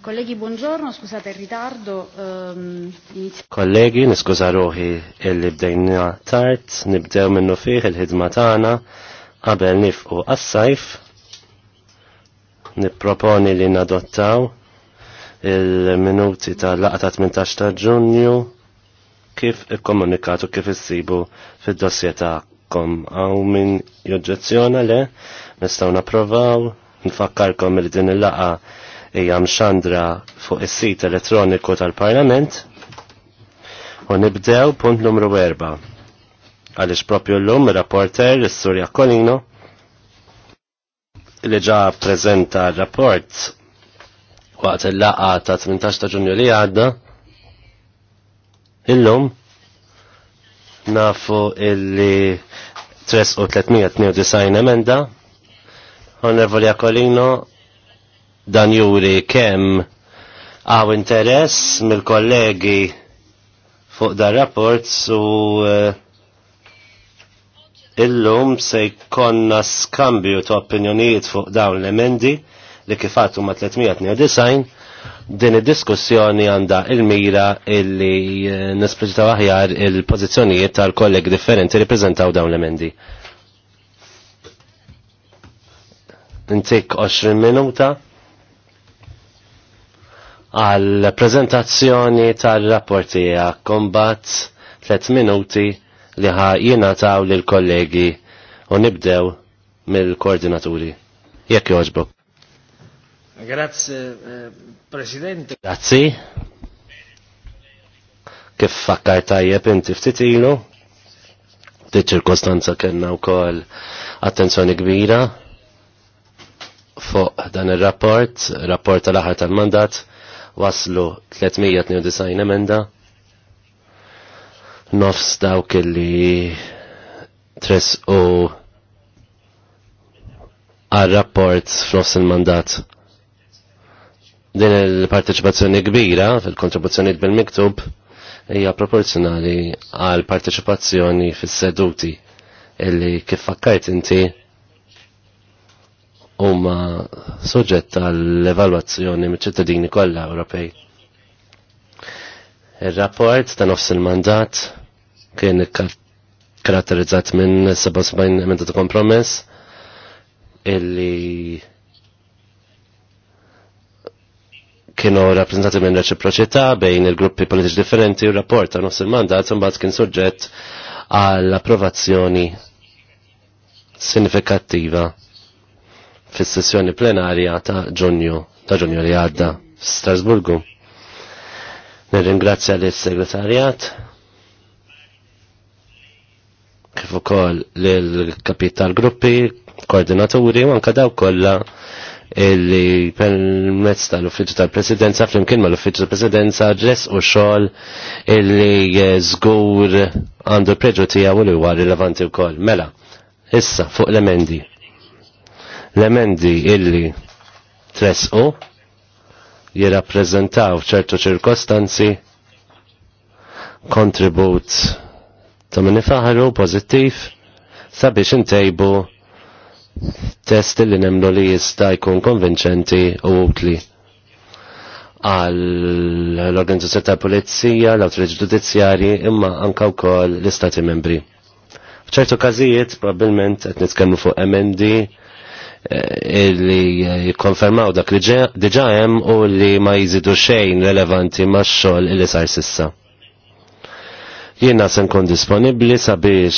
Kollegi, buongiorno, scusate il ritardo. Um, Kollegi, niskuza ruħi illi bdejna tard, nibdew minnu fiħ il-ħidma tagħna qabel nifqu għas-sajf. Nipproponi li nadottaw il-minuti tal laqta ta' 18 ta' Ġunju kif ikkomunikatu kif issibu fid-dossier tagħkom hawn min joġġezzjona le nistgħu napprovaw nfakkarkom il din il-laqa Ejjam xandra fuq is-sit elettroniku tal-Parlament u nibdew punt numru 4 għaliex propju llum ir-rapporter is-Sur kolino li ġa prezenta r-rapport waqt il-laqa ta' 18 ta' Ġunju li għadda illum nafu illi 392 emenda Onorevoli Jakolino Dan juri kemm għaw interess mill-kollegi fuq dar rapport u eh, illum se jkonna skambju ta' opinjonijiet fuq dawn l-emendi li kifatu ma' 392 din id-diskussjoni għanda il-mira illi eh, nesplicita aħjar il-pozizjonijiet tal-kolleg differenti li prezentaw dawn l-emendi. Intik 20 minuta għal prezentazzjoni tal-rapporti għakombat kombat 3 minuti li ħa jina taw l kollegi u nibdew mill-koordinaturi. Jekk joġbu. Grazie, eh, Presidente. Grazie. Kif fakkar tajjeb inti ftit ilu? Di ċirkostanza kena u kol attenzjoni kbira fuq dan il-rapport, rapport tal-aħar tal-mandat. tal aħħar tal mandat tal mandat waslu 392 emenda nofs dawk li tres u għal rapport f'nofs il-mandat. Din il-parteċipazzjoni kbira fil-kontribuzzjoni bil-miktub hija proporzjonali għal parteċipazzjoni fis-seduti illi kif fakkajt inti huma soġġett għall-evalwazzjoni mill-ċittadini kollha Ewropej. Ir-rapport ta' nofs il-mandat kien karatterizzat minn 77 emenda ta' kompromess illi kienu rappresentati minn reċiproċità bejn il-gruppi politiċi differenti u rapport ta' nofs il-mandat imbagħad kien suġġett għall-approvazzjoni sinifikattiva fis-sessjoni plenarja ta' ġunju ta' ġunju li għadda f'Strasburgu. Nirringrazzja lis segretarjat kif ukoll lil kapital gruppi, koordinaturi u anke daw kollha illi permezz tal-Uffiċċju tal-Presidenza flimkien mal-Uffiċċju tal-Presidenza ġess u xogħol illi żgur għandu preġu tiegħu li huwa rilevanti wkoll. Mela, issa fuq l-emendi. L-emendi illi tresqu jirrappreżentaw ċertu ċirkostanzi kontribut ta' minn ifaħru pozittiv sabiex intejbu test li nemlu li jista' jkun konvinċenti u utli għal organizzazzjoni ta' pulizija, l-awtorità ġudizzjarji imma anka wkoll l-istati membri. F'ċertu każijiet probabbilment qed nitkellmu fuq emendi Eh, li eh, jikkonfermaw dak li diġa hemm u li ma jżidu xejn relevanti max-xogħol li sar sissa. Jiena se nkun disponibbli sabiex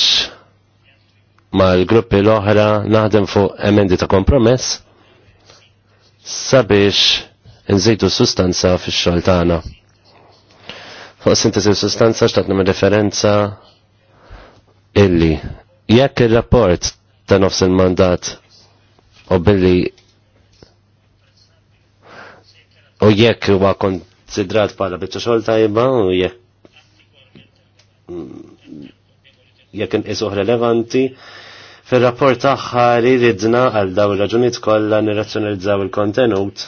mal-gruppi l-oħra naħdem fuq emendi ta' kompromess sabiex nżidu sustanza fix-xogħol tagħna. Fuq sintesi sustanza x'tat nimmer referenza illi jekk ir-rapport ta' nofs il-mandat u billi u jekk huwa konsidrat bħala biċċa xogħol tajba u jekk mm, jekk inqisuh relevanti fir-rapport tagħha ridna għal daw ir raġunit kollha nirrazzjonalizzaw il-kontenut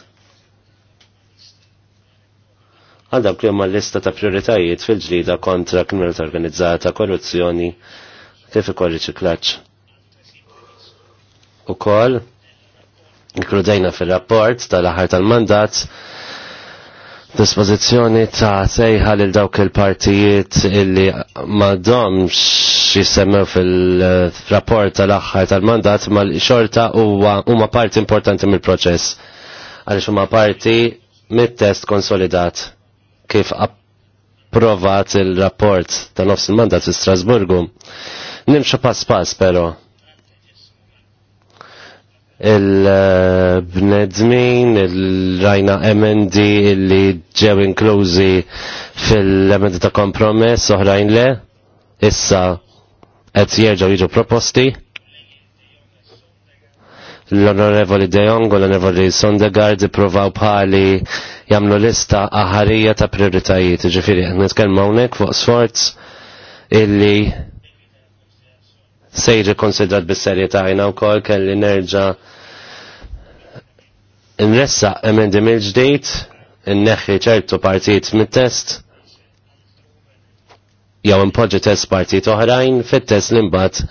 għal dawk li huma lista ta' prioritajiet fil-ġlida kontra kriminalità organizzata, korruzzjoni, kif ukoll riċiklaġġ. Ukoll Inkludejna fil-rapport tal-aħħar tal-mandat dispożizzjoni ta' sejħa lil dawk il-partijiet illi madomx jissemmew fil-rapport tal-aħħar tal-mandat mal-xorta huwa huma parti importanti mill-proċess għaliex huma parti mit-test konsolidat kif approvat il-rapport tal nofs il-mandat fil Strasburgu. Nimxu pass pass però il-bnedmin, il-rajna emendi illi ġew inklużi fil-emendi ta' kompromess oħrajn le, issa qed jerġgħu jiġu proposti. L-Onorevoli De Jong u l-Onorevoli Sondegard ippruvaw bħali jagħmlu lista aħarija ta' prioritajiet, ġifiri, qed nitkellmu hawnhekk fuq sforz illi sejri konsidrat bis-serjetà jina wkoll kelli nerġa' nressa emendi mill-ġdejt inneħħi ċertu partijt mit-test jew impoġġi test partijt oħrajn fit-test li mbagħad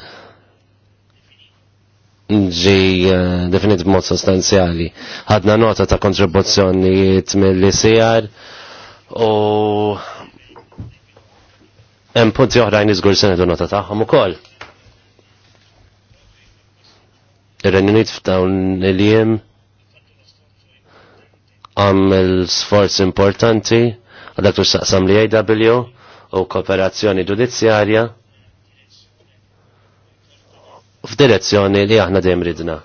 ġi eh, definit b'mod sostanzjali. Ħadna nota ta' kontribuzzjonijiet mill u hemm punti oħrajn iżgur se nota tagħhom ukoll. Ir-Renjunit f'dawn il-jiem għamil sforz importanti għal dak saqsam li AW u kooperazzjoni ġudizzjarja f'direzzjoni li aħna dejjem ridna.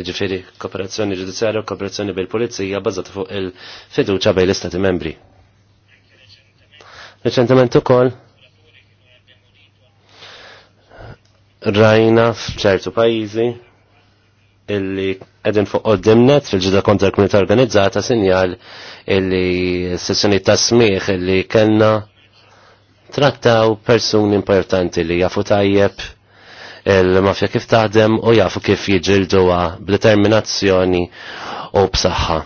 Jiġifieri kooperazzjoni ġudizzjarja u kooperazzjoni bil-pulizija bażata fuq il-fiduċa bejn l-istati membri. Reċentement ukoll rajna f'ċertu pajjiżi illi edin fuq qoddimnet fil-ġida kontra l-komunità organizzata sinjal illi sessjoni ta' smieħ illi kellna trattaw persuni importanti li jafu tajjeb il-mafja kif taħdem u jafu kif jiġilduha b'determinazzjoni u b'saħħa.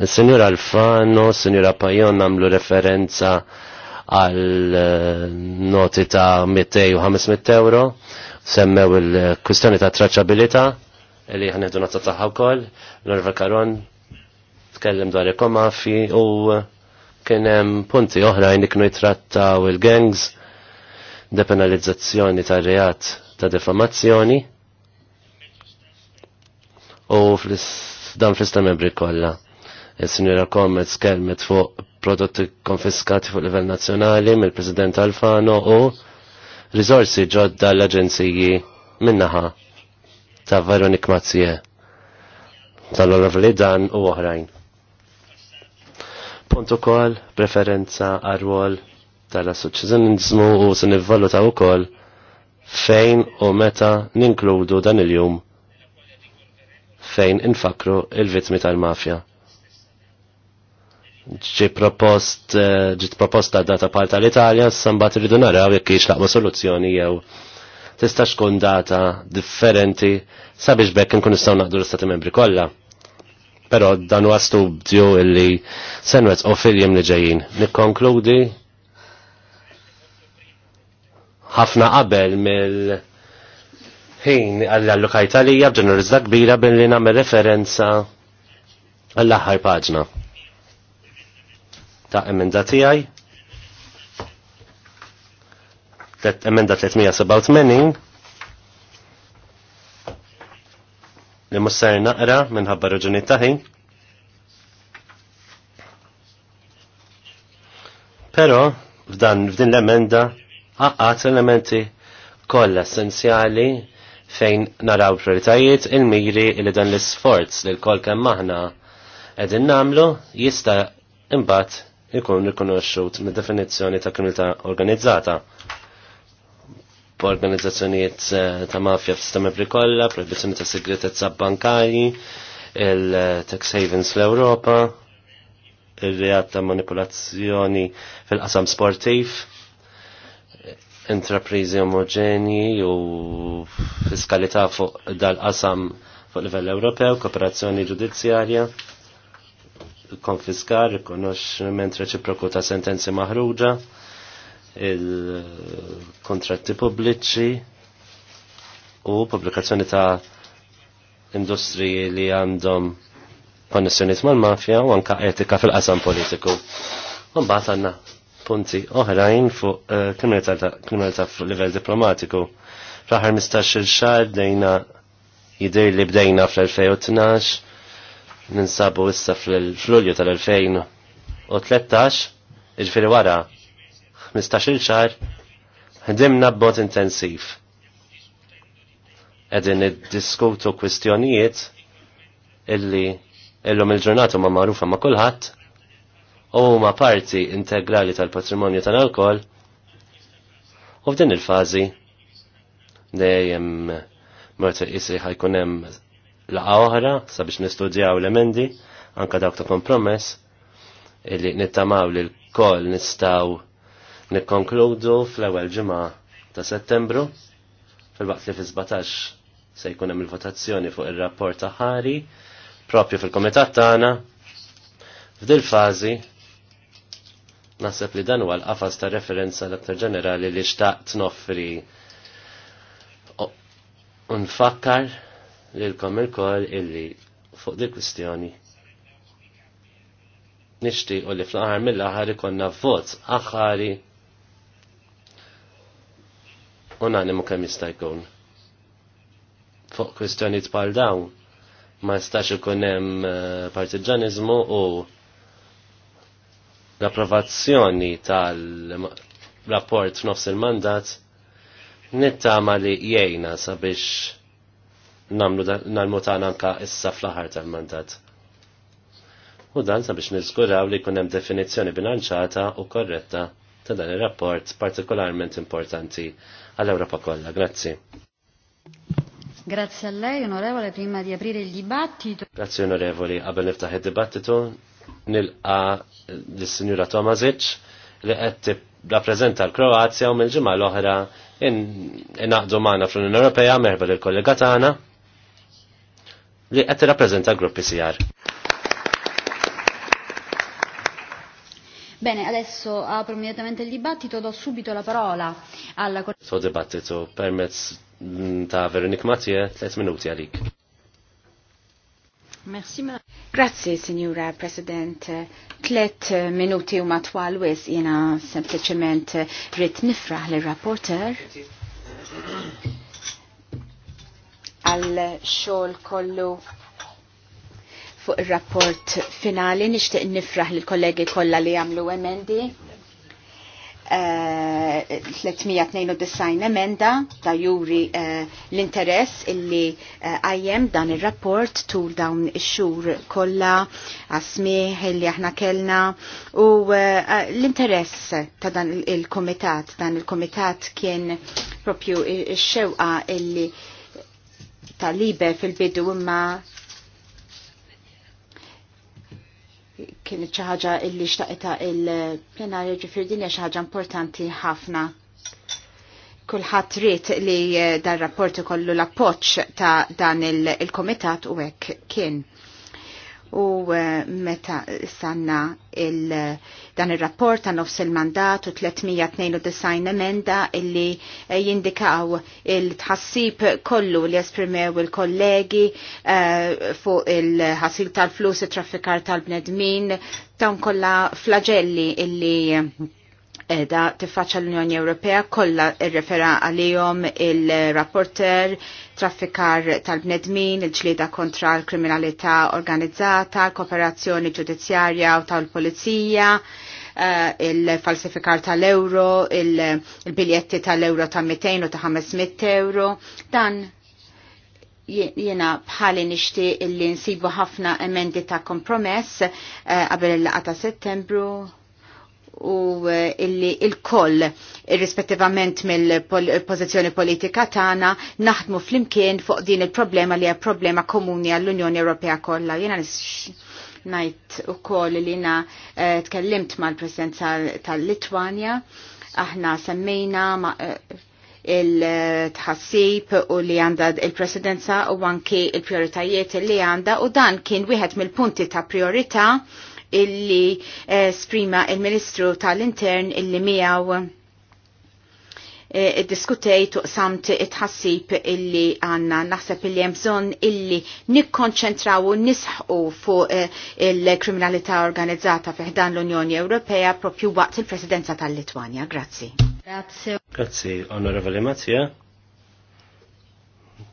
Il-Senjur Alfano, Senjur Pajon namlu referenza għal noti ta' 200 u 500 euro semmew il-kwistjoni ta' traċabilita li ħanedu nata' taħħa koll. l-Orva Karon tkellem dwar ikoma fi u kien hemm punti oħrajn li kienu jitrattaw il-gangs, depenalizzazzjoni ta' reat ta' defamazzjoni u dan fl-istam ebri kollha. Il-Sinjora Komet kelmet fuq prodotti konfiskati fuq livell nazzjonali mill-President Alfano u risorsi ġodda l-aġenziji minnaħa ta' Veronik Mazzie tal-Onorevoli Dan u oħrajn. Punt ukoll preferenza għar-rwol tal-assoċjazjonizmu u se nivvaluta wkoll fejn u meta ninkludu dan il-jum fejn infakru il-vittmi tal-mafja ġi propost, eh, ġit proposta data parta l-Italja, s-sambat rridu naraw jekk kiex laqma soluzzjoni jew tista' xkun data differenti sabiex bekk nkun nistgħu naqdu l-Istati Membri kollha. Però dan huwa studju illi senwet u filjem li ġejjin. Nikkonkludi ħafna qabel mill ħin għall-allokajta li jabġenu kbira billi nagħmel referenza għall-aħħar paġna ta' emenda tiegħi. Emenda 387 li mussar naqra minħabba raġuni taħin. Pero f'dan f'din l-emenda għaqqat elementi kollha essenzjali fejn naraw prioritajiet il-miri li dan l-sforz li l-kol kemm aħna qegħdin namlu jista' imbagħad ikun rikonoxxut mid definizzjoni ta' kriminalità organizzata. B'organizzazzjonijiet eh, ta' mafja f'sistema kollha, proibizzjoni ta' segretezza bankarji, il-tax havens fl-Ewropa, il-reat ta' manipolazzjoni fil-qasam sportiv, intraprizi omogeni u fiskalità fuq dal-qasam fuq livell Ewropew, kooperazzjoni ġudizzjarja konfiskar, ment reċiproku ta' sentenzi maħruġa, il-kontratti pubbliċi u pubblikazzjoni ta' industriji li għandhom konnessjoniet mal-mafja u anka etika fil-qasam politiku. Mbagħad għandna punti oħrajn fuq eh, kriminalità fuq livell diplomatiku. Fl-aħħar 15-il xahar bdejna jidher li bdejna fl-2012 ninsabu issa fl-Lulju tal-2013, iġifiri wara 15 xar, ħdimna b'mod intensiv. Edin id-diskutu kwistjonijiet illi illum il-ġurnatu ma marufa ma kulħadd u ma parti integrali tal-patrimonju tal alkol u f'din il-fazi dejjem mort isri ħajkun hemm laqa oħra sabiex nistudjaw l-emendi anka dawk ta' kompromess illi nittamaw li l-koll nistaw nikkonkludu fl-ewwel ġimgħa ta' Settembru fil-waqt li fiżbatax se jkun hemm il-votazzjoni fuq ir-rapport ta' ħari propju fil-komitat tagħna f'dil fażi naħseb li dan huwa l-qafas ta' referenza l-aktar ġenerali li xtaqt noffri nfakkar lilkom kamer kol illi fuq di kwistjoni Nishti u li fl-aħar mill-aħar ikonna vot aħħari unanimu kemm jista' jkun. Fuq t bħal dawn ma jistax ikun hemm eh, partiġaniżmu u l-approvazzjoni tal-rapport f'nofs il-mandat nittama li jgħina sabiex namlu nalmu tagħna anka issa fl-aħħar tal-mandat. U dan sabiex niżguraw li jkun hemm definizzjoni bilanċata u korretta ta' dan ir-rapport partikolarment importanti għall-Ewropa kollha. Grazzi. Grazie a lei, onorevole, prima di aprire il dibattito. Grazie onorevoli, qabel niftaħ id-dibattitu nilqa di eh, signora Tomazic li qed rappresenta l-Kroazja u mill-ġimgħa l-oħra a magħna fl l'Unione Europea merba lill kollega tagħna li qed rappresenta l-gruppi sijar. Bene, adesso apro immediatamente il dibattito, do subito la parola alla Corte. So dibattito permets mm, ta' Veronique Mattie, 3 minuti għalik. Merci, ma... Grazie, signora Presidente. Tlet eh, minuti u matwal wis jena sempliciment rrit nifraħ l-rapporter għal xogħol kollu fuq ir-rapport finali nixtieq nifraħ lill kollegi kollha li jagħmlu emendi. Uh, eh, 392 emenda ta' juri uh, l-interess illi eh, għajjem uh, dan il-rapport tul dawn ix-xur kollha għasmiħ illi aħna kellna u l-interess ta' dan il-komitat dan il-komitat kien propju ix-xewqa illi tal-libe fil-bidu imma kienet xi ħaġa illi xtaqita il plenarju ġifier din hija xi ħaġa importanti ħafna. Kulħadd ried li dar rapport ikollu l-appoġġ ta' dan il-komitat u hekk kien u eh, meta sanna il, dan il-rapport ta' nofs il-mandat u 392 emenda illi eh, jindikaw il-tħassib kollu li esprimew il-kollegi eh, fuq il-ħassib tal-flus, il-traffikar tal-bnedmin, ta' kolla flagelli illi da tiffaċa l-Unjoni Ewropea kollha r-refera' għalihom il-rapporter, traffikar tal-bnedmin, il-ġlieda kontra l-kriminalità organizzata, l-kooperazzjoni ġudizzjarja u tal-polizija, eh, il-falsifikar tal-euro, il-biljetti tal-euro ta' 200 u ta' 500 euro. Dan jena bħali nishti illi nsibu ħafna emendi ta' kompromess eh, qabel il-laqa ta' settembru u eh, illi il-koll irrispettivament mill-pozizjoni politika tagħna naħdmu flimkien fuq din il-problema li hija problema komuni għall-Unjoni Ewropea kollha. Jiena ngħid ukoll li jiena eh, tkellimt mal-President tal-Litwanja, aħna semmejna eh, il-tħassib u li għanda il-presidenza u anki il-prioritajiet li għanda u dan kien wieħed mill-punti ta' priorità illi eh, sprima il-Ministru tal-Intern illi miegħu eh, diskutej u samt itħassib illi għanna naħseb illi jemżon illi nikkonċentraw u nisħu fuq eh, il-kriminalità organizzata fiħdan l-Unjoni Ewropea propju waqt il-presidenza tal-Litwanja. Grazzi. Grazie. Grazie, onorevole Mazzia.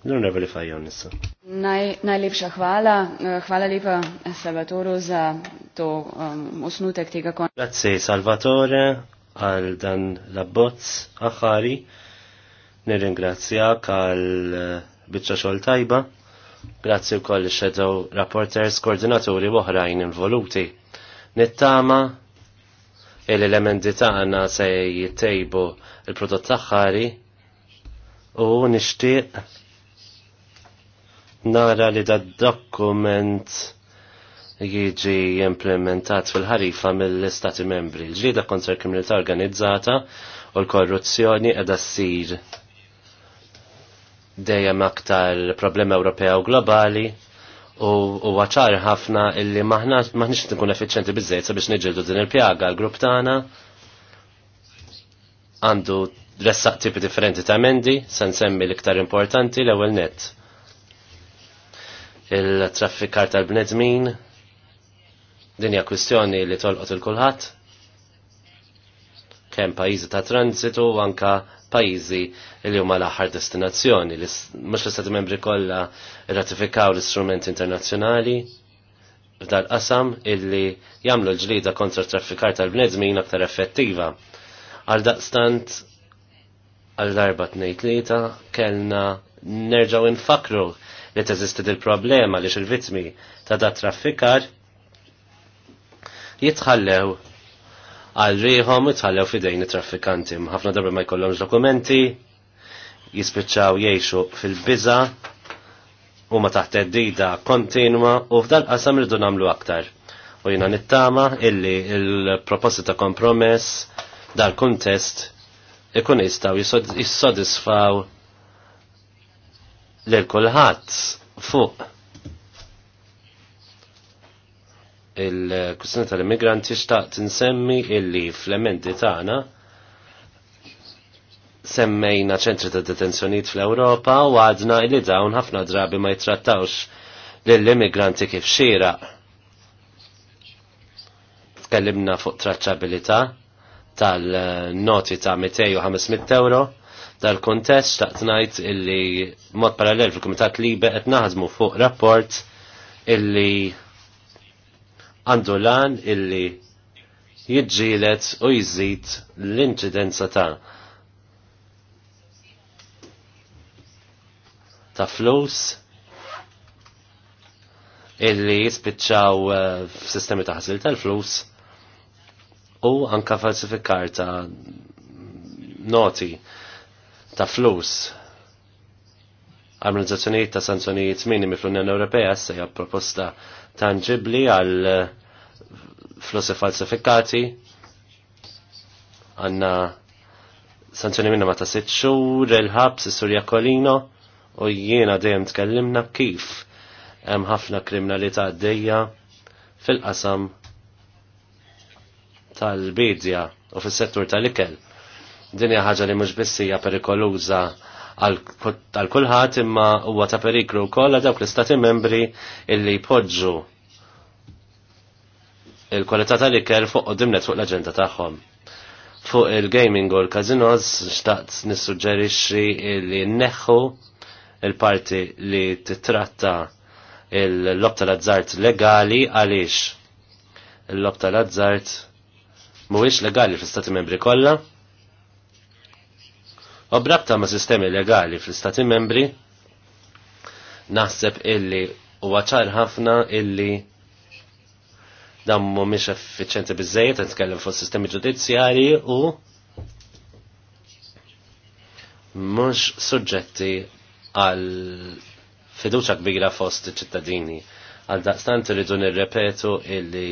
L-Onorevoli Fajon issa. Naj, najlepša hvala. Eh, hvala lepa eh, Salvatoru za to um, osnutek tega kon. Grazie Salvatore għal dan l-abbozz aħari. Nirringrazzjak għal eh, bicċa xol tajba. Grazzi u koll shadow rapporters koordinaturi oħrajn involuti. Nittama il-elementi tagħna se jittejbu il-prodott aħħari u nishtiq nara li da dokument jiġi implementat fil-ħarifa mill-Istati membri. L-ġlida kontra kriminalità organizzata u l-korruzzjoni edha ssir dejjem aktar problema Ewropea u globali u għaċar ħafna illi maħniċ nkun effiċenti bizzejt sabiex neġildu din il-pjaga l-grupp tagħna għandu ressaq tipi differenti ta' mendi, se nsemmi l-iktar importanti l ewwel net il-traffikar tal-bnedmin, dinja kwistjoni li tolqot il-kulħat, kem pajizi ta' transitu u anka pajizi li huma l-aħħar destinazzjoni li mhux l-istati membri kollha ratifikaw l istrument internazzjonali f'dal-qasam illi jagħmlu l-ġlida kontra traffikar tal-bnedmin aktar effettiva. Għal daqstant għal darba tnejn tlieta kellna nerġaw infakru li teżisti il problema li xil vittmi ta' da traffikar jitħallew għal riħom jitħallew fidejni traffikanti. ħafna darba ma jkollhomx dokumenti, jispiċċaw jgħixu fil biza u ma taħt id-dida kontinwa u f'dal qasam rridu nagħmlu aktar. U jiena nittama illi il-proposti ta' kompromess dal-kuntest ikun jistaw jissodisfaw lil kulħadd fuq il-kussjoni tal-immigranti xtaqt insemmi illi fl-emendi tagħna semmejna ċentri ta' detenzjoniet fl-Ewropa u għadna illi dawn ħafna drabi ma jitrattawx lill-immigranti kif xira. Tkellimna fuq traċċabilità tal-noti ta' 200 u 500 euro Dal-kontest taqt ngħid illi mod parallel fil-Kumitat Libe qed naħdmu fuq rapport illi għandu lan illi jiġġielet u jiżid l-inċidenza ta' ta' flus illi jispiċċaw eh, f'sistemi ta' ħasil tal-flus u anka falsifikar ta' noti ta' flus armonizzazzjonijiet ta' sanzjonijiet minimi fl-Unjoni Ewropea se hija proposta tangibli għal eh, flussi falsifikati għanna sanzjoni minna ma ta' sitt xhur il-ħabs is-Surja Kolino u jiena dejjem tkellimna kif hemm ħafna kriminalità għaddejja fil-qasam tal-bidja u fis-settur tal-ikel Dinja ħaġa li mhux bissija perikoluża għal kulħadd imma huwa ta' periklu wkoll dawk l-istati membri illi jpoġġu il-kwalità tal-ikel fuq dimnet fuq l-aġenda tagħhom. Fuq il-gaming u l-kazinos xtaqt nissuġġerixxi li nneħħu il-parti li titratta il-lob tal-azzart legali għaliex il-lob tal-azzart mhuwiex legali fl istati Membri kollha U brabta ma' sistemi legali fl-Stati membri, naħseb illi u għacħar ħafna illi dammu mhumiex effiċenti biżejjed qed nitkellem fuq sistemi ġudizzjarji u mhux suġġetti għal fiduċa kbira fost ċittadini Għal daqstant irridu nirrepetu illi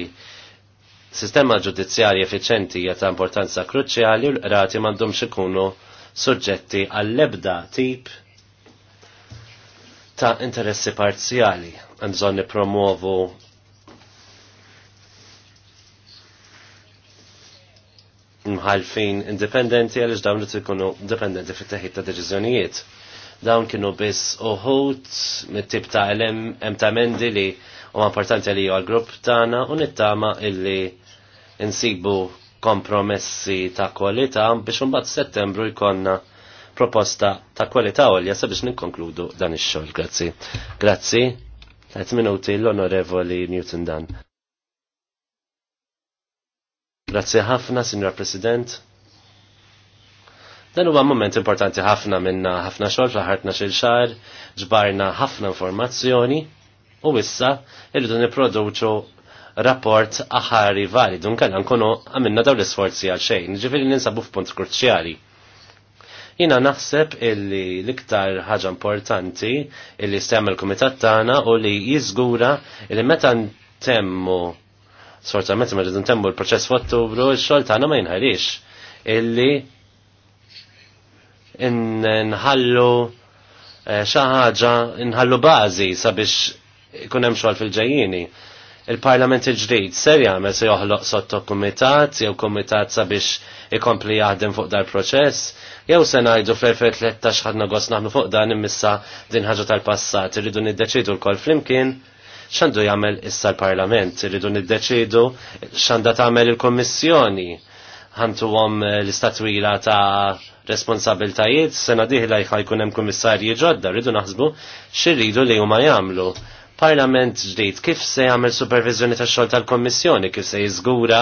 sistema ġudizzjari effiċenti hija ta' importanza kruċjali u l-qrati m'għandhomx ikunu soġġetti għall-ebda tip ta' interessi parzjali. Għemżon promuovu mħalfin indipendenti għalix dawn li tkunu dipendenti fit teħid ta' deċiżjonijiet. Dawn kienu biss uħut mit-tip ta' emtamendi li u importanti li għal grupp tagħna u nittama illi insibu kompromessi ta' kwalità biex imbagħad settembru jkollna proposta ta' kwalità għolja sabiex nikkonkludu dan ix-xogħol. Grazzi. Grazzi. Tlet minuti l-Onorevoli Newton Dan. Grazzi ħafna, Signor President. Dan huwa moment importanti ħafna minna ħafna xogħol ħartna xil xar, ġbarna ħafna informazzjoni u issa irridu nipproduċu rapport aħari dun kalla nkunu għamilna daw l-isforzi għal xejn, ġifiri ninsabu f'punt kruċjali. Jina naħseb illi l-iktar ħaġa importanti illi stemma il-komitat tagħna u li jiżgura illi meta ntemmu sorta meta meta ntemmu l-proċess f'Ottubru x-xogħol tagħna ma jinħarix illi nħallu eh, xi ħaġa nħallu bażi sabiex ikun hemm xogħol fil-ġejjieni il-Parlament il ġdijt ser jagħmel se joħloq sotto kumitat jew kumitat sabiex ikompli jaħdem fuq dar proċess, jew se ngħidu fl-2013 ħadna nagos naħnu fuq dan immissa din ħaġa tal-passat irridu niddeċidu l-kol flimkien x'għandu jagħmel issa l-Parlament, irridu niddeċidu x'għandha tagħmel il-Kommissjoni għom eh, l-istatwila ta' responsabiltajiet, sena diħla jħajkunem hemm kummissarji ġodda, rridu naħsbu xirridu li huma jagħmlu parlament ġdid kif se jagħmel supervizjoni tax-xogħol tal-Kommissjoni, kif se jiżgura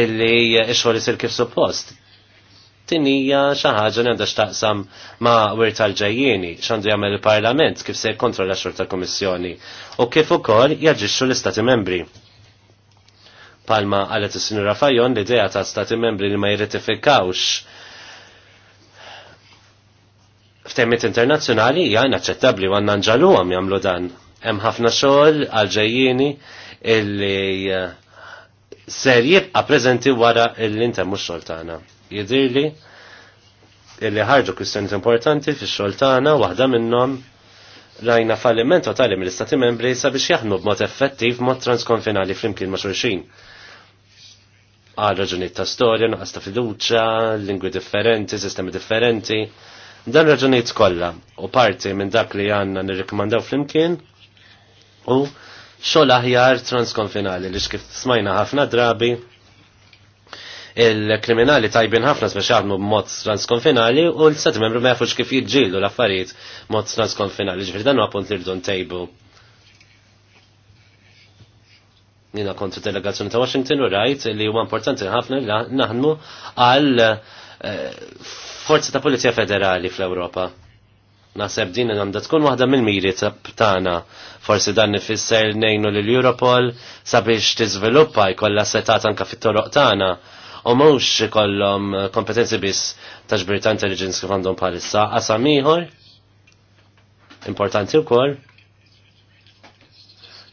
illi x jisir kif suppost. Din hija xi ħaġa li għandha x'taqsam ma' wir tal-ġejjieni x'għandu jagħmel il-Parlament kif se jikkontrolla xol xogħol tal-Kummissjoni u kif ukoll jaġixxu l-Istati Membri. Palma qalet is sinura Fajon l-idea ta' Stati Membri li ma jirritifikawx f'temmit internazzjonali hija inaċċettabbli u għandna għam jagħmlu dan Hemm ħafna xogħol ġejjieni illi eh, ser jibqa' preżenti wara l-inta mhux xogħol tagħna. Jidhirli illi ħarġu kwistjoni importanti fix-xogħol tagħna waħda minnhom rajna falliment totali mill-Istati Membri sabiex jaħdmu b'mod effettiv mod transkonfinali flimkien ma' xulxin għal raġunijiet ta' storja, nuqqas ta' fiduċa, lingwi differenti, sistemi differenti. Dan raġunijiet kollha u parti minn dak li għandna nirrikmandaw flimkien u xogħol aħjar transkonfinali li xkif smajna ħafna drabi il-kriminali tajbin ħafna speċi għadmu b'mod transkonfinali u l-set membru ma jafux kif jidġilu l-affarijiet mod transkonfinali ġifri dan għapunt li rridu ntejbu. Nina kontra delegazzjoni ta' Washington u rajt li huwa importanti ħafna li naħdmu għal eh, forzi ta' Polizija Federali fl-Ewropa Naħseb din għandha tkun waħda mill-miri tagħna. Forsi dan nifisser nejnu l Europol sabiex tiżviluppa jkollha setat anka fit-toroq tagħna u mhux ikollhom kompetenzi biss ta' ta' intelligence kif għandhom bħalissa. Qasam ieħor importanti wkoll.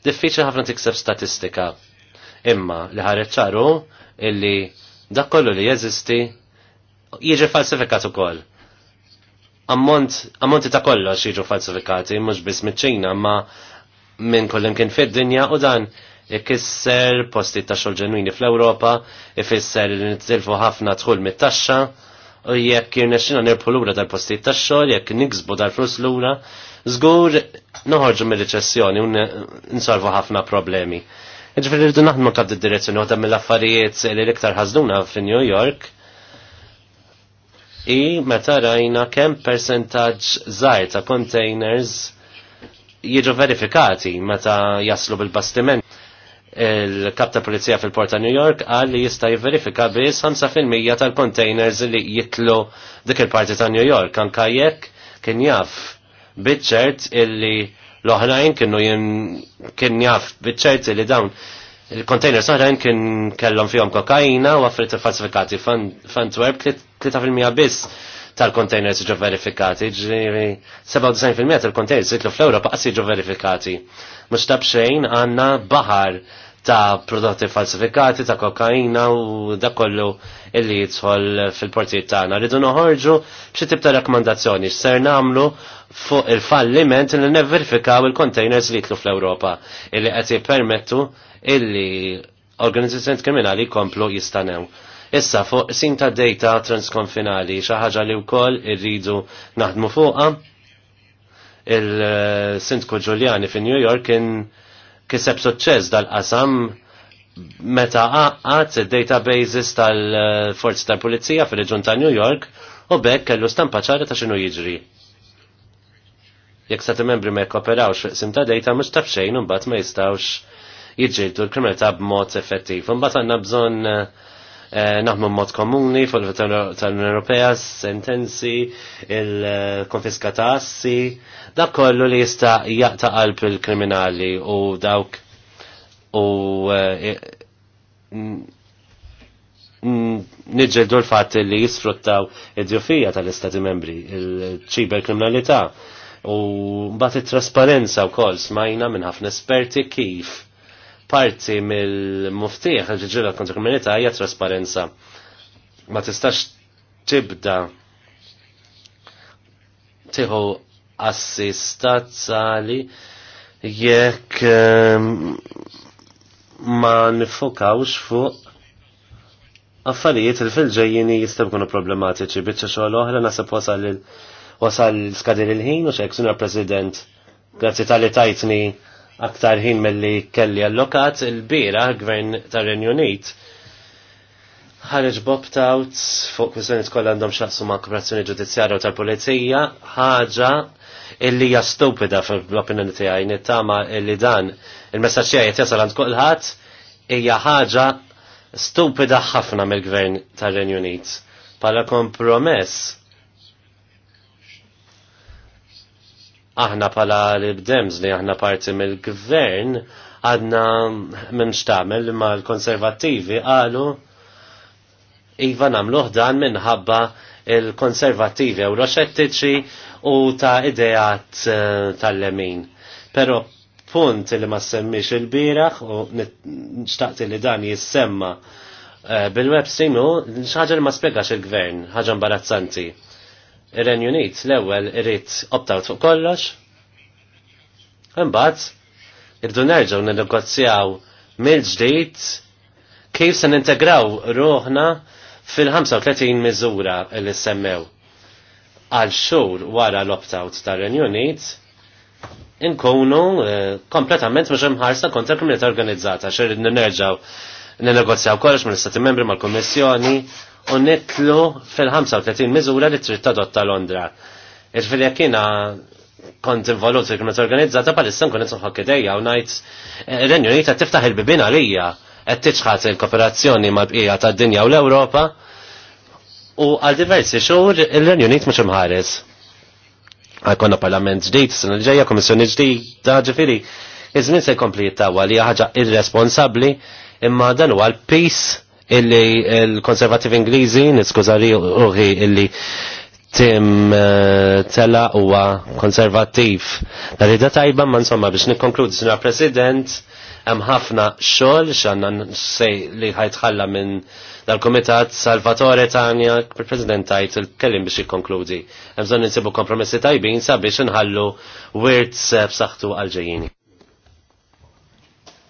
Diffiċli ħafna tikseb statistika. Imma li ħareċċaru ċaru illi dak kollu li jeżisti jieġi falsifikat ukoll Ammont, ammonti ta' kollox jiġu falsifikati, mhux biss miċ-Ċina, ma minn kollim kien fid-dinja u dan ikisser posti ta' xogħol ġenwini fl-Ewropa, ifisser li nitilfu ħafna dħul mit-taxxa, u jekk jirnexxina nirpu lura tal-posti ta' xogħol, jekk niksbu dal-flus lura, żgur noħorġu mir-riċessjoni u nsolvu ħafna problemi. Ġifieri rridu naħdmu kap direzzjoni waħda mill-affarijiet li l-iktar ħażduna new York i meta rajna kemm percentaġġ żgħir ta' containers jiġu verifikati meta jaslu bil-bastiment. Il-kap ta' pulizija fil-Porta New York qal li jista' jivverifika biss 5% tal-containers li jitlu dik il-parti ta' New York Anke jekk kien jaf biċċert illi l-oħrajn kienu kien jaf biċċert illi dawn Il-container soħrajn kien kellhom fihom kokaina u il falsifikati f'Antwerp 3% biss tal-containers siġu verifikati, ġiri 97% tal-containers siġu fl-Europa siġu jiġu verifikati. Mux tabxejn għandna għanna baħar ta' prodotti falsifikati, ta' kokaina u da kollu illi jidħol fil-portijiet tagħna. Rridu noħorġu xi tip ta' rakkomandazzjoni x'ser nagħmlu fuq il-falliment li nevverifikaw il-containers li jitlu fl-Ewropa illi qed jippermettu illi organizzazzjoni kriminali komplu jistanew. Issa fuq sin ta' data transkonfinali xi ħaġa li wkoll irridu naħdmu fuqha. il sintku Ġuljani fin New York kien kiseb suċċess dal-qasam meta il databases tal-forzi tal-pulizija fir-reġun ta' New York u bekk kellu stampa ċara ta' xinu jiġri. Jekk sa' membri ma' jkoperaw x'sim ta' data mhux taf xejn bat ma jistgħux jiġġieldu l-kriminalità b'mod effettiv. Mbagħad għandna bżonn eh, eh, naħmu mod komuni fuq tal-Unjoni Ewropea, sentenzi, il-konfiska ta' assi, dak kollu li jista' jaqta' qalb il-kriminali u dawk u eh, nidġeldu l-fatt li jisfruttaw id-djufija tal-Istati membri, il-ċiber kriminalità u mbagħad it-trasparenza wkoll smajna minn ħafna esperti kif parti mill-muftiħ għal-ġiġirat kontra kriminalità hija trasparenza. Ma tistax tibda tiħu assistazzali jekk ehm, ma nifokawx fuq affarijiet il fil-ġejjini jistaw problematiċi problematiċi biċċa xogħol oħra nasab wasal skadir il-ħin u xejk Sunar President. Grazzi tal-li tajtni aktar ħin mill-li kelli allokat il-bira gvern tar-Renju Unit ħareġ bob fuq kwistjoni kollha għandhom xaqsu ma' kooperazzjoni ġudizzjarja u tal-pulizija, ħaġa illi hija stupida fl-opinjoni tiegħi nittama illi dan il-messaġġ tiegħi jasal għand kulħadd hija ħaġa stupida ħafna mill-gvern tar-Renju Unit. Pala kompromess aħna pala l-bdems li aħna parti mill-gvern għadna minn xtamel ma l-konservativi għalu iva namluħ dan minħabba il-konservativi euroxettiċi u ta' idejat eh, tal-lemin. Pero punt li ma semmix il-biraħ u nxtaqt li dan jissemma eh, bil-web simu, xaġa li ma spiegax il-gvern, ħaġa imbarazzanti Ir-Renju Unit l-ewwel irid opt fuq kollox. Imbagħad irdu nerġgħu ninnegozjaw mill-ġdid kif se nintegraw ruħna fil-35 miżura li semmew. Għal xhur wara l-opt-out tar-Renju Unit inkunu eh, kompletament mhux imħarsa kontra kriminalità organizzata xirrid nerġgħu ninnegozjaw kollox mill-Istati Membri mal-Kummissjoni u nitlu fil-35 miżura li trid tadotta Londra. Irfil jekk jiena kont involut fil kriminalità organizzata palissa nkun qed nħokk idejja u ngħid ir-Renju eh, Unit qed tiftaħ il-bibin għalija qed tiċħat il-kooperazzjoni mal-bqija tad-dinja u l-Ewropa u għal diversi xhur ir-Renju Unit mhux imħares. Għajkonna parlament ġdijt, s-sena ġeja, komissjoni ġdijt, ġifiri, izmin se jkompli jittawa li irresponsabli imma dan huwa l-peace illi l-konservativ Ingliżi, niskużari uħi illi tim eh, tela huwa konservativ. Darida tajba ma insomma biex nikkonkludi sena President hemm ħafna xogħol x'għandna sej li ħajtħalla minn dal-Kumitat Salvatore Tanja, il-President tajt il-kellim biex jikkonkludi. Hemm bżonn insibu kompromessi tajbin sabiex inħallu wirt eh, b'saħħtu għal ġejjini.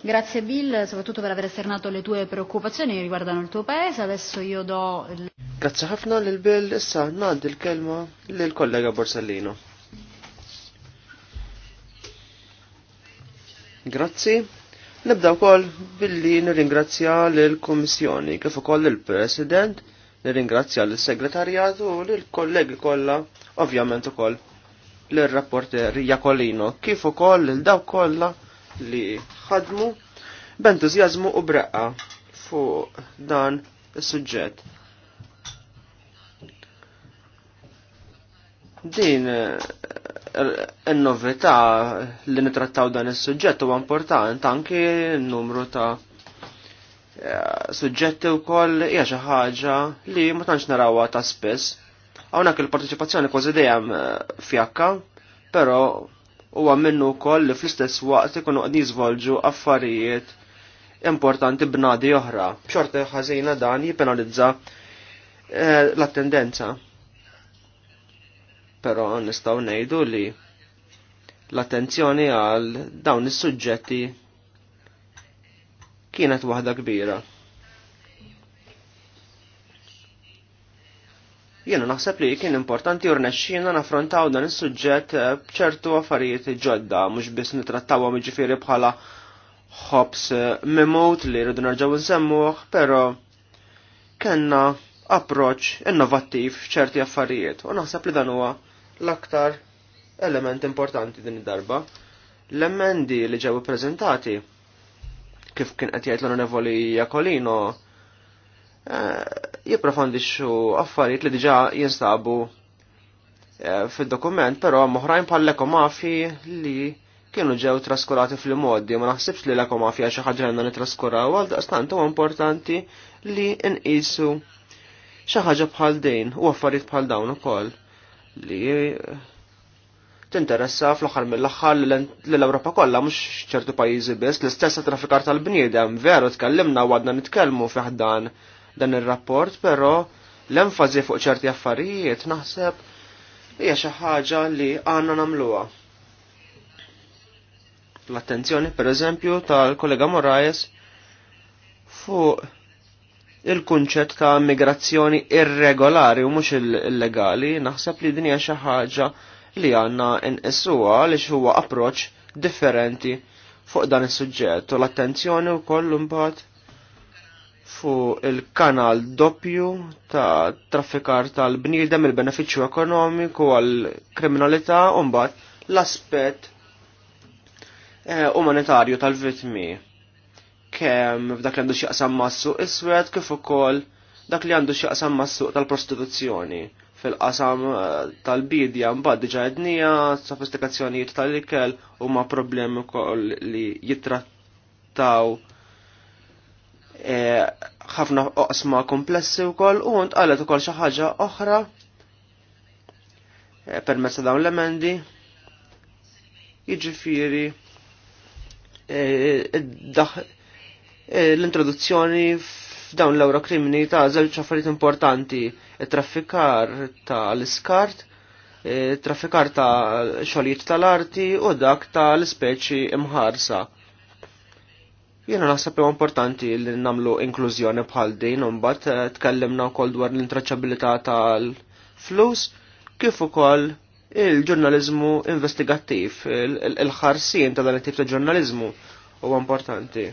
Grazie Bill, soprattutto per aver esternato le tue preoccupazioni che riguardano il tuo paese. Adesso io do... Il... Grazie ħafna lil Bill, issa naddi il kelma lil kollega Borsellino. Grazzi. Nibda wkoll billi nirringrazzja l-Komissjoni kif ukoll il president nirringrazzja lil segretarjatu u l kollegi kollha, ovvjament ukoll lir rapporter Jakolino, kif ukoll l dawk kollha li ħadmu b'entużjażmu u breqqa fuq dan is-suġġett. Din eh, n-novità li nitrattaw dan is-suġġett huwa importanti anke n-numru ta' eh, suġġetti wkoll hija xi ħaġa li ma tantx narawha ta' spiss. Hawnhekk il parteċipazzjoni kważi dejjem eh, fjakka, però u għamminnu koll li fl-istess waqt ikunu għadni zvolġu affarijiet importanti b'nadi oħra. B'xorta ħażina dan jipenalizza eh, l-attendenza. Però nistgħu ngħidu li l-attenzjoni għal dawn is-suġġetti kienet waħda kbira. Jiena naħseb li kien importanti u rnexxina naffrontaw dan is-suġġett eh, b'ċertu affarijiet ġodda, mhux biss nitrattawhom jiġifieri bħala ħobs eh, memot li rridu nerġgħu nsemmuh, però kellna approċ innovattiv f'ċerti affarijiet u naħseb li dan huwa l-aktar element importanti din id-darba. L-emendi li ġew prezentati kif kien qed jgħid l-Onorevoli Jakolino eh, jipprofondixxu affarijiet li diġà jinstabu eh, fil-dokument, però moħrajn pal l-ekomafi li kienu ġew traskurati fil moddi ma naħsibx li l-ekomafija xi ħaġa nitraskuraw, għal daqstant huwa importanti li n-isu ħaġa bħal din u affarijiet bħal dawn ukoll li tinteressa fl-axar mill-axar l-Europa kollha mhux ċertu pajjiżi biss l-istess traffikar tal-bniedem veru tkellimna u għadna nitkellmu fiħdan dan ir-rapport, però l enfazi fuq ċerti affarijiet naħseb hija xi ħaġa li għandna nagħmluha. L-attenzjoni pereżempju tal-kollega Moraes fuq il-kunċett ta' migrazzjoni irregolari u mhux illegali, naħseb li din hija xi ħaġa li għandna nqisuha għaliex huwa approċċ differenti fuq dan is-suġġett u l-attenzjoni wkoll imbagħad fu il-kanal doppju ta' traffikar tal-bniedem il-benefiċċju ekonomiku għal-kriminalità u mbagħad l-aspett eh, umanitarju tal-vitmi kemm f'dak li għandu x'jaqsam mas-suq iswed kif ukoll dak li għandu x'jaqsam mas-suq tal-prostituzzjoni fil-qasam eh, tal-bidja mbagħad diġà ednija, sofistikazzjonijiet tal-ikel huma problemi wkoll li jitrattaw ħafna oqsma komplessi wkoll u għalet ukoll xi ħaġa oħra eh, permezz ta' dawn l-emendi. iġifiri eh, eh, l-introduzzjoni f'dawn l-ewro krimini ta' żewġ affarijiet importanti, traffikar ta' l-iskart, traffikar ta' xogħlijiet tal-arti u dak ta' l-ispeċi imħarsa Jena naħseb li importanti li namlu inklużjoni bħal din imbagħad eh, tkellimna wkoll dwar l-intraċabilità tal-flus kif ukoll il-ġurnaliżmu investigattiv, il-ħarsien ta' dan it-tip ta' ġurnaliżmu huwa importanti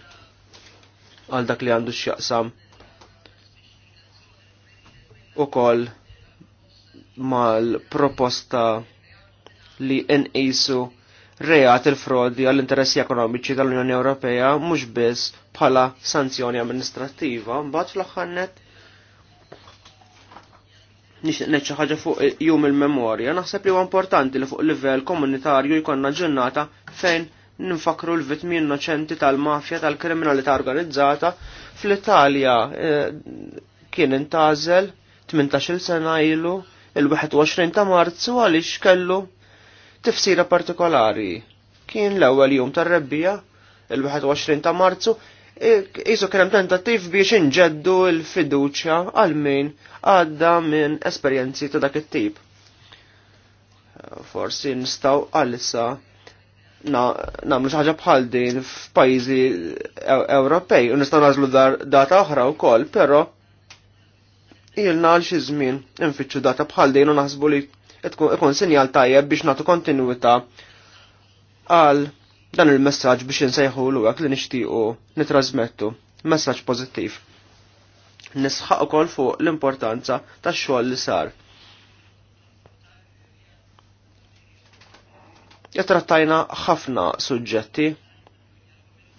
għal dak li għandu x'jaqsam ukoll mal-proposta li nqisu reat il-frodi għall-interessi ekonomiċi tal-Unjoni Ewropea mhux biss bħala sanzjoni amministrattiva, mbagħad fl-aħħar net nixtieq xi ħaġa fuq jum il-memorja, naħseb li huwa importanti li fuq livell komunitarju jkollna ġurnata fejn ninfakru l-vitmi innoċenti tal-mafja tal-kriminalità organizzata fl-Italja eh, kien intażel 18 sena ilu il-21 ta' Marzu għaliex kellu tifsira partikolari. Kien l-ewwel jum tar-rebbija, il-21 ta' Marzu, jisu kien tentativ tentattiv biex inġeddu l-fiduċja għal min għadda minn esperjenzi ta' dak it-tip. Forsi nistgħu għalissa namlu xaħġa bħal din f'pajjiżi e-, Ewropej u nistgħu nażlu data oħra wkoll, però ilna għal xi żmien data bħal din u naħsbu li ikun sinjal tajjeb biex nagħtu kontinuita għal dan il-messaġġ biex nsejħu l li nixtiequ nitrasmettu messaġġ pożittiv. Nisħaq ukoll fuq l-importanza tax-xogħol li sar. Jatrattajna ħafna suġġetti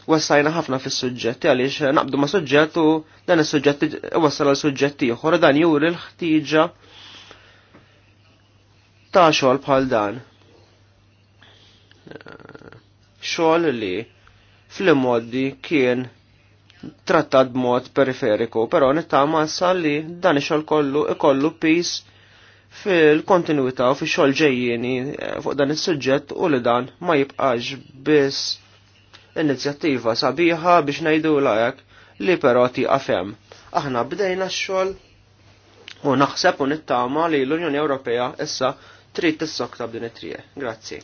wassajna ħafna fis-suġġetti għaliex naqbdu ma' suġġett u dan is suġġetti wassal għal suġġetti ieħor dan juri l-ħtieġa ta' xogħol bħal dan. Xogħol li fl-immoddi kien trattat b'mod periferiku, però nittama sal li dan ix-xogħol kollu ikollu pis fil-kontinuità u fix-xogħol ġejjini eh, fuq dan is-suġġett u li dan ma jibqax biss inizjattiva sabiħa biex najdu lajak li però ti għafem. Aħna bdejna x-xogħol u naħseb u nittama li l-Unjoni Ewropea issa trid tissokta b'din it-triq. Grazzi.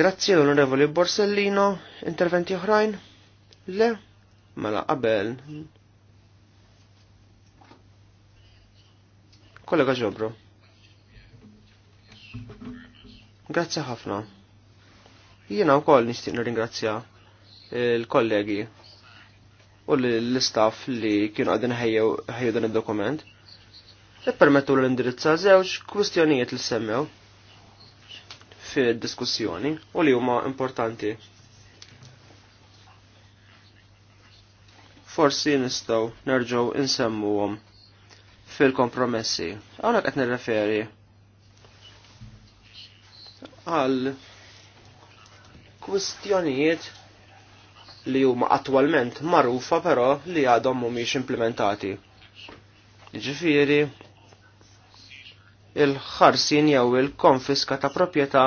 Grazzi l-Onorevoli Borsellino, interventi oħrajn? Le, mela qabel. Kollega ġobru. Grazzi ħafna. Jiena wkoll nixtieq nirringrazzja il-kollegi u l-istaff li kienu għadin ħejju dan id dokument li e permettu l-indirizza żewġ kwistjonijiet li semmew fi diskussjoni u li huma importanti. Forsi nistgħu nerġgħu insemmuhom fil-kompromessi. hawnhekk qed nirreferi għal kwistjonijiet li huma attwalment magħrufa però li għadhom mhumiex implementati. Jiġifieri il-ħarsin jew il-konfiska ta' proprjetà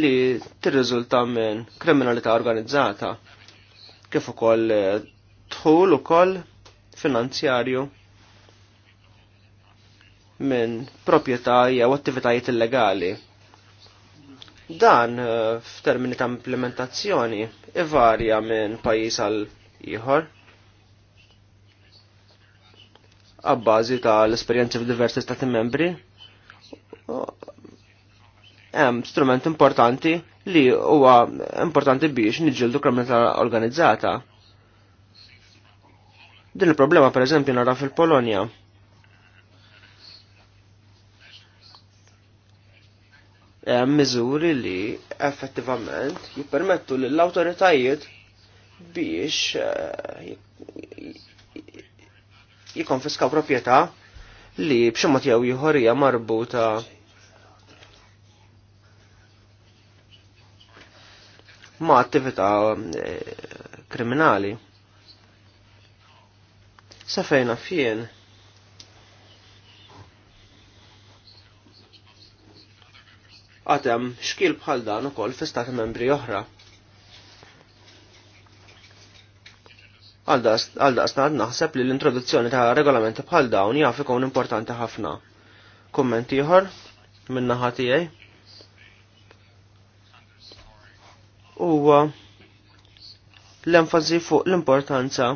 li tirriżulta minn kriminalità organizzata kif ukoll eh, dħul ukoll finanzjarju minn proprjetà jew attivitajiet illegali. Dan eh, f'termini ta' implementazzjoni ivarja minn pajjiż għal ieħor għabbażi tal-esperjenza f'diversi stati membri. Hemm strument importanti li huwa importanti biex niġġieldu kriminalità organizzata. Din il-problema pereżempju nara fil-Polonja. hemm miżuri li effettivament jippermettu lill awtoritajiet biex eh, jikonfiskaw proprjetà li b'ximot jew jħorija marbuta ma' attività eh, kriminali. Safejna fien. Għatem xkil bħal dan ukoll fi stati membri oħra. għaldaqs daqsnad naħseb li l-introduzzjoni ta' regolamenti bħal dawn jaf ikun importanti ħafna. Kumment ieħor minn naħa tiegħi. Huwa l-enfasi fuq l-importanza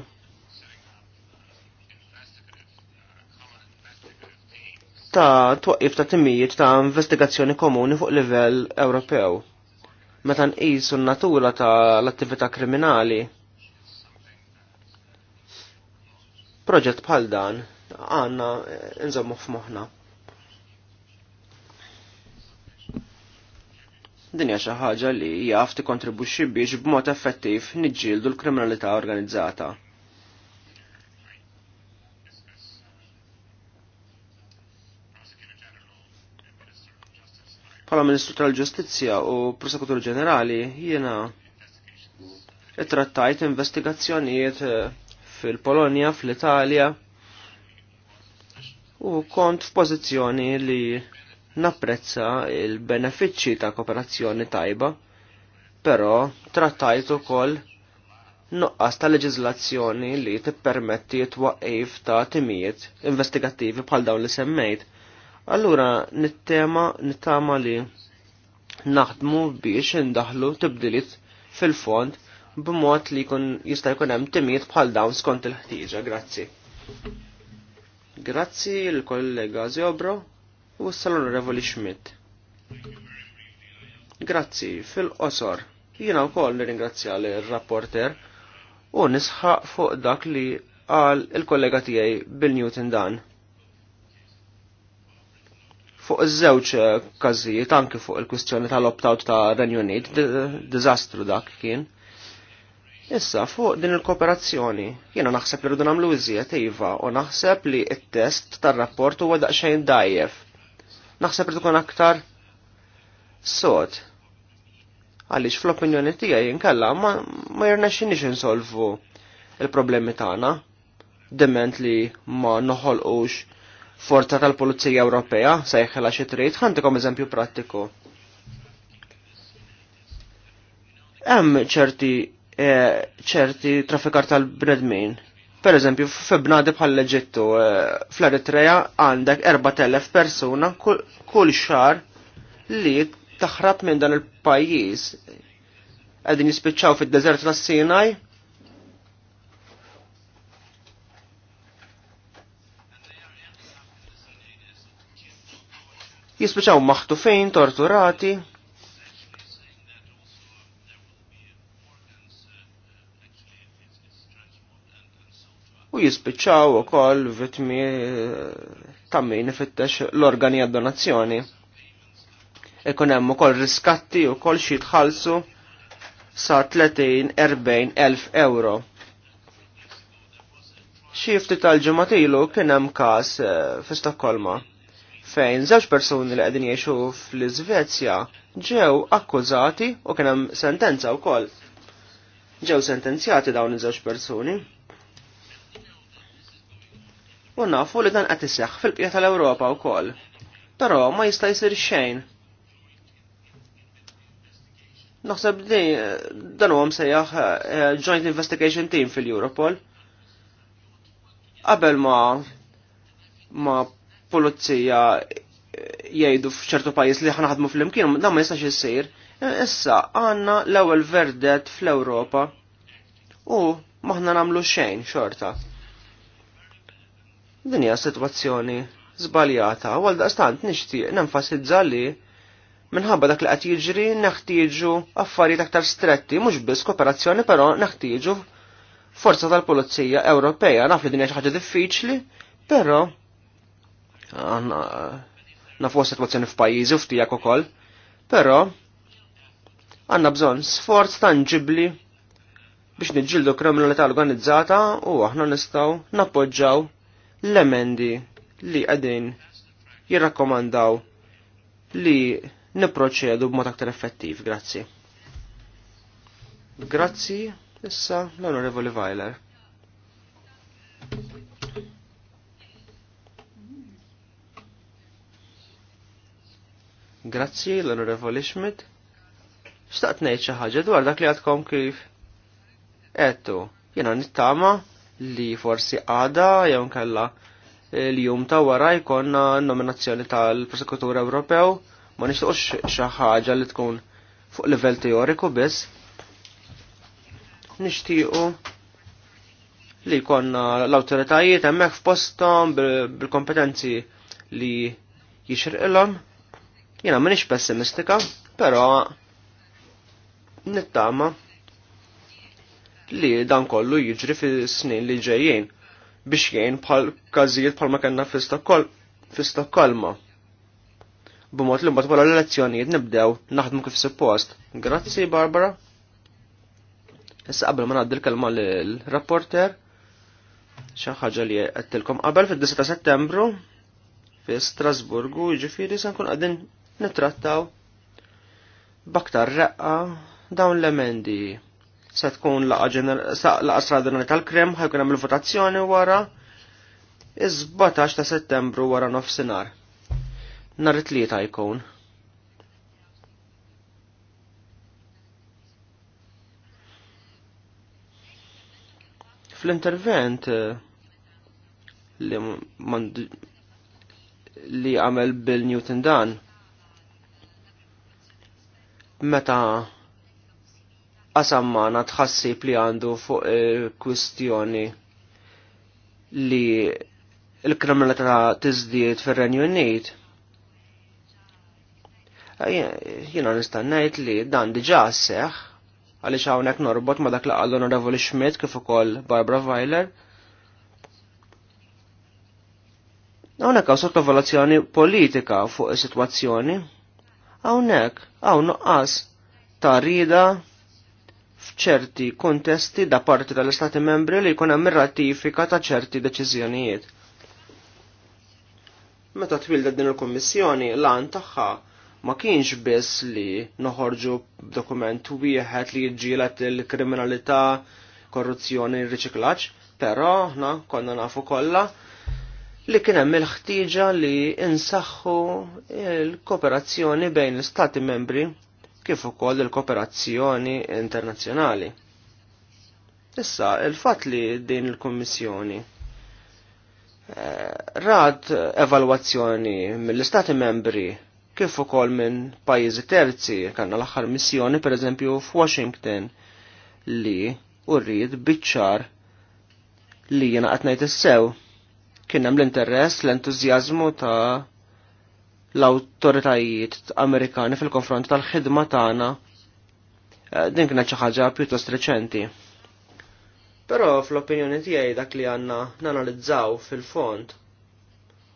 ta' twaqqif ta' timijiet ta' investigazzjoni komuni fuq livell Ewropew. Meta nqisu n-natura ta' l-attività kriminali proġett bħal dan għanna nżommu f'moħħna. Dinja xi ħaġa li jaf tikkontribwixxi biex b'mod effettiv niġġieldu l-kriminalità organizzata. Pala Ministru tal-Ġustizzja u Prosekutur Ġenerali jiena trattajt investigazzjonijiet eh, fil-Polonja, fl-Italja u kont f'pożizzjoni li napprezza il-benefiċċji ta' kooperazzjoni tajba, però trattajt ukoll nuqqas ta' leġiżlazzjoni li tippermetti twaqqif ta' timijiet investigattivi bħal dawn li semmejt. Allura nittema nittama li naħdmu biex indaħlu tibdilit fil-fond b'mod li jkun jista' jkun hemm timijiet bħal dawn skont il-ħtieġa. Grazzi. Grazzi l-kollega Zjobro u s-Salon Schmidt. Grazzi fil-qosor. Jiena wkoll nirringrazzja l-rapporter u nisħaq fuq dak li għal il-kollega tiegħi Bill-Newton dan. Fuq iż-żewġ eh, każijiet anke fuq il-kwistjoni tal-opt-out ta' Renju Unit, diżastru dak kien. Issa, fuq din il-kooperazzjoni, jiena naħseb li rridu nagħmlu iżjed iva u naħseb li t-test tar-rapport huwa daqsxejn dajjef. Naħseb li tkun aktar sod. Għaliex fl-opinjoni tiegħi jinkella ma, ma jirnexxinix insolvu il-problemi tagħna. Dement li ma noħolqux forza tal-Pulizija Ewropea se jħela xi trid, ħantikom eżempju prattiku. Hemm ċerti E, ċerti traffikar tal-bredmin. Per eżempju, f'bnadi bħal eġittu e, fl-Eritrea għandek 4.000 persuna kull xar li taħrab minn dan il-pajjiż. Qegħdin jispiċċaw fid-deżert tas-Sinaj. Jispiċċaw maħtufin, torturati. u ukoll vitmi eh, ta' min ifittex l-organi għad-donazzjoni. Ikun hemm ukoll riskatti wkoll xi jitħallsu sa 30-40 elf euro. Xi tal-ġematilu kien hemm każ eh, fi Stokkolma fejn żewġ persuni li qegħdin jgħixu fl-Iżvezja ġew akkużati u kien hemm sentenza wkoll. Ġew sentenzjati dawn iż-żewġ persuni. U nafu li dan qed iseħħ fil-qija tal-Ewropa wkoll. Però ma jista' jsir xejn. Naħseb di, dan huwa msejjaħ eh, Joint Investigation Team fil-Europol. Qabel ma ma pulizija jgħidu f'ċertu pajjiż li ħanaħdmu fil imkien dan ma jistax issir. Issa għandna l-ewwel verdet fl-Ewropa u maħna nagħmlu xejn xorta. Din hija sitwazzjoni żbaljata u għal daqstant nixtieq nenfasizza li minħabba dak li qed jiġri neħtieġu affarijiet aktar stretti mhux biss kooperazzjoni però neħtieġu forza tal-Pulizija Ewropea naf li din hija xi ħaġa diffiċli, però nafu sitwazzjoni f'pajjiżi u ftijak ukoll, però għandna bżonn sforz tanġibli biex niġġieldu kriminalità organizzata u aħna nistgħu nappoġġaw l-emendi li għedin jirrakkomandaw li niproċedu b'mod aktar effettiv. Grazzi. Grazzi, issa l-Onorevoli Weiler. Grazzi l-Onorevoli Schmidt. Staqt ngħid xi ħaġa dwar dak li għadkom kif. Ettu, jiena nittama' li forsi għada jew kella eh, l-jum ta' wara jkonna nominazzjoni tal-Prosekutur Ewropew ma nixtuqx xi ħaġa li tkun fuq livell teoriku biss. Nixtiequ li jkollna l-awtoritajiet hemmhekk f'posthom bil-kompetenzi li jixrqilhom. Jiena m'iniex pessimistika, però nittama li dan kollu jiġri fis-snin li ġejjin biex jgħin bħal każijiet bħalma kellna fi Stokkolma. B'mod li mbagħad wara l-elezzjonijiet nibdew naħdmu kif suppost. Grazzi Barbara. Issa qabel ma ngħaddi l-kelma lill-rapporter xi ħaġa li għedtilkom qabel fid 10 ta' Settembru fi Strasburgu, jiġifieri se nkun qegħdin nittrattaw baktar reqqa dawn l-emendi se tkun laqa straordinarja tal-krem ħajkun hemm il-votazzjoni wara is-17 ta' Settembru wara nofsinhar. Nhar it-tlieta jkun. Fl-intervent eh, li li għamel Bill Newton dan meta għasammana tħassib li għandu fuq il e, kwistjoni li il-kriminalità tiżdied fir-Renju Unit. Jiena nista' ngħid li dan diġà għasseħ, għaliex hawnhekk norbot ma dak laqallu l-Onorevoli Schmidt kif ukoll Barbara Weiler. Hawnhekk hawn sottovalazzjoni politika fuq is-sitwazzjoni. Hawnhekk hawn nuqqas ta' rida f'ċerti kontesti da parti tal-Istati membri li jkun hemm ratifika ta' ċerti deċiżjonijiet. Meta twilda din il-Kummissjoni, l għan tagħha ma kienx biss li noħorġu b'dokument wieħed li jġielet il-kriminalità, korruzzjoni, riċiklaġġ, però aħna konna nafu kollha li kien hemm il-ħtieġa li insaħħu l-kooperazzjoni bejn l-Stati membri kif ukoll il-kooperazzjoni internazzjonali. Issa, il-fat li din il-Kommissjoni eh, rad evalwazzjoni mill-Istati membri kif ukoll minn pajjiżi terzi kanna l-aħħar missjoni pereżempju f'Washington li urrid biċċar li jiena qed ngħid issew kien hemm l-interess, l-entużjażmu ta' l-autoritajiet Amerikani fil-konfront tal-ħidma tagħna eh, din kienet xi ħaġa pjuttost reċenti. Però fl-opinjoni tiegħi dak li għandna nanalizzaw fil-fond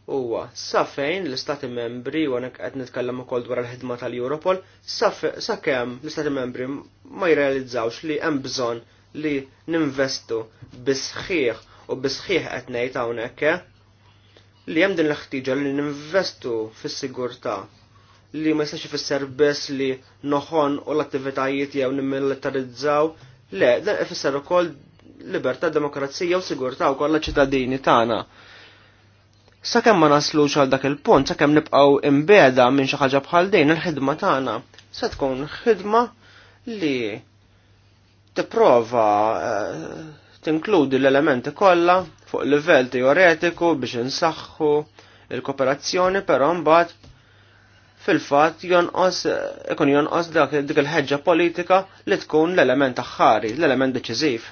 huwa sa fejn l-Istati Membri u għanek qed nitkellem ukoll dwar il-ħidma tal-Europol sa kemm l-Istati Membri ma jirrealizzawx li hemm bżonn li ninvestu bisħiħ u bisħiħ qed ngħid hawnhekk eh? li hemm din l-ħtiġa li ninvestu fis-sigurtà li ma jistax ifisser biss li noħon u l-attivitajiet jew nimmilitarizzaw, le, dan ifisser ukoll libertà, demokrazija u sigurtà wkoll ċittadini tagħna. Sakemm ma naslux għal dak il-punt, sakemm nibqgħu imbeda minn xi ħaġa bħal din il-ħidma tagħna, se tkun ħidma li tipprova eh, tinkludi l-elementi kollha fuq livell teoretiku biex insaħħu il-kooperazzjoni però mbagħad fil-fatt jonqos ikun jonqos dak dik il-ħeġġa politika li tkun l-element aħħari, l-element deċiżiv.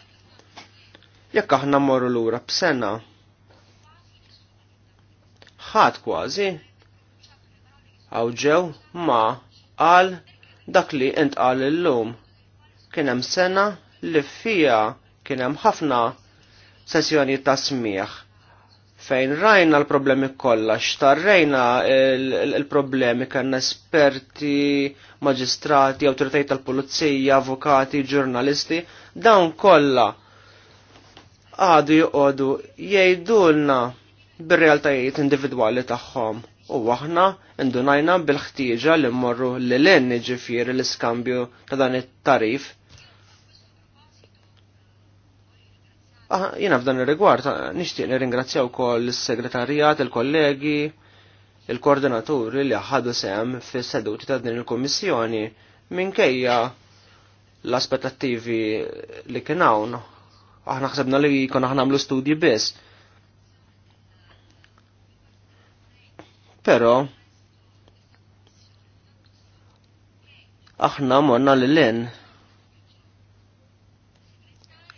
Jekk aħna mmorru lura b'sena ħadd kważi ġew ma qal dak li intqal illum. Kien hemm sena li fija kien hemm ħafna sessjoni ta' smieħ fejn rajna l-problemi kollha, xtarrejna l-problemi kien esperti, maġistrati, awtoritajiet tal-pulizija, avukati, ġurnalisti, dawn kollha għadu joqogħdu jgħidulna bir-realtajiet individwali tagħhom. U aħna indunajna bil-ħtieġa li mmorru l-len ġifieri l-iskambju ta' dan it-tarif Jena f'dan ir-rigward nixtieq nirringrazzjaw ukoll is-segretarjat, il-kollegi, il-koordinaturi li ħadu sem fis-seduti ta' din il-Kummissjoni minkejja l-aspettattivi li kien hawn. Aħna ħsebna li aħna ħnamlu studji biss. Però aħna morna lil-len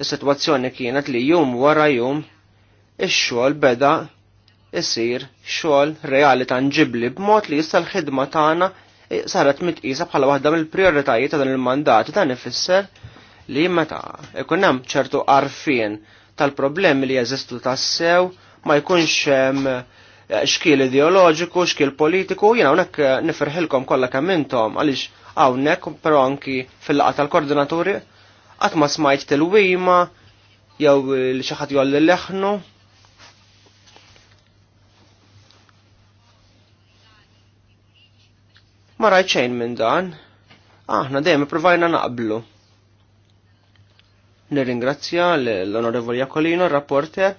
Is-sitwazzjoni kienet li jum wara jum ix-xogħol beda isir xogħol reali tanġibli b'mod li issa l-ħidma tagħna saret mitqisa bħala waħda mill-prijoritajiet ta' dan il-mandat dan ifisser li meta ikun hemm ċertu arfien tal-problemi li jeżistu tassew ma jkunx hemm eh, xkil ideoloġiku, xkil politiku, jiena hawnhekk eh, nifirħilkom kollha kemm intom għaliex hawnhekk però anki fil-laqgħa tal-koordinaturi qatt ma smajt tal-wima, jew li xi ħadd l leħnu. Ma rajt xejn minn dan. Aħna dejjem ippruvajna naqblu. Nirringrazzja l-Onorevoli Jakolino, r-rapporter,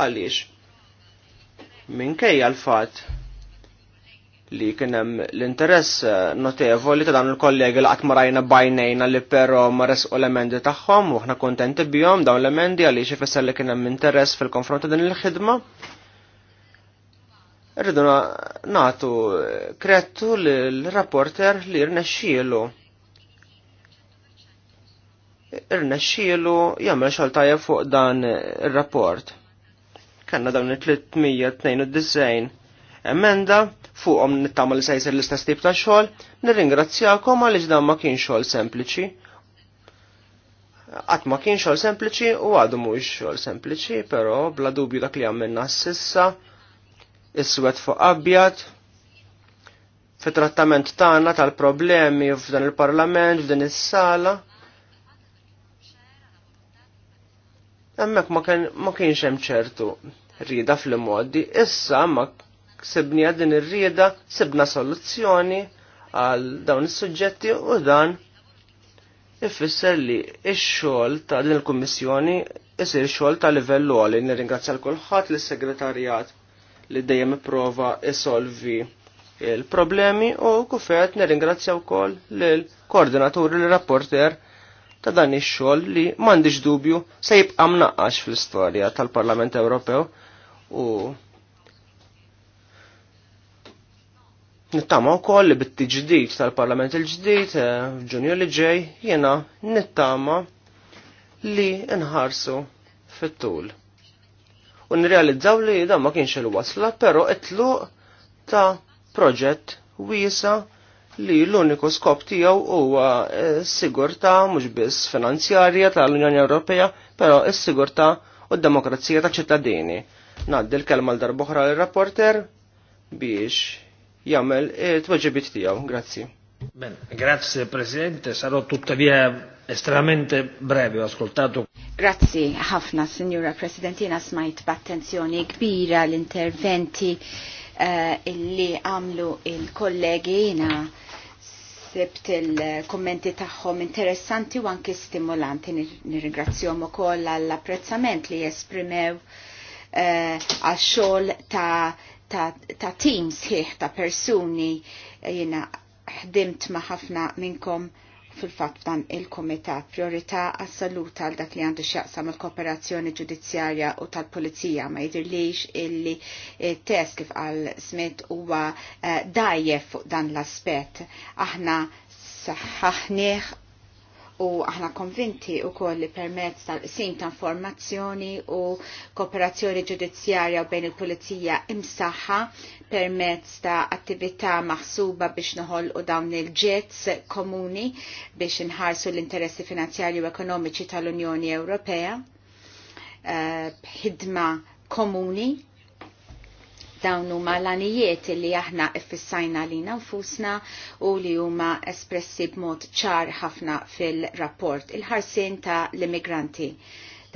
għaliex minkejja l-fatt li kienem l-interess eh, notevoli ta' dan il-kollegi li qatt rajna bajnejna li però ma resqu l-emendi tagħhom u aħna kontenti bihom dawn l-emendi għaliex xifessar li kien hemm interess fil-konfront din il-ħidma. Rriduna nagħtu krettu l-rapporter li rnexxielu. Irnexxielu jagħmel xogħol tajjeb fuq dan ir-rapport. Kanna dawn it-392 emenda fuqhom nittama li se jsir l-istess tip ta' xogħol, nirringrazzjakom għaliex dan ma kien xogħol sempliċi. Qatt ma kien xogħol sempliċi u għadu mhuwiex xogħol sempliċi, però bla dubju dak li għamilna s-sissa, is-swed fuq abjad, fi trattament tagħna tal-problemi f'dan il-Parlament, f'din is-sala. Hemmhekk ma kienx hemm ċertu rida fl-modi, issa ma sebni din ir-rieda, sebna soluzzjoni għal dawn is-suġġetti u dan ifisser li x-xogħol ta' din il-Kummissjoni isir xogħol ta' livellu għoli. Nirringrazzja kulħadd lis segretarjat li dejjem ipprova isolvi il-problemi u kufet nirringrazzja wkoll lil koordinatur l rapporter ta' dan ix-xogħol li m'għandix dubju se jibqa' mnaqqax fl-istorja tal-Parlament Ewropew u Nittama wkoll li bit-tiġdid tal-Parlament il-ġdid f'Ġunju eh, li ġej jiena nittama li nħarsu fit-tul. U nirrealizzaw li dan ma kienx il-wasla, però itlu ta' proġett wiesa li l-uniku skop tiegħu huwa eh, s-sigurtà mhux biss finanzjarja tal-Unjoni Ewropea, però s-sigurtà u d-demokrazija ta' ċittadini. Ngħaddi l-kelma l-darbohra l-rapporter biex Jammel, it-tweġibit eh, tiegħu. Grazzi. Ben, grazie Presidente, sarò tuttavia estremamente breve, ho ascoltato. Grazie ħafna, Signora Presidentina, smajt b'attenzjoni kbira l-interventi uh, illi għamlu il-kollegi jina il-kommenti tagħhom interessanti u anki stimolanti. Nirringrazzjom ukoll għall-apprezzament li jesprimew eh, għax-xogħol ta' ta', ta tim sħiħ ta' persuni jina ħdimt ma' ħafna minnkom fil-fat dan il-komitat priorità għas-saluta għal dak li għandu xjaqsam il-kooperazzjoni ġudizzjarja u tal-pulizija ma jidirlix illi test kif għal smet huwa eh, dajjef fuq dan l-aspet. Aħna saħħaħnieħ u aħna konvinti u koll li permezz tal-qsim ta' informazzjoni u kooperazzjoni ġudizzjarja bejn il-pulizija imsaħħa permezz ta' attività maħsuba biex noħol u dawn il-ġets komuni biex nħarsu l-interessi finanzjarji u ekonomiċi tal-Unjoni Ewropea. Eh, Ħidma komuni Dawn huma l-anijiet li aħna iffissajna li nfusna u li huma espressi b'mod ċar ħafna fil-rapport il-ħarsin ta' l-immigranti.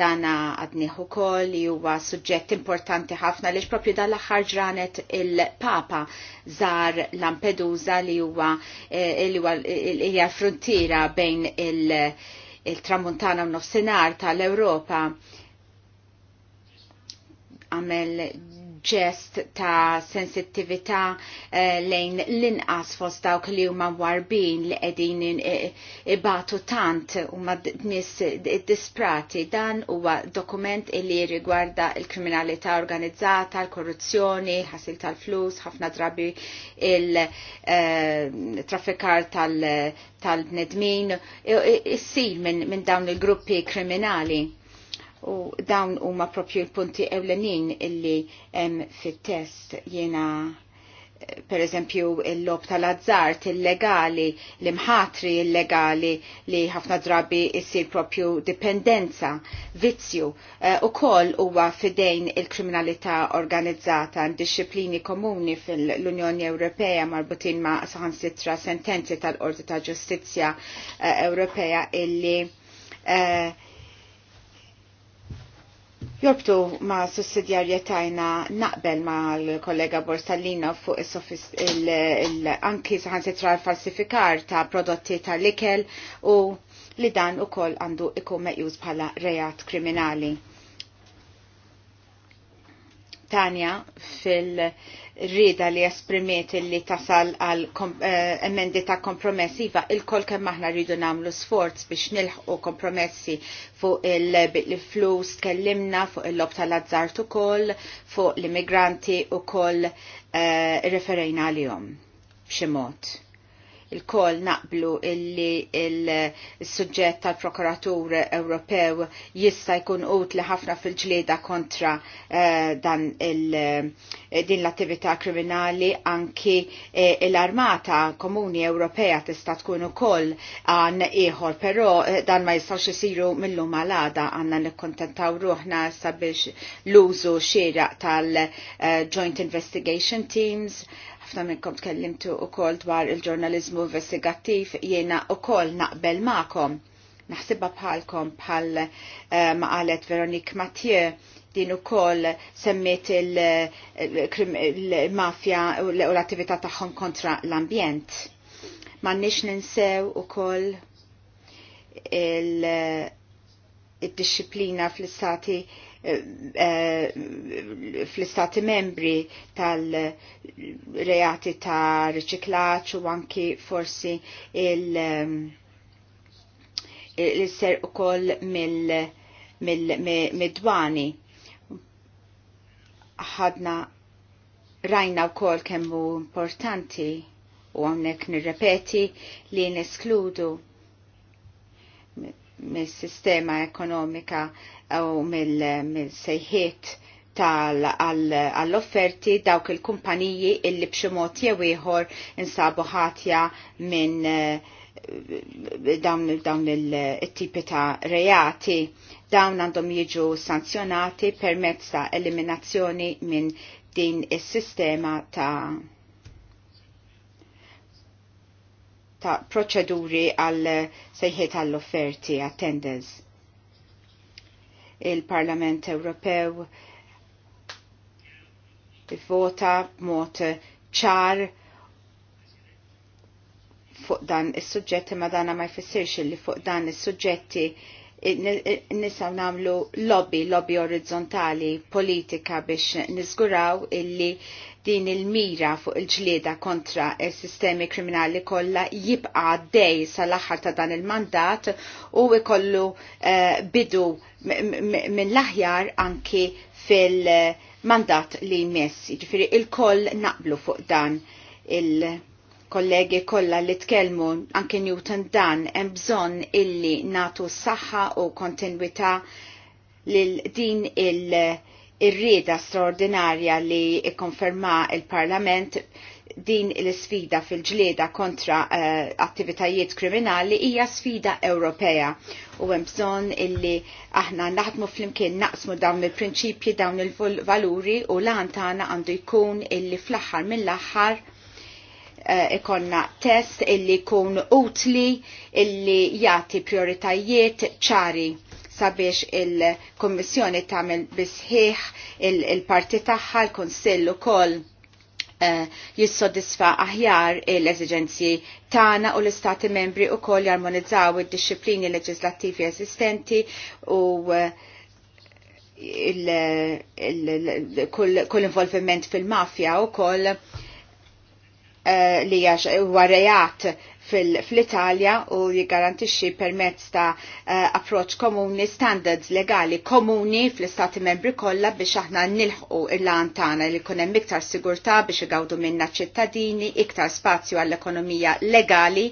Dana għadniħu kol li huwa suġġett importanti ħafna li propju dal-axħar ġranet il-Papa zar Lampedusa li huwa eh, hija frontiera bejn il-tramuntana u nofsinhar tal-Ewropa għamel ġest ta' sensittività eh, lejn l-inqas fost dawk li huma warbin li qegħdin ibatu tant huma nies disprati dan huwa dokument li rigwarda il-kriminalità organizzata, l-korruzzjoni, ħasil tal-flus, ħafna drabi il-traffikar eh, tal-bnedmin, issir minn dawn il-gruppi kriminali u dawn huma propju l-punti ewlenin illi hemm fit-test jiena per eżempju l lob tal-azzart illegali, l-imħatri illegali li ħafna drabi jissir propju dipendenza, vizzju, eh, u koll huwa fidejn il-kriminalità organizzata disciplini komuni fil-Unjoni Ewropea marbutin ma' saħansitra sentenzi tal-Ordi ta' Ġustizzja eh, Ewropea illi uh, Jorbtu ma' sussidjarjetajna naqbel ma' l-kollega Borsalino fuq il-anki saħan sitra falsifikar ta' prodotti ta' likel u li dan u koll għandu ikum meqjuż bħala rejat kriminali Tanja fil-rida li esprimiet li tasal għal eh, emendi ta' kompromessiva il-kol kemm aħna rridu namlu sforz biex nilħu kompromessi fuq il-flus tkellimna fuq il-lob tal azzartu kol fuq l-immigranti u kol uh, eh, referejna għal-jom bximot il-kol naqblu illi il-sujġett tal-Prokuratur Ewropew jista jkun utli ħafna fil-ġlieda kontra eh, dan eh, din l-attività kriminali anki uh, l-Armata Komuni Ewropea tista tkun ukoll għan ieħor, pero dan ma jistgħux isiru millu malada għanna għandna nikkontentaw ruħna sabiex l-użu xieraq tal-Joint Investigation Teams ħafna minnkom tkellimtu u kol dwar il-ġurnalizmu investigattiv jiena u kol naqbel ma'kom. Naħsibha bħalkom bħal eh, ma qalet Veronique Mathieu din u kol semmiet il-mafja u l-attività tagħhom kontra l-ambjent. M'għandniex ninsew u kol il-disciplina fl-istati Eh, fl-istati membri tal-reati ta' riċiklaċ u anki forsi il- ehm, ser u koll mill-dwani. ħadna rajna u koll kemmu importanti u għamnek nirrepeti li neskludu mis-sistema ekonomika u mill-sejħiet tal-offerti dawk il-kumpaniji illi bximot jew ieħor insabu ħatja minn eh, dawn il-tipi ta' reati dawn għandhom jiġu sanzjonati permezz ta' eliminazzjoni minn din is-sistema ta' ta' proċeduri għal sejħiet għall-offerti attendance. Il-Parlament Ewropew vota mod ċar fuq dan is-suġġetti ma dana ma jfissirx li fuq dan is-suġġetti nisaw namlu lobby, lobby orizzontali, politika biex nizguraw illi din il-mira fuq il-ġlieda kontra il-sistemi kriminali kollha jibqa' dej sal-aħħar ta' dan il-mandat u ikollu uh, bidu l aħjar anki fil-mandat li jmess. Ġifiri, il-koll naqblu fuq dan il- kollegi kollha li tkellmu anke Newton dan hemm bżonn illi natu saħħa u kontinwità lil din il- ir-rieda straordinarja li ikkonferma il-Parlament din l-sfida fil-ġlieda kontra uh, attivitajiet kriminali hija sfida Ewropea u hemm bżonn illi aħna naħdmu flimkien naqsmu dawn il-prinċipji dawn il-valuri u lan tagħna għandu jkun illi fl-aħħar mill-aħħar eh, ikonna uh, test illi jkun utli illi jagħti prioritajiet ċari sabiex il-Kommissjoni tagħmel bisħiħ il-parti tagħha l-Kunsill ukoll eh, jissodisfa aħjar l-eżigenzi tagħna u l-Istati membri wkoll jarmonizzaw id-disciplini leġislattivi eżistenti u eh, kull involviment fil-mafja u kol Eh, li għax reat fl-Italja u jgarantixxi permezz ta' eh, approċ komuni, standards legali komuni fl-istati membri kollha biex aħna nilħu il-lan tagħna li jkun hemm iktar sigurtà biex igawdu minna ċittadini, iktar spazju għall-ekonomija legali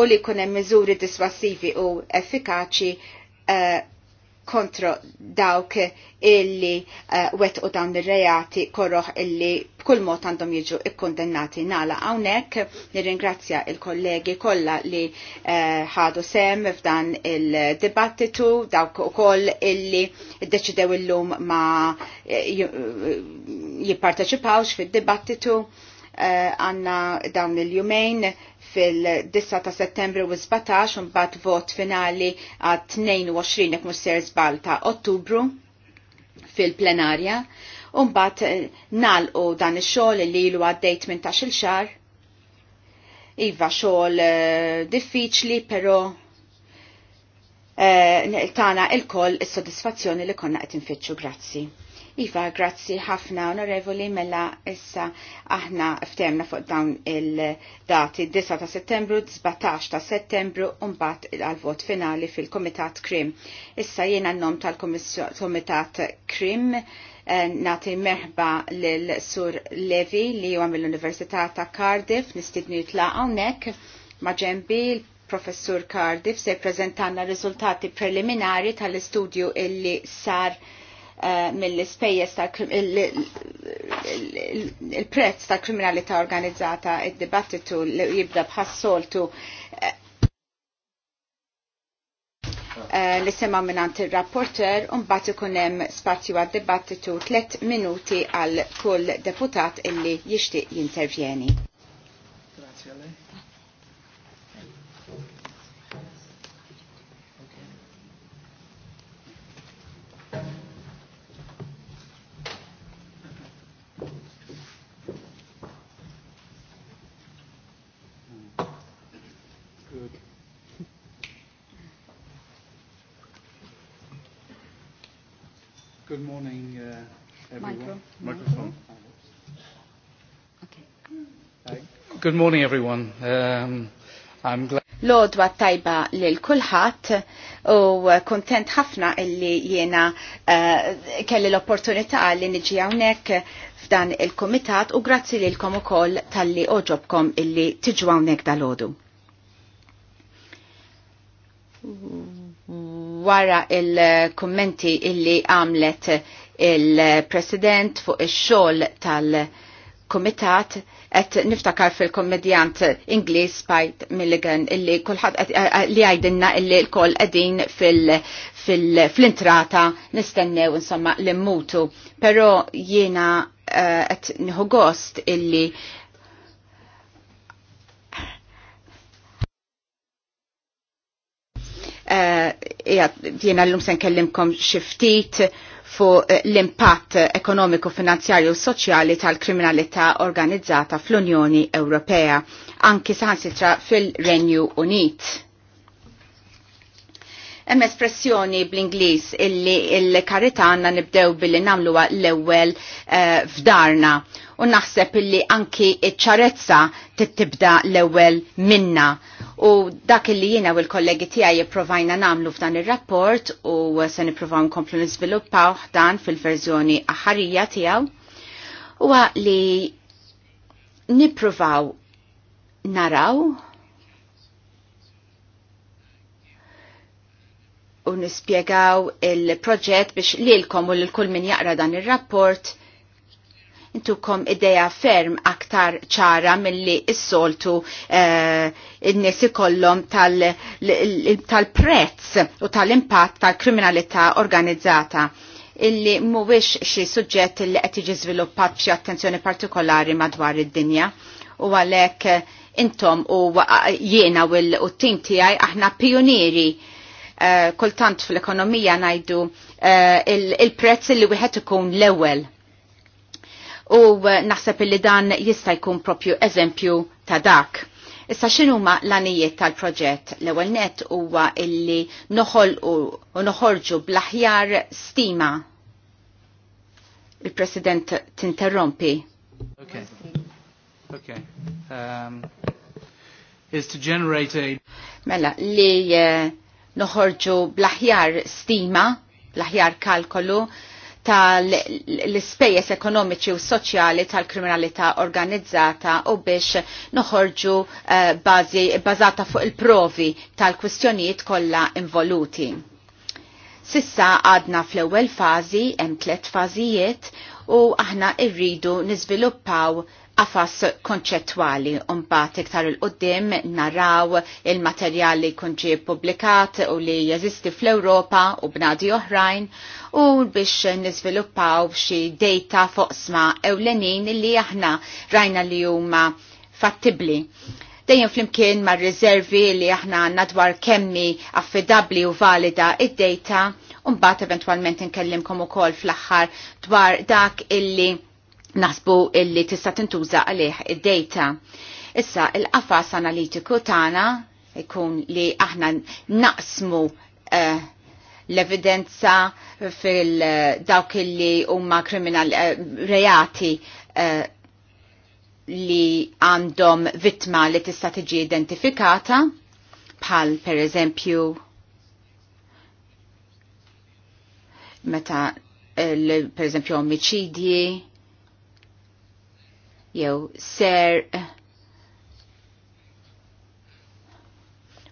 u li jkun hemm miżuri diswassivi u effikaċi eh, kontro dawk illi uh, wet u dawn ir rejati korroħ illi b'kull mod għandhom jiġu ikkondennati nala hawnhekk nirringrazzja il-kollegi kollha li eh, ħadu uh, sem f'dan il-dibattitu dawk ukoll illi ddeċidew illum ma eh, jipparteċipawx fid-dibattitu għanna uh, dawn il-jumejn fil-9 ta' settembru u 17 un bat vot finali għad 22 ek musser zbal ta' ottubru fil-plenarja un bat eh, u dan il-xol li ilu għaddejt minn ta' xil-xar. Iva xol eh, diffiċli, pero eh, tana il-koll il-sodisfazzjoni li konna għetin fitxu. Grazzi. Iva, grazzi ħafna, onorevoli, mela issa aħna ftemna fuq dawn il-dati 9 ta' settembru, 17 ta' settembru, unbat għal-vot finali fil-Komitat Krim. Issa jena n-nom tal-Komitat Krim, eh, nati merħba l-Sur Levi li huwa mill-Università ta' Cardiff, nistidni jitla' hawnhekk ma' ġembi l-Professur Cardiff se prezentanna riżultati preliminari tal-istudju illi sar Eh, mill-ispejjeż tal-prezz tal-kriminalità organizzata id-dibattitu li jibda bħas-soltu eh, eh, li sema minnant il-rapporter un-bat ikunem spazju għad dibattitu 3 minuti għal kull deputat illi jishtiq jintervjeni. Grazie a lei. Good morning, uh, everyone. Michael. Microphone. Okay. good morning, everyone. Um, I'm glad. Lodwa tajba lil kulħadd u kontent ħafna illi jiena uh, kelli l-opportunità li niġi hawnhekk f'dan il-komitat u grazzi lilkom ukoll tal-li oġobkom illi tiġu hawnhekk dal wara il-kommenti illi għamlet il-President fuq ix-xogħol il president fuq ix xogħol tal kumitat qed niftakar fil-kommedjant Ingliż Spike Milligan illi kulħadd li għajdinna illi l-koll qegħdin fil-intrata nistennew insomma l-immutu. Però jiena eh, qed nħu gost illi Eh, jiena l-lum sen kellimkom xiftit fu eh, l-impatt ekonomiku, finanzjarju u soċjali tal-kriminalità organizzata fl-Unjoni Ewropea, anki saħansitra fil-Renju Unit. Hemm espressjoni bl-Ingliż illi l-karità għandna nibdew billi nagħmluha l-ewwel eh, f'darna u naħseb illi anki iċ-ċarezza tittibda l-ewwel minna. U dak li jina u l-kollegi tiegħi jipprovajna nagħmlu f'dan ir-rapport u se nippruvaw nkomplu niżviluppaw dan fil-verżjoni aħarija tiegħu huwa li nippruvaw naraw u nispjegaw il-proġett biex lilkom u lil kull min jaqra dan ir-rapport intukom ideja ferm aktar ċara mill-li s-soltu eh, n-nis kollom tal-prezz u tal-impatt tal-kriminalità organizzata illi mhuwiex xi suġġett li qed jiġi żviluppat b'xi attenzjoni partikolari madwar id-dinja u għalhekk eh, intom u eh, jiena u t-tim tiegħi aħna pionieri kultant fl-ekonomija najdu il-prezz li wieħed ikun l-ewwel u eh, naħseb li dan jista' jkun propju eżempju ta' dak. Issa x'inhuma l-anijiet tal-proġett? L-ewwel net huwa illi noħol u noħorġu bl-aħjar stima. Il-President tinterrompi. Ok. Ok. Um, is to generate a Mela li uh, noħorġu bl-aħjar stima, bl-aħjar kalkolu tal-ispejjeż ekonomiċi u soċjali tal-kriminalità organizzata u biex noħorġu bażata fuq il-provi tal-kwistjonijiet kollha involuti. Sissa għadna fl-ewwel fażi hemm tliet fażijiet u aħna rridu niżviluppaw qafas konċettwali mbagħad iktar il-qudiem naraw il-materjal li jkun ġie u li jeżisti fl-Ewropa u bnadi oħrajn u biex niżviluppaw xi data foqsma ewlenin li aħna rajna li huma fattibli. Dejjem flimkien ma' riservi li aħna għandna dwar kemmi affidabli u valida id-data u mbagħad eventwalment nkellimkom ukoll fl-aħħar dwar dak illi nasbu illi tista' tintuża għalih id-data. Issa il-qafas analitiku tagħna jkun li aħna naqsmu uh, l-evidenza fil eh, dawk illi huma kriminal uh, reati uh, li għandhom vittma li tista' tiġi identifikata bħal per eżempju meta per eżempju omicidji jew ser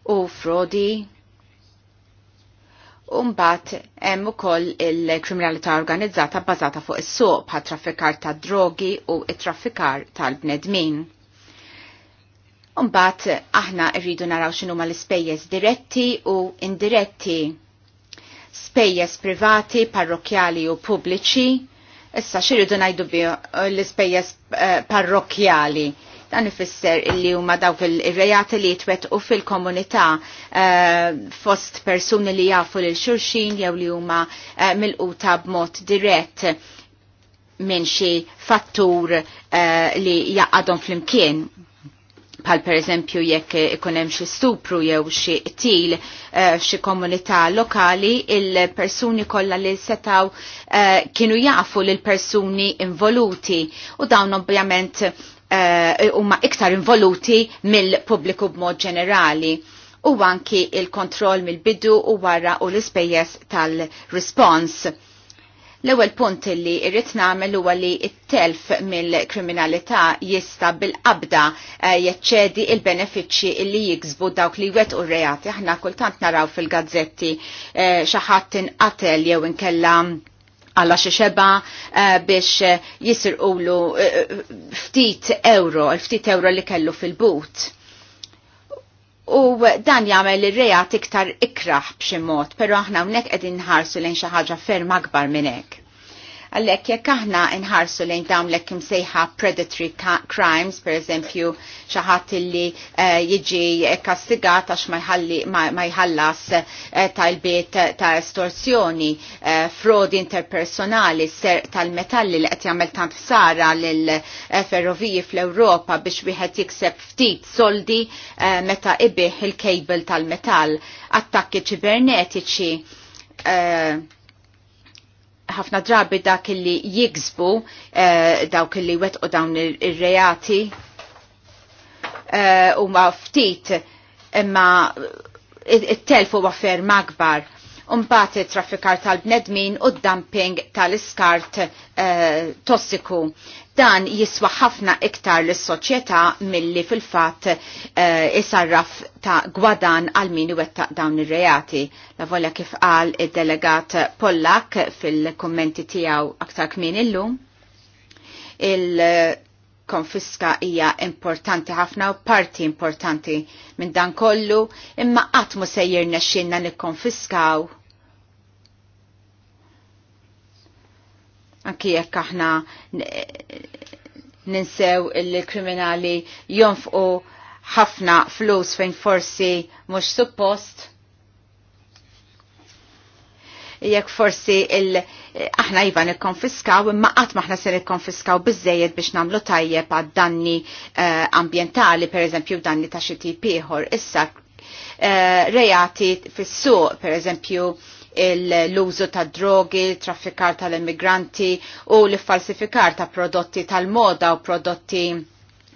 u frodi Umbat hemm ukoll il-kriminalità organizzata bbażata fuq is-suq bħal traffikar ta' drogi u t traffikar tal-bnedmin. Umbat aħna rridu naraw x'inhuma l-ispejjeż diretti u indiretti. Spejjeż privati, parrokjali u pubbliċi, Issa xirridu najdu bi uh, l-ispejjeż uh, parrokjali. Dan ifisser illi huma dawk il-rejati li jitwettqu fil-komunità uh, fost persuni li jafu lil xulxin jew li huma milquta b'mod dirett minn xi fattur li jaqadhom flimkien pal per eżempju jekk ikun hemm xi stupru jew xi qtil eh, f'xi komunità lokali, il-persuni kollha li setaw eh, kienu jafu lil persuni involuti u dawn ovvjament eh, huma iktar involuti mill-pubbliku b'mod ġenerali u anki il-kontroll mill-bidu u wara u l-ispejjeż tal-respons L-ewwel punt li irrid nagħmel huwa li t-telf mill-kriminalità jista' bil-qabda eh, jeċċedi il-benefiċċji li jiksbu dawk li jwettqu u reati Aħna kultant naraw fil-gazzetti eh, xi ħadd inqatel jew inkella għalla xeba eh, biex jisirqulu ftit euro, ftit euro li kellu fil-but u dan jagħmel ir-reat iktar ikraħ b'xi mod, però aħna hawnhekk qegħdin nħarsu lejn xi ħaġa ferm akbar minn hekk. Għallek jekk aħna nħarsu lejn dawn l sejħa predatory crimes, per eżempju, xaħat illi eh, jiġi kastigat għax ma jħallas uh, tal-bit ta' estorsjoni, eh, frodi interpersonali, ser tal-metalli li qed jagħmel tant sara l ferroviji fl-Ewropa biex wieħed jikseb ftit soldi meta ibih il kabel tal-metall, attakki ċibernetiċi ħafna drabi dak li jiksbu eh, dawk li wetqu dawn ir-reati eh, u ma ftit imma it-telfu waffer magbar Umbat traffikar tal-bnedmin u dumping tal-iskart eh, tossiku. Dan jiswa ħafna iktar l soċjetà milli fil-fat eh, isarraf ta' gwadan għal min wettaq dawn ir-reati. La volja kif qal id-delegat Pollak fil-kommenti tiegħu aktar kmin illum. Il-konfiska hija importanti ħafna u parti importanti minn dan kollu imma qatt mu sejjer nexxinna nikkonfiskaw Anki jekk aħna ninsew il-kriminali jonfqu ħafna flus fejn forsi mhux suppost jekk forsi il aħna jiva nikkonfiskaw imma qatt maħna se nikkonfiskaw bizzejed biex nagħmlu tajjeb għad danni uh, eh, ambjentali pereżempju danni ta' xi tip ieħor issa uh, eh, rejati fis-suq pereżempju l-użu ta' drogi, traffikar tal-immigranti u l-falsifikar ta' prodotti tal-moda u prodotti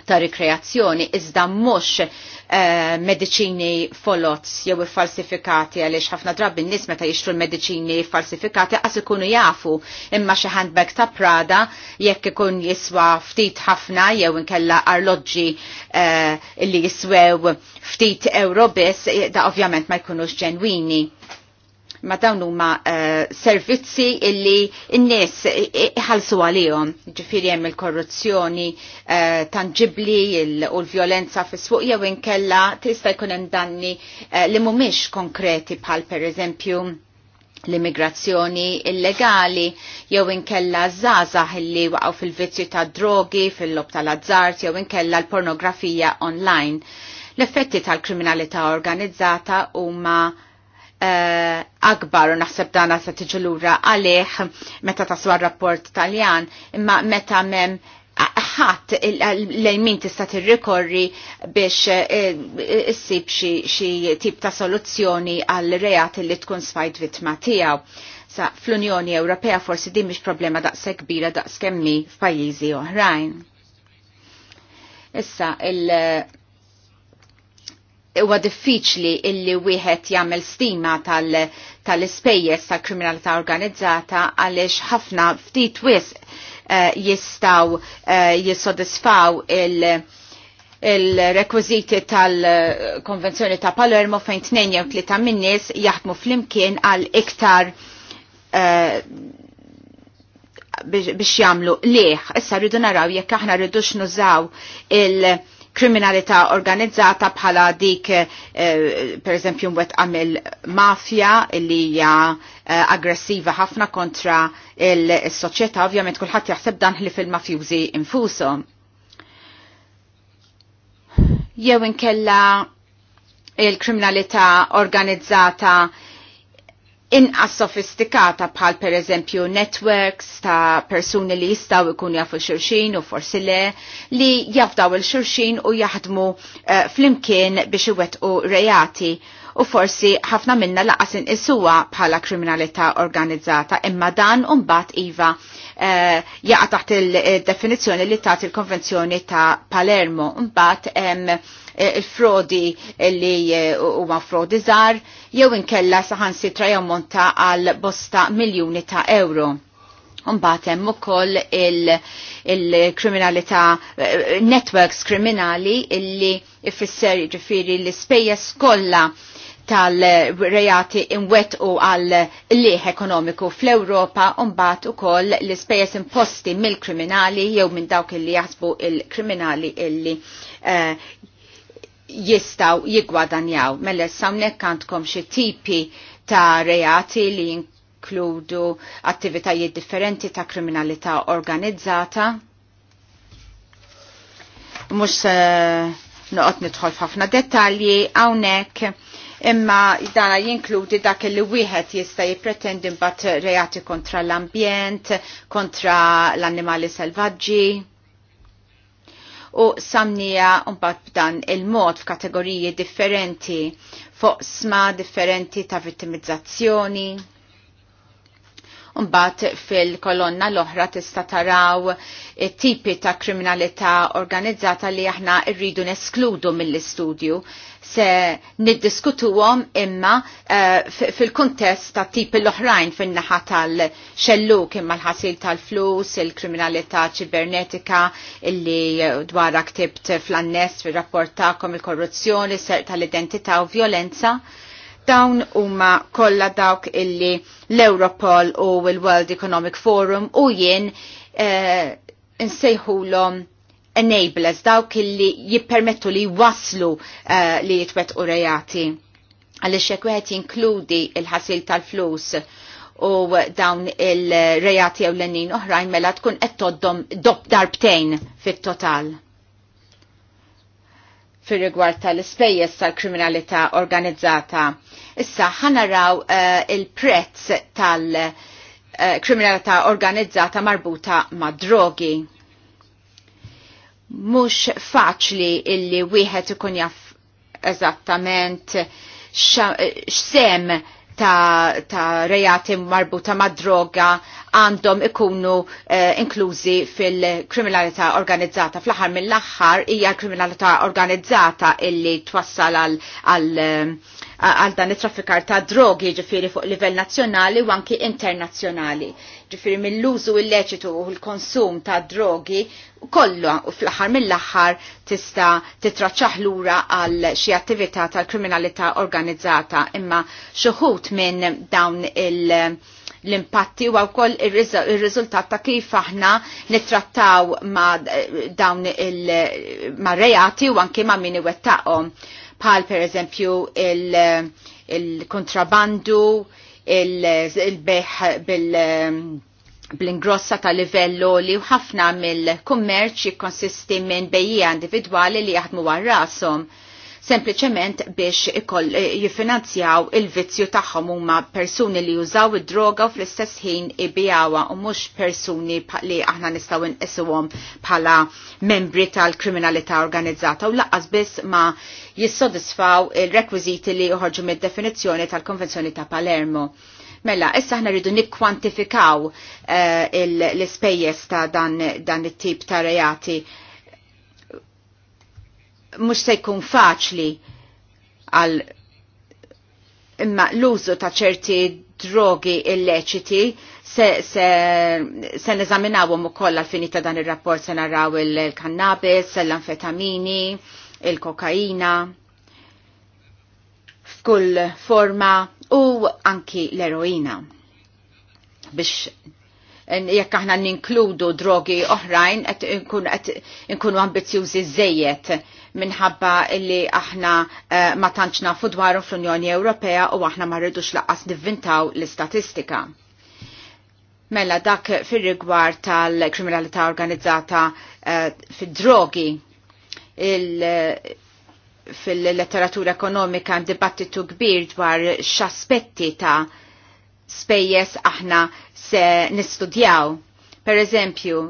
ta' rikreazzjoni iżda mhux medicini eh, mediċini folots jew falsifikati għaliex ħafna drabi n-nies meta jixtru l-mediċini falsifikati qas ikunu jafu imma xi handbag ta' Prada jekk ikun jiswa ftit ħafna jew inkella arloġġi eh, li jiswew ftit euro biss da' ovvjament ma jkunux ġenwini ma dawn huma eh, servizzi illi n-nies ħalsu għalihom. Ġifieri hemm il-korruzzjoni eh, tangibbli u l-vjolenza fis-suq jew inkella tista' jkun hemm danni eh, li mhumiex konkreti bħal pereżempju l-immigrazzjoni illegali jew inkella żgħażagħ illi waqgħu fil-vizzju ta' drogi, fil-lob tal-azzart jew inkella l-pornografija online. L-effetti tal-kriminalità organizzata huma Eh, akbar u naħseb dana se tiġu lura għalih meta taswa rapport taljan imma meta mem ħadd lejmin tista' tirrikorri biex eh, issib xi tip ta' soluzzjoni għal reat li tkun sfajt vittma tiegħu. Sa fl-Unjoni Ewropea forsi din mhix problema daqse kbira da' skemmi f'pajjiżi oħrajn. Issa il- huwa diffiċli illi wieħed jagħmel stima tal-ispejjeż tal ispejjeż tal kriminalità organizzata għaliex ħafna ftit wisq jistgħu eh, jistaw eh, jissodisfaw il- il-rekwiziti tal-konvenzjoni ta' Palermo fejn tnejn jew tlieta nies jaħdmu flimkien għal iktar eh, biex jagħmlu liħ. Issa rridu naraw jekk aħna rridux nużaw il- kriminalità organizzata bħala dik eh, per eżempju mwet għamil mafja li hija eh, aggressiva ħafna kontra il-soċjetà, ovvjament kulħadd jaħseb dan li fil-mafjużi infushom. Jew inkella il-kriminalità organizzata inqas sofistikata bħal per eżempju networks ta' persuni li jistaw ikun jafu xurxin u forsi le li jafdaw il-xurxin u jaħdmu uh, flimkien biex iwettqu rejati u forsi ħafna minna laqas inqisuha bħala kriminalità organizzata imma dan umbat iva uh, jaqa taħt il-definizzjoni eh, li taħt il-konvenzjoni ta' Palermo umbat um, Eh, il-frodi li eh, huma frodi żgħar jew inkella saħansitra jammonta għal bosta miljuni ta' euro. Mbagħad hemm ukoll il-kriminalità il eh, networks kriminali illi ifisser jiġifieri l-ispejjeż kollha tal-rejati u għal liħ ekonomiku fl-Europa unbat u koll l-spejes imposti mill-kriminali jew minn dawk li jasbu il-kriminali illi jistaw jigwadanjaw. Melle sawnek għandkom xie tipi ta' reati li jinkludu attivitajiet differenti ta' kriminalità organizzata. Mux noqot nidħol ħafna dettalji hawnhekk imma dana jinkludi dak li wieħed jista' jippretendi mbagħad reati kontra l-ambjent, kontra l-annimali selvaġġi u samnija mbagħad b'dan il-mod f'kategoriji differenti fuq sma differenti ta' vittimizzazzjoni Mbagħad fil-kolonna l-oħra tista' taraw tipi ta' kriminalità organizzata li aħna rridu neskludu mill-istudju se niddiskutuhom imma eh, fil-kuntest ta' tipi l-oħrajn fin-naħa tal xellu imma l-ħasil tal-flus, il-kriminalità ċibernetika illi dwar ktibt fl-annest fir-rapport il-korruzzjoni, ser tal-identità u violenza Dawn huma kollha dawk illi l-Europol u l-World Economic Forum u jien eh, nsejħulhom enablers, dawk illi jippermettu li waslu eh, li jitwet u rejati. Għalix jekwet jinkludi il-ħasil tal-flus u dawn il-rejati ewlenin oħrajn mela tkun qed toddhom dob darbtejn fit-total fir rigward tal-ispejjeż tal-kriminalità organizzata. Issa ħanaraw uh, il-prezz tal-kriminalità eh, organizzata marbuta ma' drogi. Mhux faċli illi wieħed ikun jaf eżattament eh, x'sem ta', ta rejati marbuta ma' droga għandhom ikunu eh, inklużi fil-kriminalità organizzata. Fl-aħħar mill-aħħar hija kriminalità organizzata illi twassal għal, għal eh, għal dan it-traffikar ta' drogi ġifiri fuq livell nazzjonali u anki internazzjonali. Ġifiri mill-użu illeċitu u l-konsum ta' drogi kollu u fl-aħħar mill-aħħar tista' titraċċaħ lura għal xi attività tal-kriminalità organizzata imma xuħut minn dawn il- l-impatti u għal il-rizultat ta' kif aħna nitrattaw ma' dawn il-reati u anki ma' minni wettaqom. Pal per eżempju il-kontrabandu, il-beħ bil- bl-ingrossa ta' livello li ħafna mill-kummerċ jikkonsisti minn bejjija individwali li jaħdmu għal rasom sempliciment biex ikoll eh, jifinanzjaw il-vizzju tagħhom huma persuni li jużaw id-droga u fl-istess ħin ibijawa u mhux persuni li aħna nistgħu nqisuhom bħala membri tal-kriminalità organizzata u laqqas biss ma jissodisfaw il-rekwiżiti li joħorġu mid-definizzjoni tal-Konvenzjoni ta' Palermo Mela, issa ħna rridu nikkwantifikaw eh, l-ispejjeż ta' dan it-tip ta' reati. Mhux se jkun faċli għal imma l-użu ta' ċerti drogi illeċiti se, se, se neżaminawhom ukoll għal finita dan ir-rapport se naraw il-kannabis, l-anfetamini, il-kokaina, f'kull forma u anki l-eroina. Biex jekk aħna ninkludu drogi oħrajn qed inkunu ambizzjużi żejjed minħabba li aħna uh, ma tantx nafu dwarhom fl-Unjoni Ewropea u aħna ma rridux laqas nivvintaw l-istatistika. Mela dak fir-rigward tal-kriminalità organizzata uh, fid-drogi fil-letteratura ekonomika dibattitu kbir dwar x'aspetti ta' spejjes aħna se nistudjaw. Per eżempju,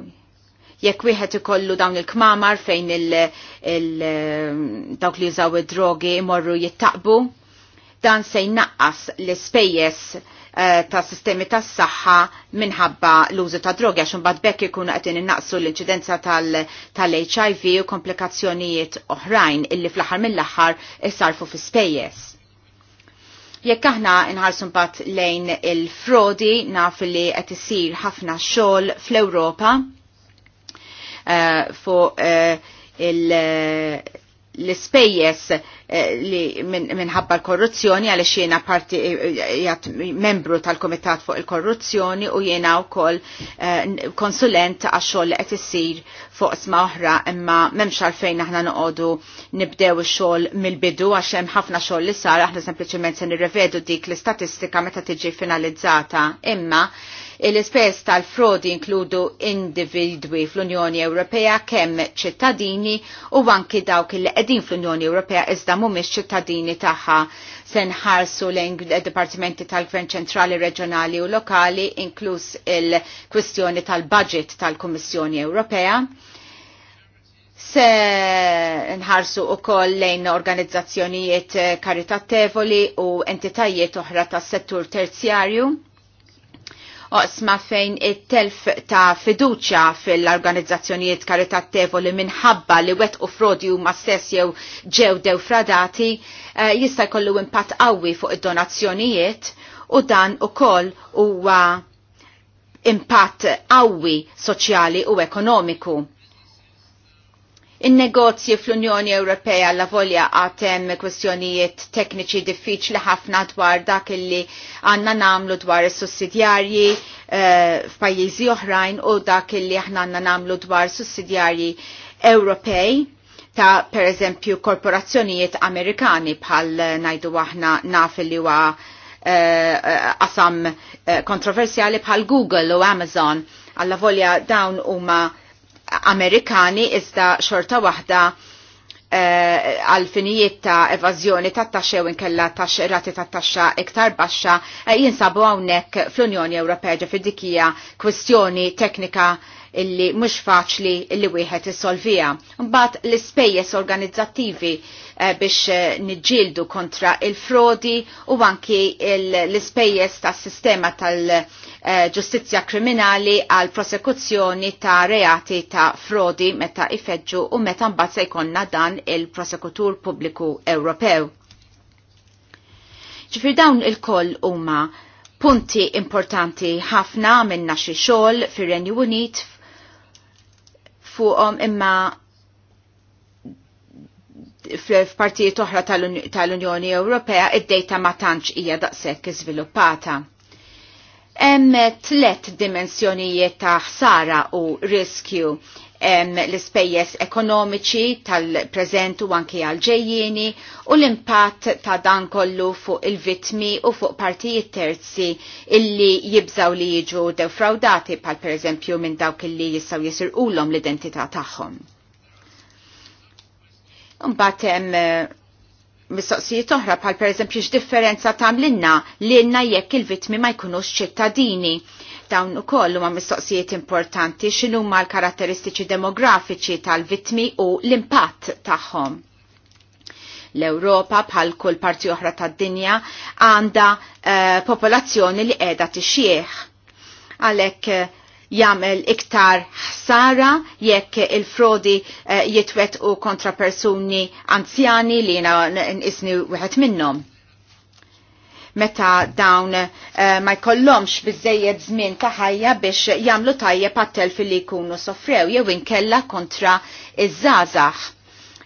jekk wieħed ikollu dawn il-kmamar fejn il, il dawk li jużaw id-drogi imorru jittaqbu, dan se jnaqqas l spejjes Eh, ta' sistemi tas saħħa minħabba l-użu ta' drogi għaxum bad bekk ikunu qed innaqsu l-inċidenza tal-HIV u komplikazzjonijiet oħrajn illi fl-aħħar mill-aħħar isarfu fi spejjeż. Jekk aħna nħarsu mbagħad lejn il-frodi naf li qed isir ħafna xogħol fl-Ewropa eh, fuq eh, il- l-spejjes eh, li minħabba l-korruzzjoni għalix jiena parti eh, membru tal-Komitat fuq il-Korruzzjoni u jiena u kol eh, konsulent għaxol li jissir fuq sma oħra imma memx għalfejn aħna nuqodu nibdew xol mil-bidu għax hemm ħafna xol li sar aħna sempliciment se nirrevedu dik l-istatistika meta tiġi finalizzata imma Il-ispess tal-frodi inkludu individwi fl-Unjoni Ewropea kemm ċittadini u anki dawk il qegħdin fl-Unjoni Ewropea iżda mhumiex ċittadini tagħha se nħarsu lejn departimenti tal-Gvern ċentrali, reġjonali u lokali inkluż il-kwistjoni tal-budget tal-Kummissjoni Ewropea se nħarsu u koll lejn organizzazzjonijiet karitatevoli u entitajiet oħra tas settur terzjarju oqsma fejn it-telf ta' fiduċja fil-organizzazzjonijiet li minħabba li wet u frodi u stess jew ġew dew fradati eh, jista' jkollu impatt qawwi fuq id-donazzjonijiet u dan ukoll huwa impatt qawwi soċjali u ekonomiku In-negozji fl-Unjoni Ewropea la volja għatem kwestjonijiet tekniċi diffiċli ħafna dwar dak illi għanna namlu dwar is-sussidjarji eh, f'pajjiżi oħrajn u dak illi aħna għanna namlu dwar sussidjarji Ewropej ta' per eżempju korporazzjonijiet Amerikani bħal najdu aħna naf li huwa eh, qasam eh, kontroversjali bħal Google u Amazon. għalla volja dawn huma Amerikani iżda xorta waħda eh, għalfinijiet ta' evażjoni ta' taxxa u nkella rati ta' taxxa iktar baxxa eh, jinsabu hawnhekk fl-Unjoni Ewropea ġifi dikija kwistjoni teknika illi mhux faċli illi wieħed issolvija. Mbagħad l-ispejjeż organizzattivi eh, biex niġġieldu kontra il-frodi u anki l-ispejjeż tas-sistema tal- Eh, ġustizzja kriminali għal prosekuzzjoni ta' reati ta' frodi meta ifeġġu u meta mbagħad se jkollna dan il-prosekutur pubbliku Ewropew. Ġifir dawn il-koll huma punti importanti ħafna minna xi xogħol fir-Renju Unit fuqhom imma f'partijiet oħra tal-Unjoni Ewropea id-dejta ma tantx hija daqshekk iżviluppata. Hemm tlet dimensjonijiet ta' ħsara u riskju hemm l-ispejjeż ekonomiċi tal-preżent u anke għal-ġejjieni u l-impatt ta' dan kollu fuq il-vitmi u fuq partijiet terzi illi jibżaw li jiġu defraudati pal pereżempju minn dawk illi jistgħu jisirqulhom l-identità tagħhom. Mbagħad hemm eh, mistoqsijiet oħra bħal pereżempju x'differenza l lilna jekk il-vittmi ma jkunux ċittadini. Dawn ukoll huma mistoqsijiet importanti x'inhuma l-karatteristiċi demografiċi tal-vittmi u l-impatt tagħhom. L-Ewropa bħal kull parti oħra tad-dinja għandha uh, popolazzjoni li qiegħda tixjieħ. Għalhekk eh, jagħmel iktar ħsara jekk il-frodi eh, jitwet u kontra persuni anzjani li jena nisni wieħed minnhom meta dawn eh, ma jkollhomx biżejjed żmien ta' ħajja biex jagħmlu tajjeb għat telfi li jkunu sofrew jew inkella kontra iż-żgħażagħ.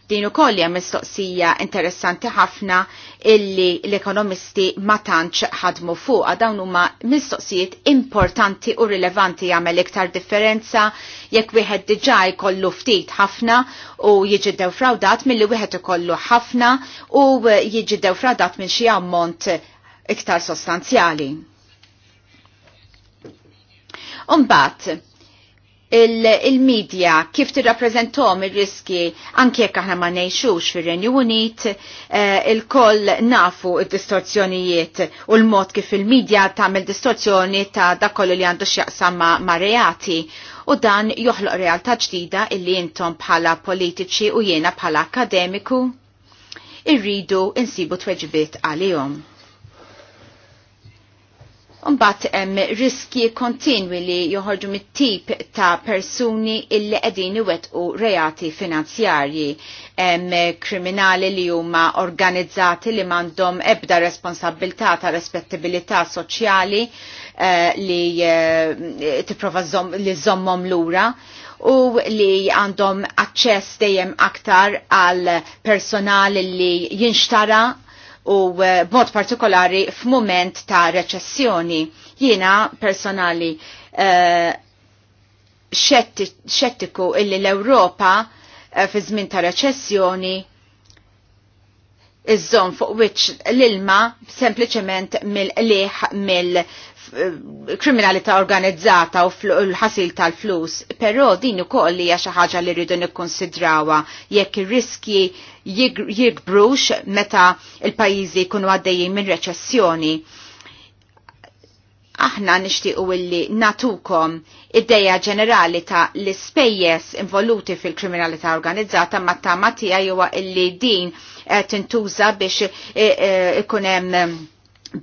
Din ukoll hija mistoqsija interessanti ħafna illi l-ekonomisti ma tantx ħadmu fuqha dawn huma mistoqsijiet importanti u rilevanti jagħmel iktar differenza jekk wieħed diġà jkollu ftit ħafna u jiġi dewfrawdat milli wieħed ikollu ħafna u jiġi dewfrawdat minn xi ammont iktar sostanzjali. Umbat, il-medja il kif tirrappreżentom ir-riski anke jekk aħna ma ngħixux fir-Renju Unit, eh, il-koll nafu id-distorzjonijiet u l-mod kif il-medja tagħmel distorzjoni ta' dakollu li għandu x'jaqsam ma', ma reati u dan joħloq realtà ġdida illi intom bħala politiċi u jiena bħala akademiku irridu insibu tweġbiet għalihom. Mbagħad hemm riski kontinwi li joħorġu mit-tip ta' persuni illi qegħdin iwettqu reati finanzjarji. Hemm kriminali li huma organizzati li m'għandhom ebda responsabilità ta' respettabilità soċjali eh, li eh, tipprova li żommhom lura u li għandhom aċċess dejjem aktar għal personal li jinxtara u eh, b'mod partikolari f'mument ta' reċessjoni. Jiena personali uh, xettiku illi l-Ewropa uh, fi żmien ta' reċessjoni iż-żon fuq wiċ l-ilma sempliċement mill-liħ mill Eh, kriminalità organizzata u l-ħasil tal-flus, però din ukoll hija xi ħaġa li rridu nikkonsidrawha jekk ir riski jikbrux meta il-pajjiżi jkunu għaddejjin minn reċessjoni. Aħna nixtiequ illi natukom id-dejja ġenerali ta' l-ispejjeż involuti fil-kriminalità organizzata ma ta' matija jewa illi din tintuża biex eh, eh, ikun hemm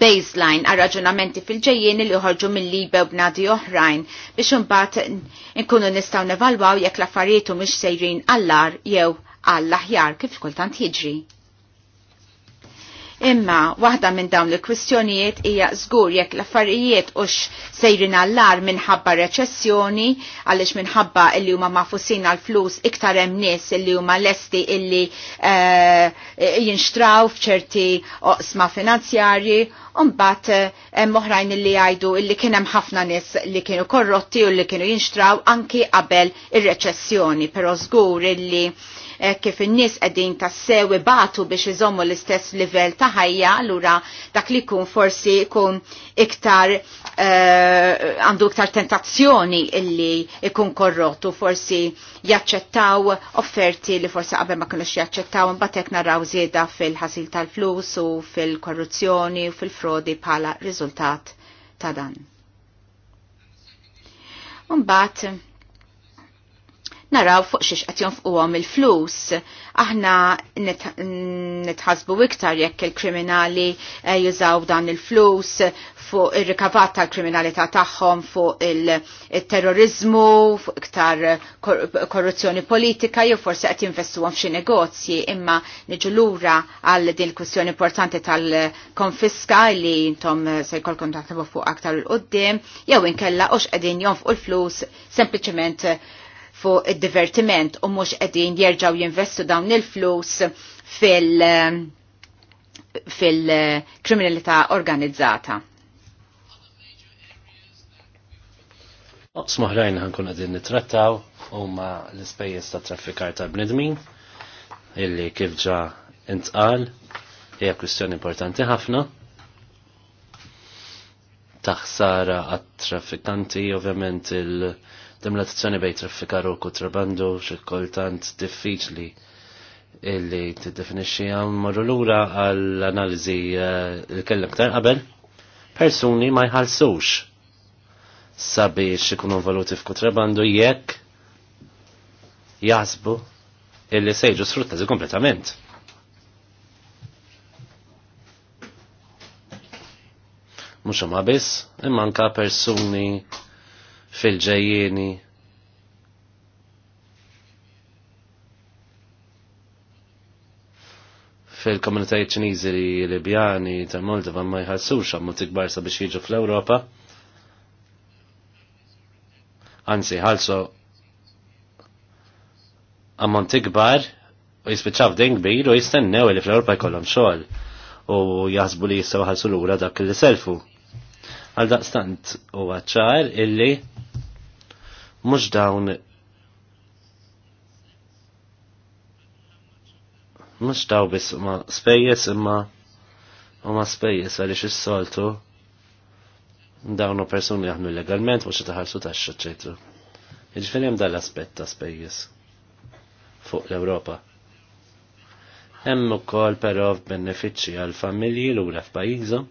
baseline għal raġunamenti fil-ġejjien li joħorġu mill-libe u bnadi oħrajn biex imbagħad nkunu nistgħu nevalwaw jekk l-affarijiet mhux sejrin għall-ar jew għall-aħjar kif kultant jiġri. Imma waħda minn dawn li kwistjonijiet hija żgur jekk l-affarijiet ux sejrin allar minħabba reċessjoni għaliex minħabba illi huma mafusin għal flus iktar hemm nies illi huma lesti illi eh, jinxtraw f'ċerti oqsma finanzjarji Umbat eh, hemm oħrajn li jgħidu illi kien hemm ħafna nies li kienu korrotti u li kienu jinxtraw anki qabel ir-reċessjoni, però żgur illi Eh, kif in-nies qegħdin tassew batu biex iżommu l-istess livell ta' ħajja, allura dak li jkun forsi jkun iktar eh, għandu uh, iktar tentazzjoni illi ikun korrottu forsi jaċċettaw offerti li forsi qabel ma kienux jaċċettaw imbagħad hekk naraw żieda fil-ħasil tal-flus u fil-korruzzjoni u fil-frodi bħala riżultat ta' dan. bat, naraw fuq xiex qed jonfquhom il-flus. Aħna nitħasbu iktar jekk il-kriminali eh, jużaw dan il-flus fuq ir-rikavat tal-kriminalità tagħhom fuq il-terrorizmu, fuq iktar korruzzjoni politika jew forsi qed jinvestuhom f'xi negozji imma niġu lura għal din il-kwistjoni importanti tal-konfiska li intom eh, se jkollkom taħtabu fuq aktar il qoddim jew inkella hux qegħdin jonfqu l-flus sempliċement eh, fuq id-divertiment u mhux qegħdin jerġgħu jinvestu dawn il-flus fil- eh, fil-kriminalità eh, organizzata. Smaħrajn ħankun għadin nitrattaw huma l-ispejjeż ta' traffikar ta' bnedmin illi kif ġa intqal hija kwistjoni importanti ħafna. Taħsara għat-traffikanti ovvjament il- Dimlatazzjoni bej traffikar u kontrabandu xikultant diffiċli illi t-definixi marru l-ura għall-analizi eh, l-kellem ktar qabel. Persuni ma jħalsux sabiex ikunu valuti f'kutrabandu jekk jasbu illi sejġu sfruttati kompletament. Mux ma biss, imma anka persuni fil-ġejjieni. fil-komunitajiet ċiniżi li Libjani ta' Moldova ma jħassux għammu tikbar sabiex jiġu fl-Ewropa. Anzi, ħalsu ammont tikbar u jispiċċaw din kbir u jistennew li fl-Ewropa jkollhom xogħol u jaħsbu li jistgħu ħalsu lura dak li selfu. Għal daqstant u għacċar illi mhux dawn mhux daw biss ma spejjeż imma huma spejjeż għaliex is-soltu dawnu persuni jaħdmu legalment mhux taħarsu taxxa ċejtu. Jiġifieri hemm dal-aspett ta' spejjeż fuq l-Ewropa. Hemm ukoll però f'benefiċċji għal familji lura f'pajjiżhom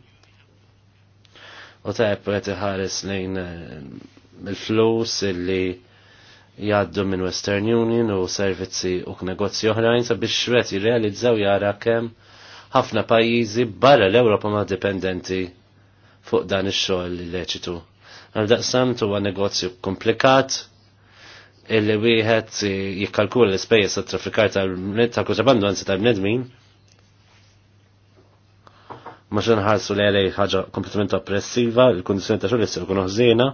u tajb qed iħares lejn eh, il-flus illi jaddu minn Western Union u servizzi u negozji oħrajn sabiex xwet jirrealizzaw jara kemm ħafna pajjiżi barra l-Ewropa ma dipendenti fuq dan ix-xogħol leċitu. Għal daqsam huwa negozju komplikat illi wieħed jikkalkula l-ispejjeż tat-traffikar tal-kontrabandu anzi tal-bnedmin ma xanħarsu li għalej ħagġa kompletament oppressiva, il-kondizjoni ta' xogħol jistgħu jkunu ħżiena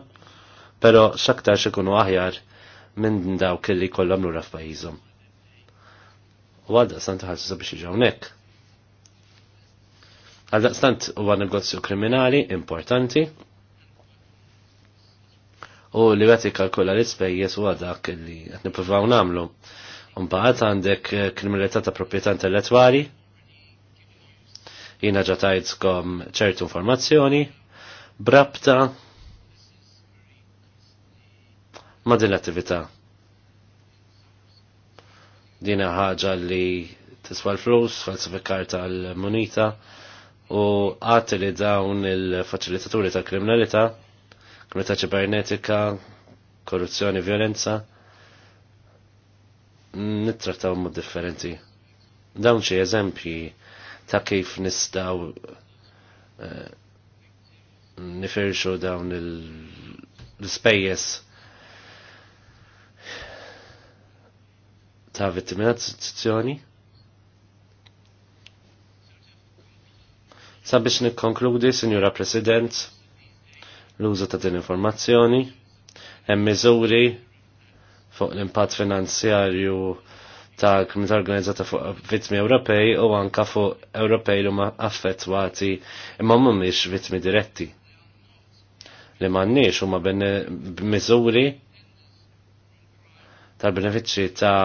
pero xe ikunu aħjar minn dawk li kollhom lura f'pajjiżhom. U għadda sant ħarsu biex iġawnek. Għadda u huwa negozju kriminali importanti u li għati kalkula l-ispejjeż huwa dak li qed nippruvaw nagħmlu. Mbagħad għandek eh, kriminalità ta' proprjetà intellettwali, jiena ġatajt kom ċertu informazzjoni, brabta ma' din l-attività. Dina ħaġa li tiswa l-flus, falsifikar tal-munita u għati li dawn il-facilitaturi tal-kriminalità, kriminalità ċibernetika, korruzzjoni, violenza, nittrattaw mod differenti. Dawn xi eżempji ta' kif nistaw eh, nifirxu dawn l-spejjes ta' vittimizzazzjoni. Sabiex nikkonkludi, Sinjura President, l-użu ta' din informazzjoni, hemm miżuri fuq l-impatt finanzjarju ta' kriminalità organizzata fuq vittmi Ewropej u anka fuq Ewropej li huma affettwati imma mhumiex vittmi diretti. Li m'għandniex huma miżuri tal-benefiċċji ta'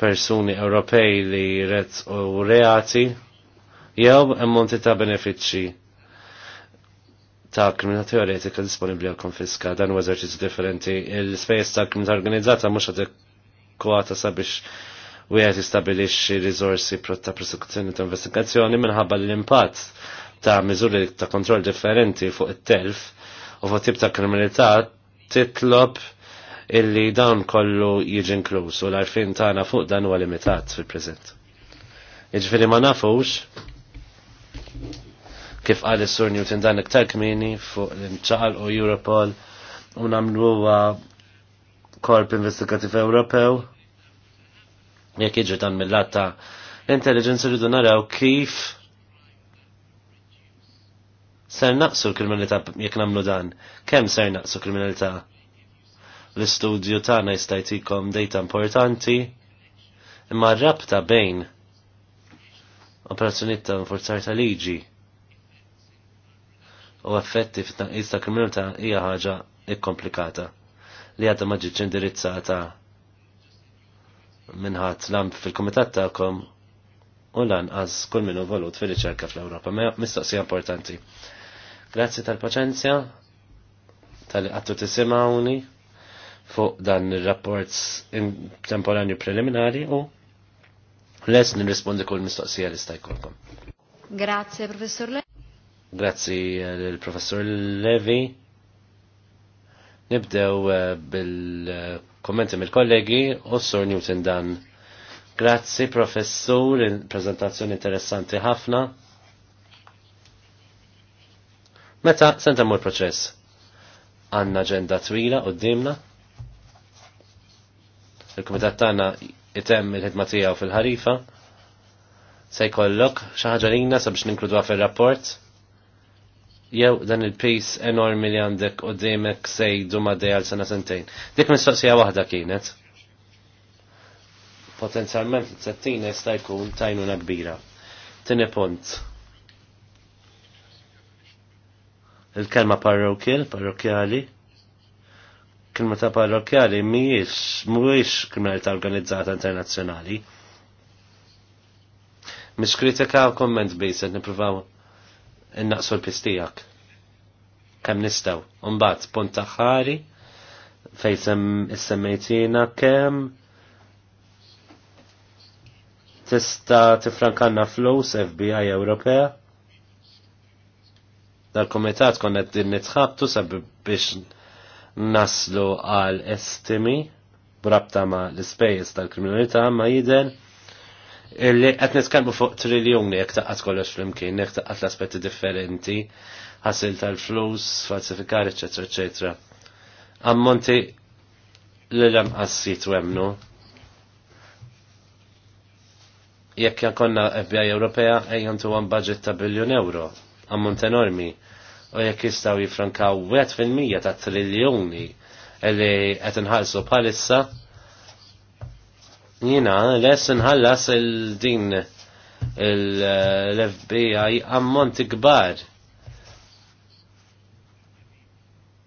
persuni Ewropej li rezz u reati jew emmonti ta' benefiċċji ta' kriminal teoretika disponibli għal konfiska dan u eżerċizzju differenti. il spejs ta' kriminal organizzata mhux adekwata sabiex wieħed jistabilixxi riżorsi ta' prosekuzzjoni ta' investigazzjoni minħabba l-impatt ta' miżuri ta' kontroll differenti fuq it-telf u fuq tip ta' kriminalità titlob illi dawn kollu jiġi inkluż u l-arfin tagħna fuq dan huwa limitat fil-preżent. Jiġifieri ma nafux kif qal is-Sur Newton dan iktar kmini fuq l-imċaqal u Europol u nagħmluha korp investigativ Ewropew jekk jiġi dan mill-lat ta' intelligence rridu naraw kif ser naqsu l-kriminalità jekk nagħmlu dan. Kemm ser naqsu kriminalità? l-istudju tagħna jista' jtikom data importanti imma rabta bejn operazzjonijiet ta' forzar ta' liġi u effetti fit-tanqis ta' kriminalità hija ħaġa ikkomplikata li għadha ma ġietx indirizzata minħat lamp fil-kumitat tagħkom u lanqas kull minnu volut fil-riċerka fl-Ewropa. Ma mistoqsija importanti. Grazzi tal-paċenzja, tal-li għattu tisimawni fuq dan il-rapport temporanju preliminari u les nirrispondi kull mistoqsija li stajkolkom. Grazie, professor Levi. Grazzi eh, l-professor Levi. Nibdew eh, bil-kommenti mill-kollegi u sur Newton Dan. Grazzi professur, prezentazzjoni interessanti ħafna. Meta senta l proċess? Għanna ġenda twila u dimna? il-Kumitat tagħna jitem il-ħidma tiegħu fil-ħarifa. Se jkollok xi ħaġa lina sabiex ninkludwa fir-rapport. Jew dan il-pis enormi li għandek qudiemek jduma dej għal sena sentejn. Dik mistoqsija waħda kienet. Potenzjalment it-settina jista' jkun tajnuna kbira. Tini punt. Il-kelma parrokil, parrokjali. Kilma ta' parrokjali mhijiex mhuwiex kriminalità organizzata internazzjonali. Mhix kritika u komment biss qed nippruvaw innaqsu l-pistijak. Kemm nistgħu. Imbagħad punt taħħari fejn semmejtina kemm tista tifrankanna flus FBI Ewropea. Dal-komitat konna din nitħabtu sabiex naslu għal estimi brabta ma l-ispejjeż tal-kriminalità ma jidher illi qed nitkellmu fuq triljuni jekk taqqat kollox flimkien, jekk taqqat l-aspetti differenti, ħasil tal-flus, falsifikar, eċetera, eċetera. Ammonti għassit u emnu. Jekk konna FBI Ewropea ejjam għan budget ta' biljun euro, ammont enormi u jekk jistgħu jifrankaw 1% ta' triljoni li qed inħallsu bħalissa jiena les inħallas il-din l-FBI ammonti kbar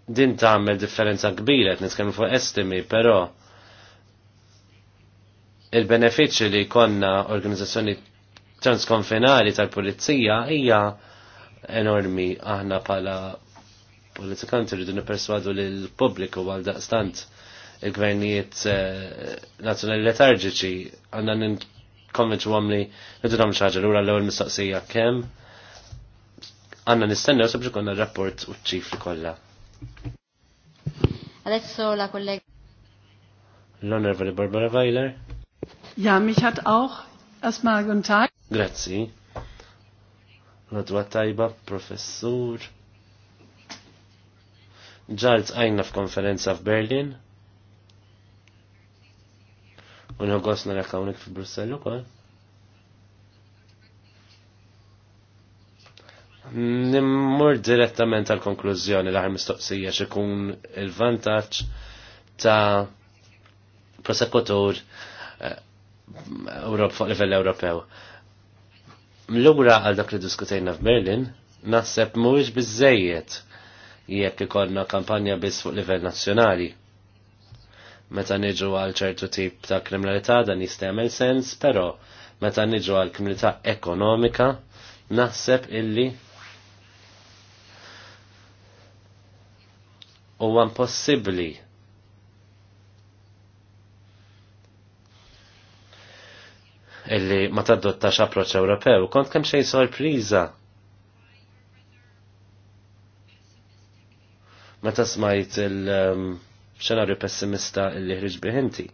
din tagħmel differenza kbira qed nitkellmu fuq estimi, però il-benefiċċju li jkollna organizzazzjoni transkonfinali tal-pulizija hija enormi aħna pala politikanti rridu nipperswadu l pubbliku għal daqstant il-gvernijiet eh, nazzjonali letarġiċi għanna ninkonvenċu għamli rridu namlu xaġa l-ura l-ewel mistaqsija kem għanna nistennew sabiex konna rapport u li kollha. Adesso la kollega. L-Honorable Barbara Weiler. Ja, mich hat auch erstmal guten Tag. Grazie. Nadwa tajba, professur. Ġalt għajna f'konferenza f'Berlin. għosna l hawnhekk f'Brussell ukoll. Nimmur direttament għal konklużjoni l-aħħar mistoqsija xekun il-vantaġġ ta' prosekutur eh, Ewrop fuq livell Ewropew. Mlura għal dak li diskutejna f'Berlin, naħseb mhuwiex biżejjed jekk ikollna kampanja biss fuq livell nazzjonali. Meta niġu għal ċertu tip ta' kriminalità dan jista' jagħmel sens, però meta niġu għal kriminalità ekonomika, naħseb illi huwa impossibbli illi ma tadottax approċċ Ewropew, kont kemm xejn sorpriża. Meta smajt il-xenarju um, pessimista illi ħriġ biħinti.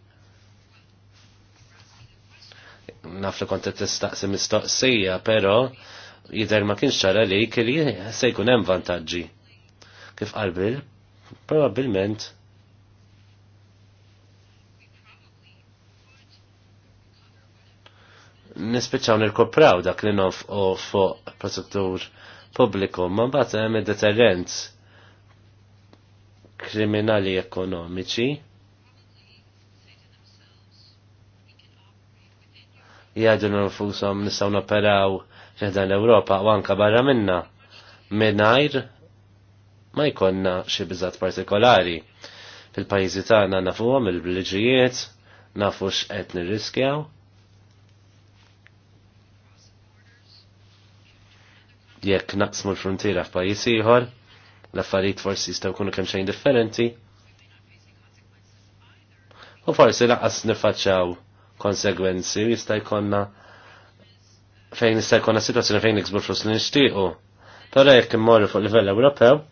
Naf li kont tistaqsi mistoqsija, però jidher ma kienx ċara li kelli se jkun hemm vantaġġi. Kif qalbil, probabbilment nispiċaw nirkopraw dak li nof u fuq prosettur pubbliku, ma mbagħad hemm deterrent kriminali ekonomiċi. Jgħidu nfushom nistgħu operaw f'dan l-Ewropa u anka barra minna mingħajr ma jkollna xi biżat partikolari. Fil-pajjiżi tagħna nafuhom il-bliġijiet, nafu x'qed nirriskjaw jekk naqsmu l-frontiera f'pajjiż ieħor, l-affarijiet forsi jistgħu jkunu kemm xejn differenti. U forsi laqas nifaċċaw konsegwenzi jista' jkollna fejn jista' jkollna sitwazzjoni fejn niksbu flus li nixtiequ. Però jekk immorru fuq livell Ewropew,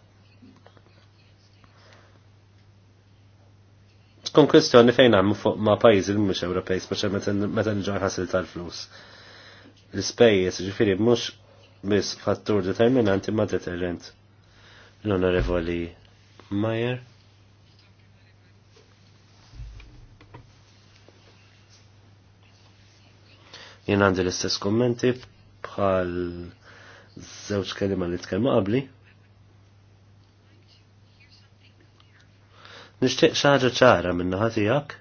tkun kwestjoni fejn hemm fuq ma' pajjiżi li mhux Ewropej, speċjalment meta nġar ħasil tal-flus. L-ispejjeż ġifieri mhux bis fattur determinanti ma deterrent. L-onorevoli Mayer. Jien għandi l-istess kommenti bħal żewġ kelima li tkellmu qabli. Nixtieq xi ħaġa ċara minn naħa tiegħek.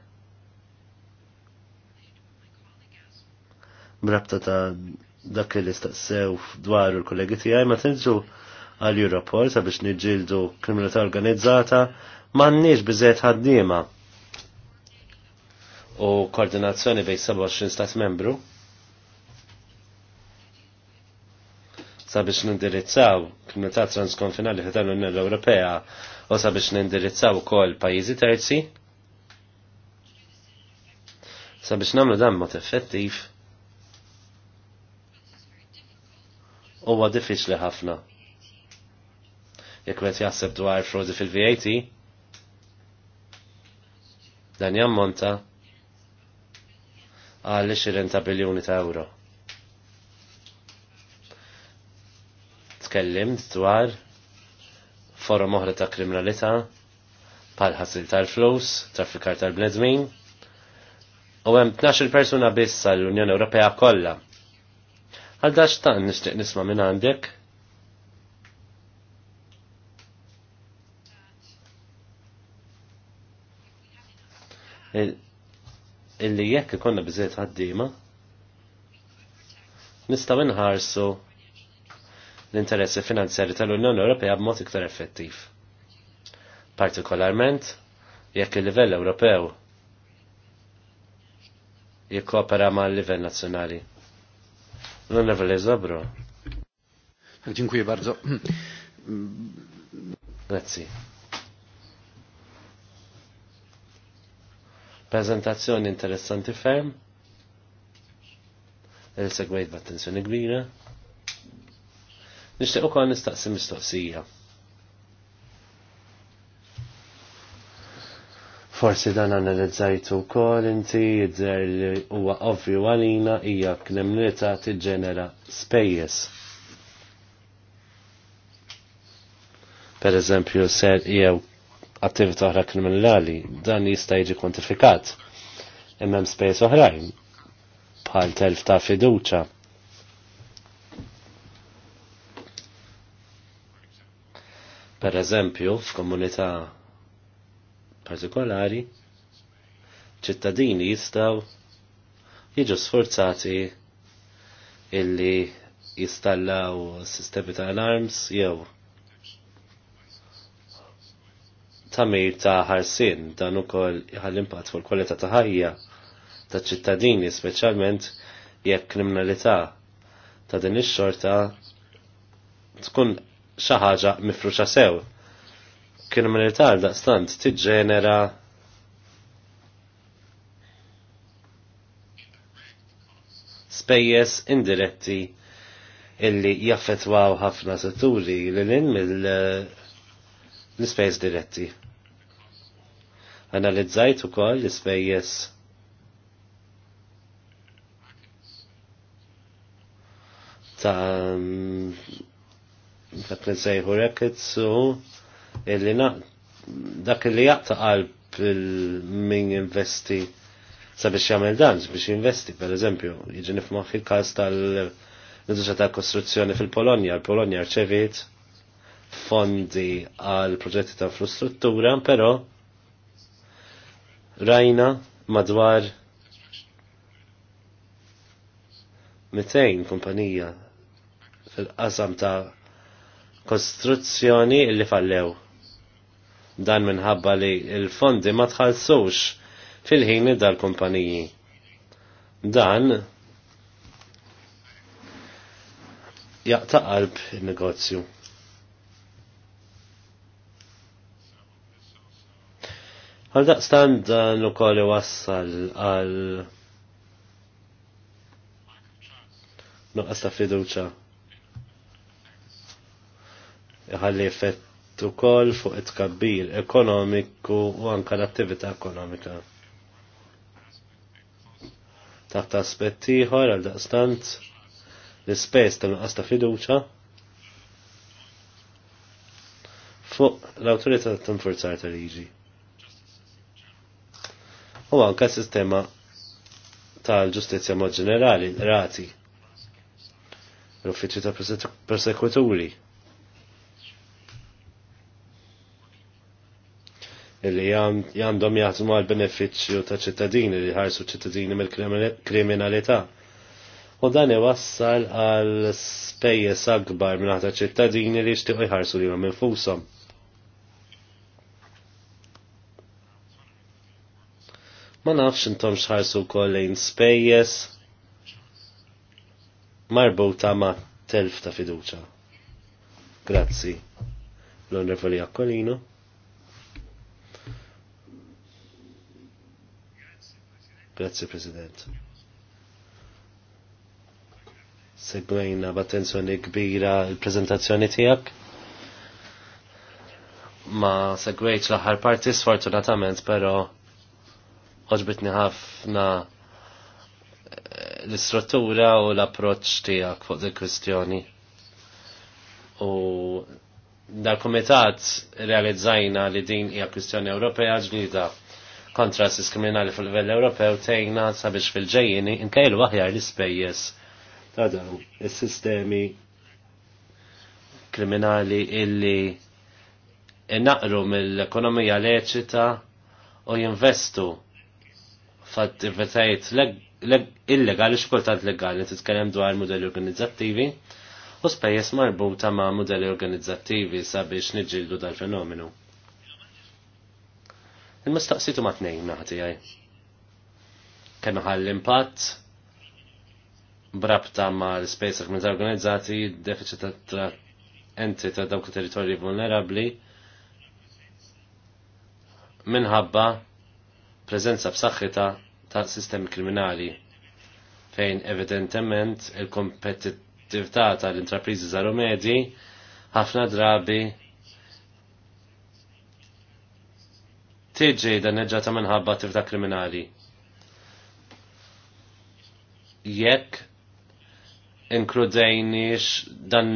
Brabta ta' dak li staqsew dwar il-kollegi tiegħi ma tinġu għal Europol sabiex niġġieldu kriminalità organizzata m'għandniex biżejt ħaddiema u koordinazzjoni bejn 27 stat membru sabiex nindirizzaw kriminalità transkonfinali fi tal-Unjoni Ewropea u sabiex nindirizzaw ukoll pajjiżi terzi sabiex nagħmlu dan mod effettiv huwa diffiċli ħafna. Jekk qed jaħseb dwar frodi fil-VAT, dan jammonta għal 20 biljuni ta' euro. Tkellimt dwar forum oħra ta' kriminalità bħal ħasil tal-flus, traffikar tal-bnedmin, u hemm 12 persuna biss għall-Unjoni Ewropea kollha Għal daċtan nishtiq nisma minn għandek. Illi jekk ikonna biżiet ħaddiema, nistaw inħarsu l-interessi finanzjari tal-Unjoni Ewropea b'mod iktar effettiv. Partikolarment, jekk il-livell Ewropew jikkopera mal livell nazzjonali. No, L-Onorevole Zabro. Dziękuję bardzo. Grazie. Prezentazzjoni interessanti ferm. Il-segwejt b'attenzjoni kbira. Nishtiq ukoll nistaqsi mistoqsija. Forsi dan analizzajtu wkoll inti dżer li huwa ovvju għalina hija klemnita tiġġenera spejjes. Per eżempju ser jew attività oħra kriminali dan jista' jiġi kwantifikat. Imma hemm spejjeż oħrajn bħal telf ta' fiduċa. Per eżempju, f'komunità partikolari, ċittadini jistaw jiġu sforzati illi jistallaw sistemi ta' alarms jew tamir ta' ħarsin dan ukoll impatt fuq il-kwalità ta' ħajja ta' ċittadini speċjalment jekk kriminalità ta' din ix-xorta tkun xi ħaġa mifruxa sew il-tal daqstant t-ġenera spejjeż indiretti illi jaffetwaw ħafna setturi li l-in mill eh, spejjes diretti. Analizzajt ukoll l spejjes ta' mm, dak li sejħu illi dak li jaqta qalb min investi sabiex jagħmel dan biex investi, per eżempju, jiġi nifmaħ il-każ tal-industrija ta' kostruzzjoni fil-Polonja, l-Polonja rċevit fondi għal proġetti ta' infrastruttura, però rajna madwar 200 kumpanija fil-qasam ta' kostruzzjoni li fallew dan minħabba li il-fondi ma tħallsux fil-ħin dal-kumpaniji. Dan jaqta' qalb il-negozju. Għal daqstan dan u koll wassal għal nuqqas ta' fiduċa. Għalli effett ukoll fuq it-kabbir ekonomiku u anka l-attività ekonomika. Taħt aspett ieħor għal daqstant l-ispejs tal-nuqqas ta' fiduċa fuq l ta' tinfurzar tal-liġi. U anka sistema tal-ġustizja mod ġenerali, rati, l-uffiċċju ta' persekwituri. li għandhom jaħdmu għal beneficju ta' ċittadini li ħarsu ċittadini mill-kriminalità. U dan iwassal għal spejjeż akbar minn ta' ċittadini li jixtiequ jħarsu lilhom infushom. Ma nafx intom xħarsu kollejn spejjeż marbuta ma' telf ta' fiduċa. Grazzi. L-onrevoli Akkolino. Grazzi, President. Segwejna b'attenzjoni kbira l prezentazzjoni tiegħek. Ma segwejt l-aħħar parti sfortunatament, però oġbitni ħafna eh, l-istruttura u l-approċ tijak fuq di kwestjoni. U dal-komitat realizzajna li din hija kwestjoni Ewropea ġdida kontra s-diskriminali fil-livell Ewropew tejna sabiex fil-ġejjini inkejlu aħjar l-ispejjeż ta' dawn is-sistemi kriminali illi innaqru mill-ekonomija leċita u jinvestu f'attivitajiet illegali xkultant legali titkellem dwar modelli organizzattivi u spejjeż marbuta ma' modelli organizzattivi sabiex niġġieldu dal-fenomenu. Imma staqsitu ma tnejn naħti għaj. Kemm ħall impatt brabta ma l minn kriminali organizzati, deficit ta' enti ta' dawk territorji vulnerabli minħabba preżenza b'saħħita ta' sistemi kriminali fejn evidentement il kompetitività tal-intrapriżi zaru medji ħafna drabi tiġi danneġġata minħabba attività kriminali. Jekk inkludejniex dan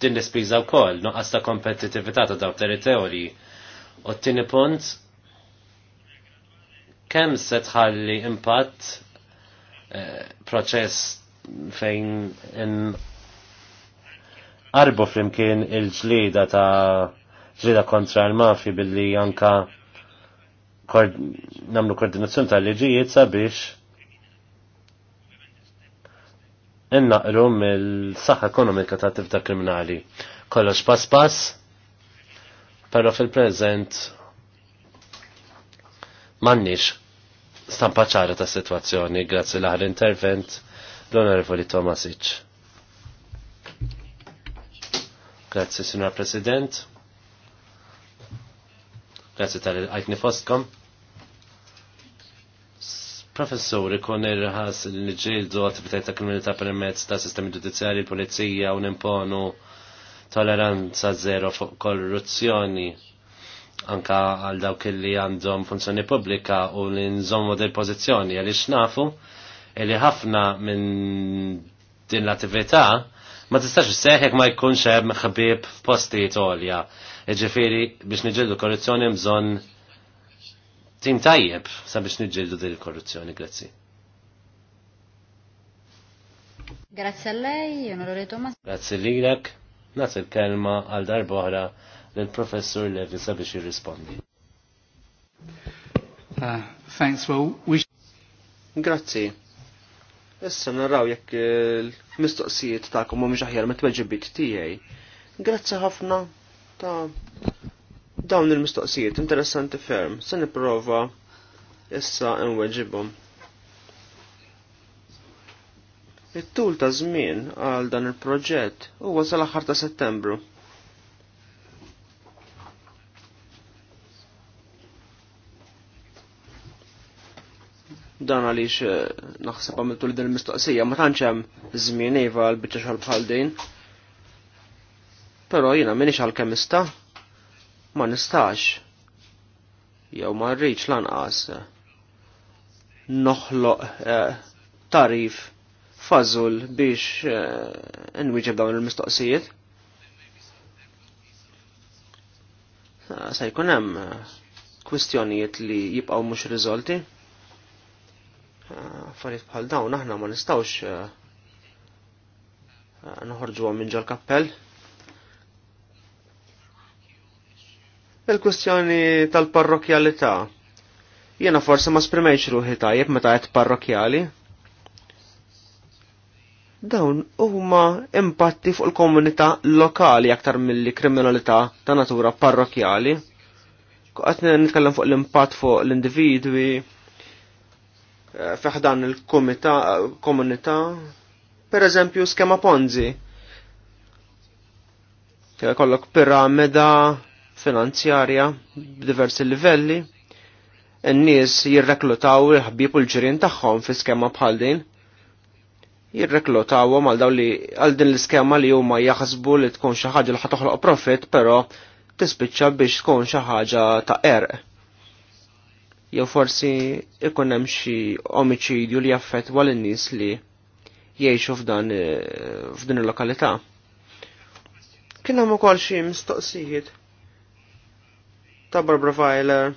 din l-ispiża wkoll, nuqqas ta' kompetittività ta' dawn territorji. U t-tieni punt, kemm se tħalli impatt eh, proċess fejn in arbu flimkien il-ġlida ta' ġlida kontra l-mafi billi anka namlu koordinazzjoni tal-liġijiet sabiex innaqru mill-saħħa ekonomika ta' attività kriminali. Kollox pass pass, pero fil-preżent m'għandniex stampa ċara ta' situazzjoni grazzi l-aħħar intervent l-Onorevoli Tomasic. Grazzi, Signor President. Grazzi tal-għajtni fostkom professur ikun irħas li nġildu attivitajt ta' kriminalità permezz ta' sistemi ġudizzjari, polizija u nimponu toleranza zero fuq korruzzjoni anka għal dawk li għandhom funzjoni pubblika u li nżommu del pożizzjoni għaliex nafu li ħafna minn din l-attività ma tistax seħek ma jkunx hemm ħbieb f'postijiet għolja. Ġifieri biex niġildu korruzzjoni bżonn tim tajjeb sabiex niġġieldu din il-korruzzjoni, grazzi. Grazzi a lei, onorevole Thomas. Grazzi lilek. Nat il-kelma għal darba oħra lill-professur Levi sabiex jirrispondi. Uh, thanks, for wish. Grazzi. Issa naraw jekk il-mistoqsijiet uh, tagħkom mhumiex aħjar mit-tweġibiet tiegħi. Grazzi ħafna ta' Dawn il-mistoqsijiet interessanti ferm, se nipprova issa nweġibhom. It-tul ta' żmien għal dan il-proġett huwa sal-aħħar ta' Settembru. Dan għaliex eh, naħseb għamil tul din il-mistoqsija ma tantx hemm żmien iva għal biċċa xogħol bħal din. Però jiena minix għal kemista, ma nistax jew ma rridx lanqas eh, noħloq eh, tarif fażul biex eh, nwieġeb dawn il-mistoqsijiet. Se jkun hemm eh, kwistjonijiet li jibqgħu mhux riżolti. Eh, affarijiet bħal dawn aħna ma nistgħux eh, noħorġuhom minn ġol kappell. il-kwestjoni tal-parrokjalità. Jena forse ma sprimejx ruħi tajjeb meta qed parrokjali. Dawn huma impatti fuq il-komunità lokali aktar milli kriminalità ta' natura parrokjali. Qatt nitkellem fuq l-impatt fuq l-individwi eh, dan il-komunità, per eżempju skema Ponzi. Kollok piramida, finanzjarja b'diversi livelli, n-nies jirreklutaw il-ħbib u l-ġirien tagħhom fi skema bħal din. Jirreklutawhom għal daw li għal din l-iskema li huma jaħsbu li tkun xi ħaġa li ħatoħloq profit, però tispiċċa biex tkun xi ħaġa ta' erq jew forsi ikun hemm xi omiċidju li jaffettwa lin-nies li jgħixu f'dan f'din il-lokalità. Kien hemm ukoll xi mistoqsijiet ta' Barbara Weiler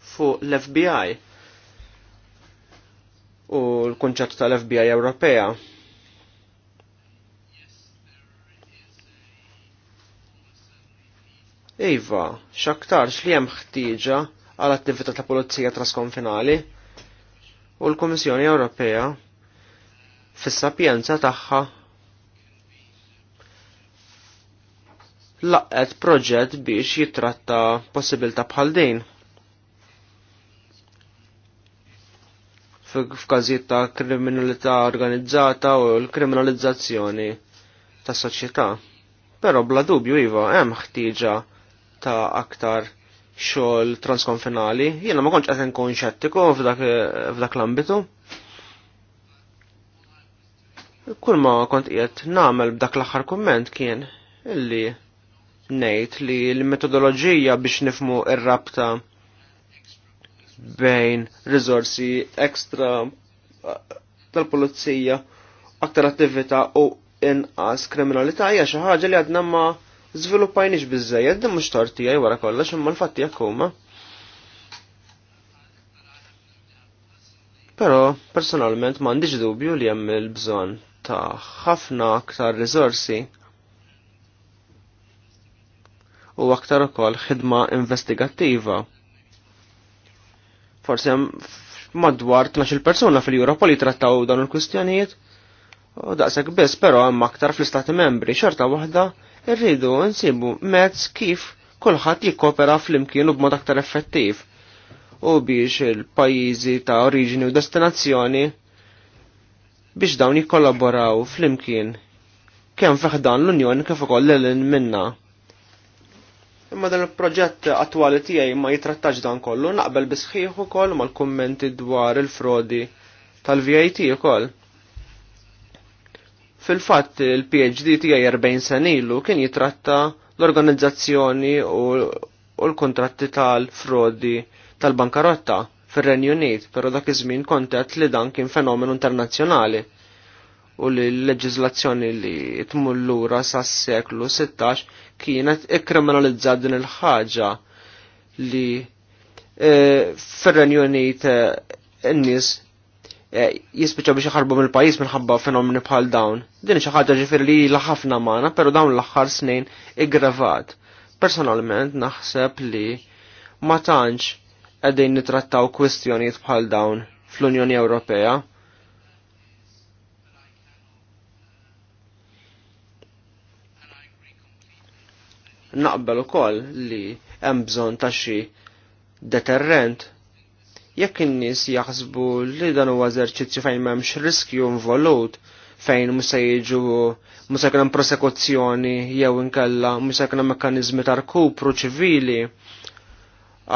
fuq l-FBI u l-konċett tal-FBI Ewropea. Iva, xaktar li hemm ħtieġa għal attività ta' pulizija trasconfinali u l-Kummissjoni Ewropea fis-sapjenza tagħha laqqet proġett biex jitratta possibilta bħal din. F'każijiet ta' kriminalità organizzata u l-kriminalizzazzjoni ta' soċjetà. Però bla dubju iva hemm ħtieġa ta' aktar xogħol transkonfinali. Jiena ma kontx qed inkun xettiku f'dak l-ambitu. Kull ma kont qiegħed nagħmel b'dak l-aħħar kumment kien illi ngħid li l-metodoloġija biex nifmu ir-rabta bejn rizorsi ekstra eh, tal-pulizija aktar attività u inqas kriminalità hija xi ħaġa li għadna ma żviluppajniex biżejjed din mhux għaj wara kollox imma l-fatti jekk huma. Però personalment m'għandix dubju li hemm il-bżonn ta' ħafna aktar riżorsi u aktar ukoll ħidma investigattiva. Forse madwar 12 persuna fil-Europa li trattaw dawn il-kwistjonijiet u daqshekk biss però hemm aktar fl-Istati Membri xorta waħda rridu nsibu mezz kif kulħadd jikkopera fl-imkien u b'mod aktar effettiv u biex il-pajjiżi ta' oriġini u destinazzjoni biex dawn jikkollaboraw fl-imkien kemm feħdan l-Unjoni kif ukoll l minna. Imma dan il-proġett attwali tiegħi ma jitrattax dan kollu, naqbel bisħiħ ukoll mal-kummenti dwar il-frodi tal-VAT ukoll. Fil-fatt il-PhD tiegħi 40 sen ilu kien jitratta l-organizzazzjoni u l-kontratti tal-frodi tal-bankarotta fir-Renju Unit, però dak iż-żmien kontet li dan kien fenomenu internazzjonali u li l-leġizlazzjoni li sa sas seklu 16 kienet ikkriminalizza din il-ħaġa li e, fir-Renju Unit e, n-nies e, jispiċa biex jħarbu mill-pajis minħabba fenomeni bħal dawn. Din xi ħaġa ġifier li ilha ħafna magħna, però dawn l-aħħar snin iggravat. Personalment naħseb li ma tantx qegħdin nitrattaw kwistjonijiet bħal dawn fl-Unjoni Ewropea naqbel ukoll li hemm bżonn ta' xi deterrent jekk in-nies jaħsbu li dan huwa eżerċizzju fejn m'hemmx riskju involut fejn musa jiġu mhux jkun hemm prosekuzzjoni jew inkella musa jkun hemm mekkaniżmi ta' rkupru ċivili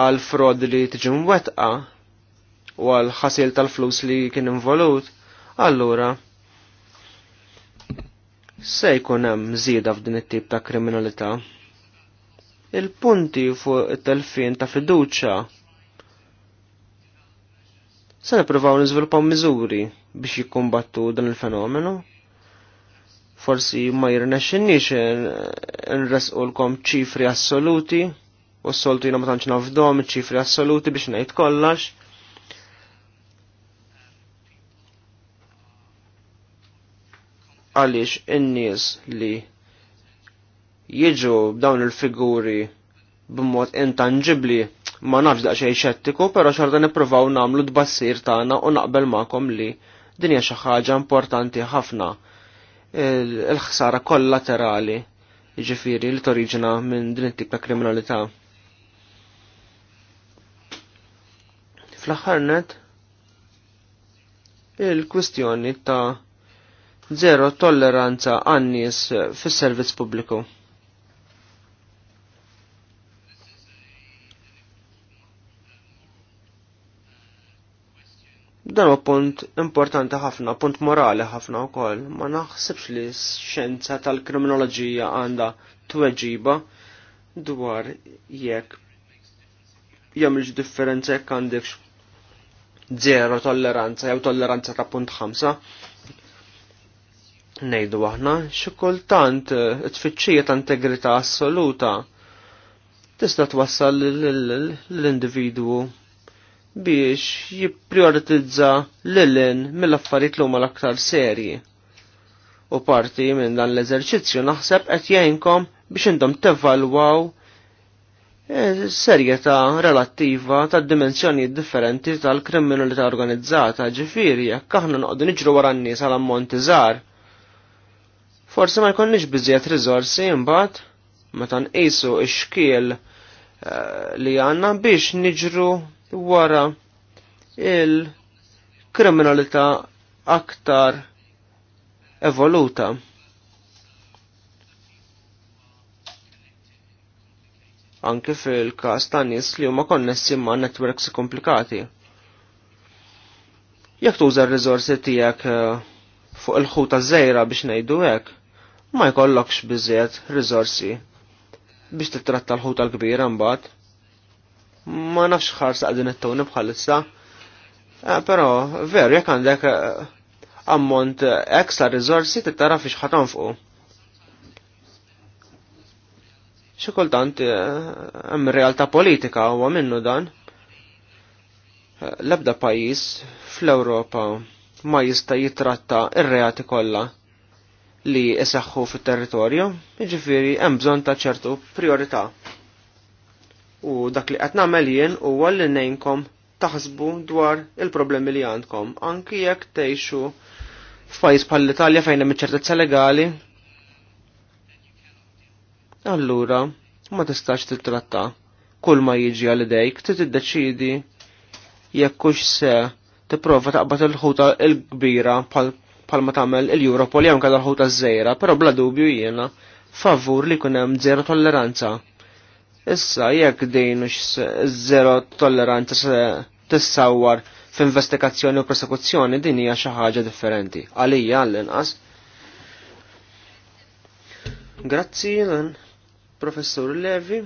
għal frod li tiġi mwettqa u għal ħasil tal-flus li kien involut, allura se jkun hemm żieda f'din it-tip ta' kriminalità il-punti fuq it-telfin ta' fiduċa. Se nippruvaw niżviluppaw miżuri biex jikkumbattu dan il-fenomenu. Forsi ma jirnexxinniex nresqulkom ċifri assoluti, u s-soltu jina ma tantx ċifri assoluti biex ngħid kollox. Għaliex in-nies li jiġu dawn il-figuri b'mod intangibli ma nafx daqsxejn xettiku, però xorta nippruvaw nagħmlu d-bassir tagħna u naqbel ma'kom li din hija xi ħaġa importanti ħafna il-ħsara kollaterali jiġifieri li toriġina minn din it-tip ta' kriminalità. Fl-aħħar il-kwistjoni ta' zero tolleranza għannis fis-servizz pubbliku. Dan u punt importanti ħafna, punt morali ħafna wkoll. Ma naħsibx li x-xjenza tal-kriminoloġija għandha tweġiba dwar jekk jagħmilx differenza jekk għandekx zero tolleranza jew tolleranza ta' punt ħamsa. Ngħidu aħna xi kultant eh, tfittxija ta' integrità assoluta tista' twassal l-individwu biex jipprioritizza l ellen mill-affarijiet l-huma l-aktar serji. U parti minn dan l-eżerċizzju naħseb qed jgħinkom biex intom tevalwaw eh, serjetà relattiva tad dimensjonijiet differenti tal-kriminalità organizzata ġifiri jekk aħna noqogħdu niġru wara n-nies għal ammonti żgħar. Forsi ma jkollniex biżjed riżorsi imbagħad meta nqisu x-xkiel eh, li għandna biex niġru wara il-kriminalità aktar evoluta. Anke fil-kas ta' nies li huma konnessi ma' networks komplikati. Jekk tuża r-riżorsi tiegħek eh, fuq il-ħuta żejra biex ngħidu hekk, ma jkollokx biżejjed riżorsi biex titratta l-ħuta l-kbira mbagħad ma nafx ħarsa għadin it-tuni bħalissa. Eh, Pero, veru, jek għandek eh, ammont ekstra eh, rizorsi tara fiex ħatan fuq. Xikultant, hemm realtà politika u minnu dan. L-ebda pajis fl-Ewropa ma jista jitratta ir-reati kollha li jisaxħu fit-territorju, jiġifieri hemm bżonn ta' ċertu priorità. U dak li qed nagħmel jien huwa li ngħinkom taħsbu dwar il-problemi li għandkom, anki jekk tgħixu f'pajjiż bħal l-Italja fejn hemm iċ-ċertezza legali. Allura, ma tistax titratta kull ma jiġi għal idejk, trid tiddeċidi jekk hux se tipprova taqbad il-ħuta l-kbira bħal ma tagħmel il-Europol jew kada l-ħuta żejra, però bla dubju jiena favur li kun hemm żero tolleranza Issa jekk din zero tolleranza se f f'investigazzjoni u prosekuzzjoni din hija xi ħaġa differenti. Għalija għall-inqas. Grazzi lan Professur Levi.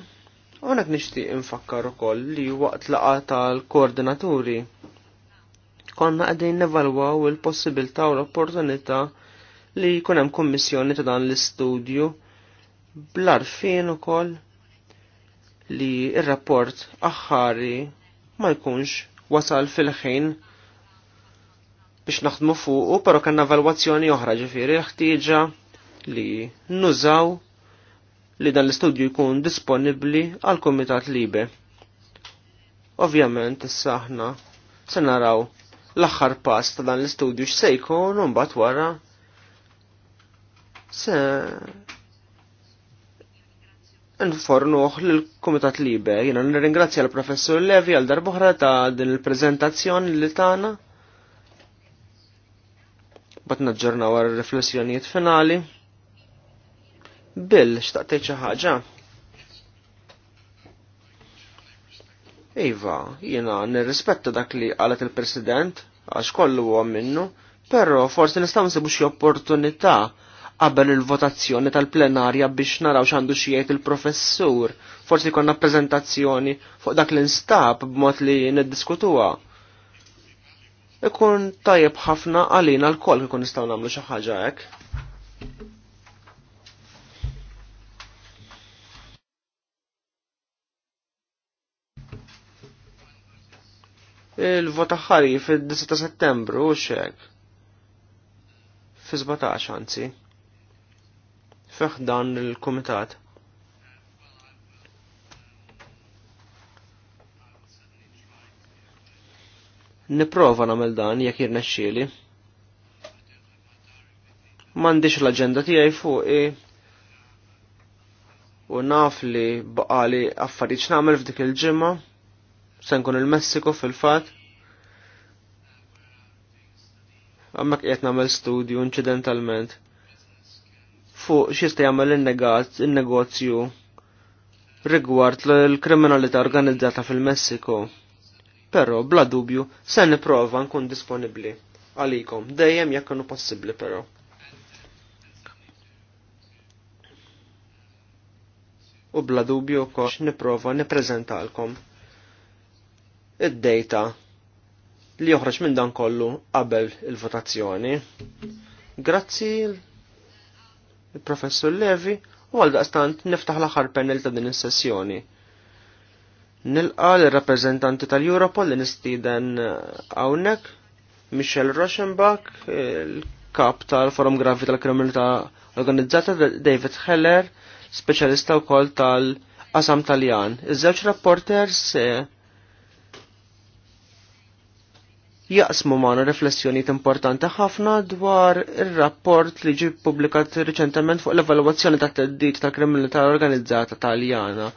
Unek nixtieq infakkar ukoll li waqt laqa tal-koordinaturi konna qegħdin nevalwaw il-possibilità u l-opportunità li jkun hemm kummissjoni ta' dan l-istudju bl-arfien ukoll li il-rapport aħħari ma jkunx wasal fil-ħin biex naħdmu fuqu, pero kanna valwazzjoni oħra ġifiri ħtieġa li nużaw li dan l-istudju jkun disponibli għal komitat libe. Ovvjament, issa aħna se naraw l-aħħar pass ta' dan l-istudju x'se jkun u mbagħad wara se nfornuħ l-Komitat Liber. Jena nirringrazzja l professor Levi għal darbohra ta' din il-prezentazzjoni li tana. Bat naġġorna għar riflessjonijiet finali. Bill, xtaqtej xi ħaġa. Iva, jena nirrispetta dak li qalet il-President għax kollu huwa minnu, però forsi nistgħu nsibu xi opportunità qabel il-votazzjoni tal-plenarja biex naraw x'għandu xiejt il-professur. Forsi konna prezentazzjoni fuq dak l-instab b'mod li niddiskutuha. Ikun tajjeb ħafna għalina l-koll kikun nistgħu nagħmlu xi ħaġa hekk. Il-vota ħari fid-16 settembru u xek. Fi 17 anzi dan il-Kumitat. Niprofa nagħmel dan jekk jirnexxieli. M'għandix l-aġenda tiegħi i u naf li baqali affarijiet namel f'dik il-ġimgħa se nkun il-Messiku fil-fatt. Għammek qiegħed nagħmel studju incidentalment fuq xista jagħmel in-negozju rigward l-kriminalità organizzata fil messiko Però bla dubju se nipprova nkun disponibbli għalikom dejjem jekk kienu possibbli però. U bla dubju kox nipprova nippreżentalkom id-data li joħroġ minn dan kollu qabel il-votazzjoni. Grazzi il-professur Levi u għaldaqstant niftaħ l-aħħar panel ta' din is-sessjoni. Nilqa l-rappreżentanti tal-Europol li nistiden eh, hawnhekk, Michel Rosenbach, il-kap tal-Forum Gravi tal-Kriminalità Organizzata David Heller, speċjalista wkoll tal-Qasam Taljan. Iż-żewġ rapporters eh, jaqsmu maħna riflessjonijiet importanti ħafna dwar ir-rapport li ġie publikat riċentement fuq l-evalwazzjoni ta' teddit ta' kriminalità organizzata Taljana.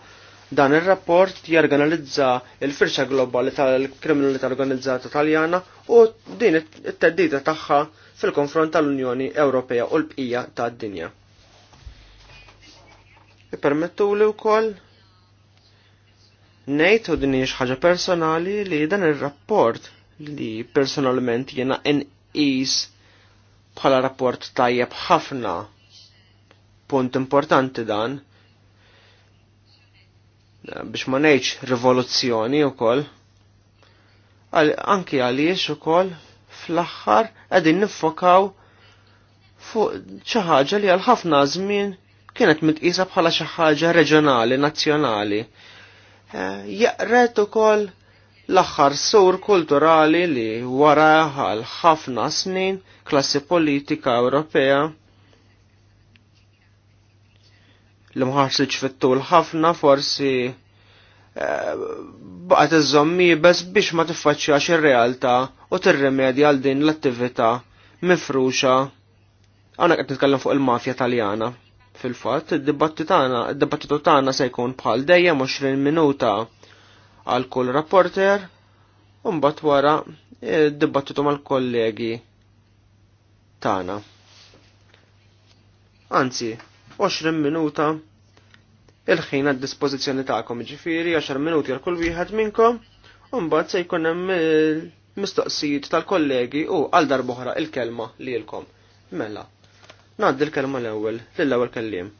Dan ir-rapport jorganizza il-firxa globali tal-kriminalità organizzata Taljana u din it-teddita tagħha fil-konfront tal-Unjoni Ewropea u l-bqija tad-dinja. Ipermettu li wkoll Nejt u din ħaġa personali li dan ir-rapport li personalment jena n-is bħala rapport tajjeb ħafna. Punt importanti dan biex ma ngħidx rivoluzzjoni wkoll. Anki għaliex ukoll fl-aħħar qegħdin niffokaw fuq xi ħaġa li għal ħafna żmien kienet mitqisa bħala xi ħaġa reġjonali, nazzjonali. Eh, jaqret ukoll l axar sur kulturali li wara għal ħafna snin klassi politika Ewropea li mħarsiċ fit-tul ħafna forsi eh, baqgħet iżommi bez biex ma tiffaċċjax ir-realtà u tirrimedja għal din l-attività mifruxa għana qed nitkellem fuq il-mafja Taljana fil-fatt id-dibattitu tagħna se jkun bħal dejjem 20 minuta għal kull rapporter u mbagħad wara e, dibattitu mal-kollegi tagħna. Anzi, 20 minuta il-ħin għad dispożizzjoni tagħkom ġifieri 10 minuti għal kull wieħed minnkom u mbagħad se jkun hemm e, mistoqsijiet tal-kollegi u għal darboħra il-kelma li l-kom. Mela, naddi l-kelma l-ewwel lill-ewwel kelliem.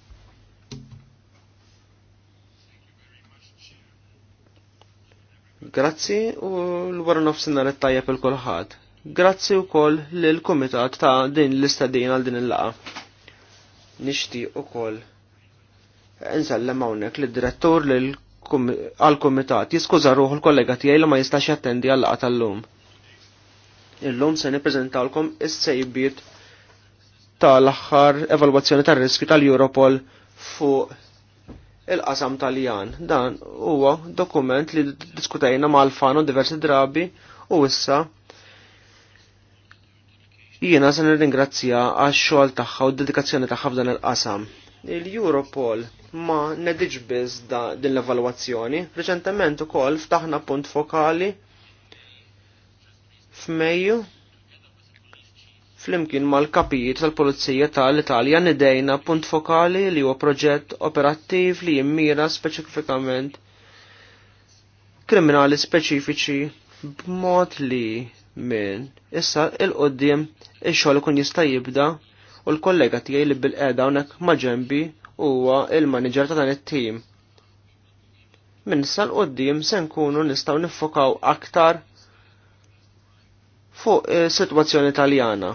Grazzi u l-wara l tajjeb il kulħadd. Grazzi wkoll lill kumitat ta' din l-istadin għal din il laqgħa Nixtieq ukoll insellem hawnhekk lid direttur għall kumitat jiskuża ruħu l-kollega tiegħi li ma jistax jattendi għal laqgħa tal-lum. Illum se nippreżentawlkom is-sejbiet tal-aħħar evalwazzjoni tar-riskju tal-Europol fuq il-qasam taljan. Dan huwa dokument li diskutajna l fano diversi drabi u issa jiena se nirringrazzja għax xogħol tagħha u d-dedikazzjoni tagħha f'dan il-qasam. Il-Europol ma nediġ biss din l-evalwazzjoni, reċentement ukoll ftaħna punt fokali f'Mejju flimkien mal-kapijiet tal-Polizija tal-Italja nidejna punt fokali li huwa proġett operattiv li jimmira speċifikament kriminali speċifiċi b'mod li minn issa il-qoddim ix-xogħol ikun jista' jibda u l-kollega tiegħi li bil-qeda hawnhekk ma' ġenbi huwa il-manager ta' dan it-tim. Minn issa l-qoddim se nkunu nistgħu niffokaw aktar fuq is-sitwazzjoni eh, Taljana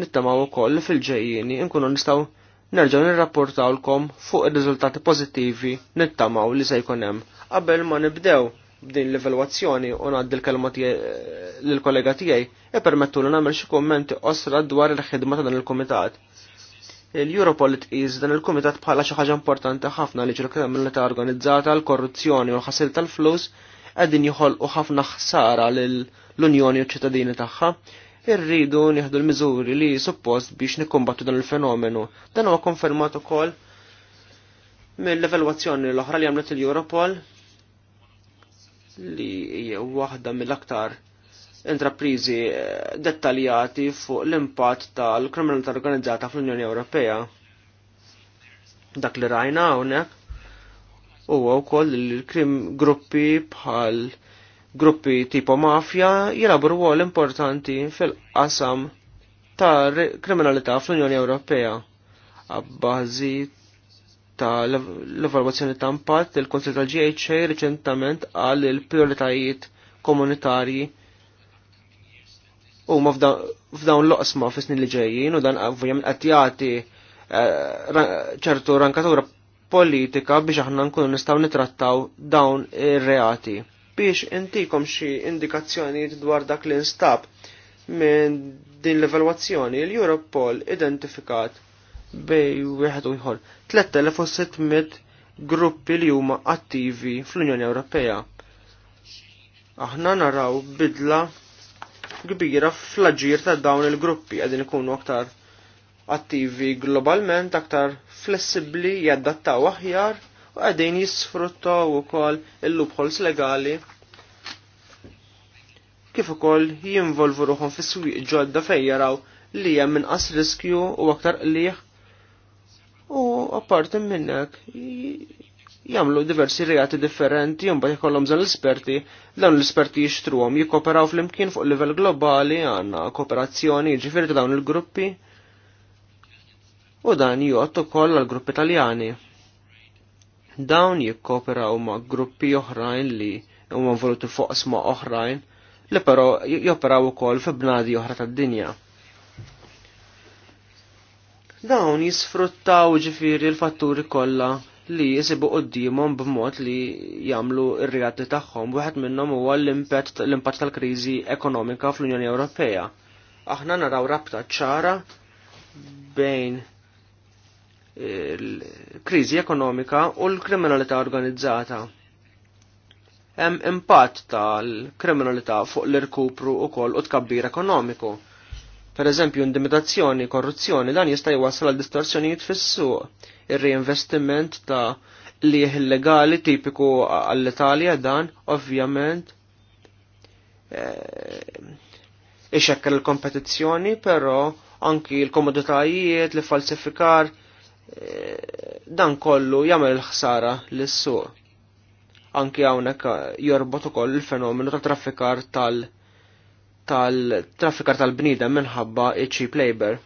nittamaw ukoll fil ġejjini nkunu nistgħu nerġgħu kom fuq ir-riżultati pożittivi nittamaw li se jkun hemm. Qabel ma nibdew b'din l-evalwazzjoni u ngħaddi l-kelma eh, lill-kollega tiegħi permettu li nagħmel xi kummenti osra dwar il-ħidma ta' dan il-kumitat. Il-Europol tqis dan il-kumitat bħala xi ħaġa importanti ħafna li ġil kriminalità organizzata, l-korruzzjoni u l-ħasil tal-flus qegħdin u ħafna ħsara lill-Unjoni u ċittadini tagħha irridu nieħdu l-miżuri li suppost biex nikkombattu dan il-fenomenu. Dan huwa konfermat ukoll mill-evalwazzjoni l-oħra li għamlet il-Europol li hija waħda mill-aktar intraprizi eh, dettaljati fuq l-impatt tal-kriminalità organizzata fl-Unjoni Ewropea. Dak li rajna hawnhekk huwa wkoll l krim gruppi bħal Gruppi tipo mafja jilabu rwol importanti fil-qasam ta' kriminalità fl-Unjoni Ewropea. Abbażi ta' l-evalwazzjoni ta' impatt, il-Konsil tal-GHA riċentament għal il-prioritajiet komunitarji u ma f'dawn l-oqsma f'snin li ġejjin u dan ovvijament qed jagħti eh, ċertu rankatura politika biex aħna nkunu nistgħu nitrattaw dawn ir-reati biex intikom xi indikazzjoni dwar dak li nstab minn din l-evalwazzjoni l-Europol identifikat bej wieħed u ieħor 3600 gruppi li huma attivi fl-Unjoni Ewropea. Aħna naraw bidla kbira fl-aġir ta' dawn il-gruppi qegħdin ikunu aktar attivi globalment, aktar flessibbli jaddattaw aħjar u għadin jisfruttaw ukoll il lubħols legali kif ukoll jinvolvu ruħhom fis swieq ġodda fejn jaraw li hemm inqas riskju u aktar qlieħ u apparti minnek jagħmlu diversi reati differenti mbagħad jkollhom dan l-esperti dawn l isperti jixtruhom jikkoperaw flimkien fuq livell globali għandna kooperazzjoni jiġifieri dawn il-gruppi u dan jgħod ukoll għall-gruppi Taljani. Dawn jikkoperaw ma' gruppi oħrajn li huma voluti fuq isma' oħrajn li però joperaw ukoll fi bnadi oħra tad-dinja. Dawn jisfruttaw ġifiri l-fatturi kollha li jisibu qoddimhom b'mod li jagħmlu r-reati tagħhom wieħed minnhom huwa l-impatt tal-kriżi ekonomika fl-Unjoni Ewropea. Aħna naraw rabta ċara bejn il-kriżi ekonomika u l-kriminalità organizzata. Hemm impatt tal-kriminalità fuq l-irkupru koll u tkabbir ekonomiku. Per eżempju, indimitazzjoni, korruzzjoni, dan jista' jwassal għal distorsjonijiet fis-suq. Ir-reinvestiment ta' liħ illegali tipiku għall-Italja dan, ovvjament, eh, ixekker il-kompetizzjoni, però anki l-komoditajiet, li falsifikar dan kollu jagħmel il-ħsara lis-suq. Anki hawnhekk jorbot ukoll il-fenomenu ta' traffikar tal- tal-traffikar tal-bnida minħabba cheap labor.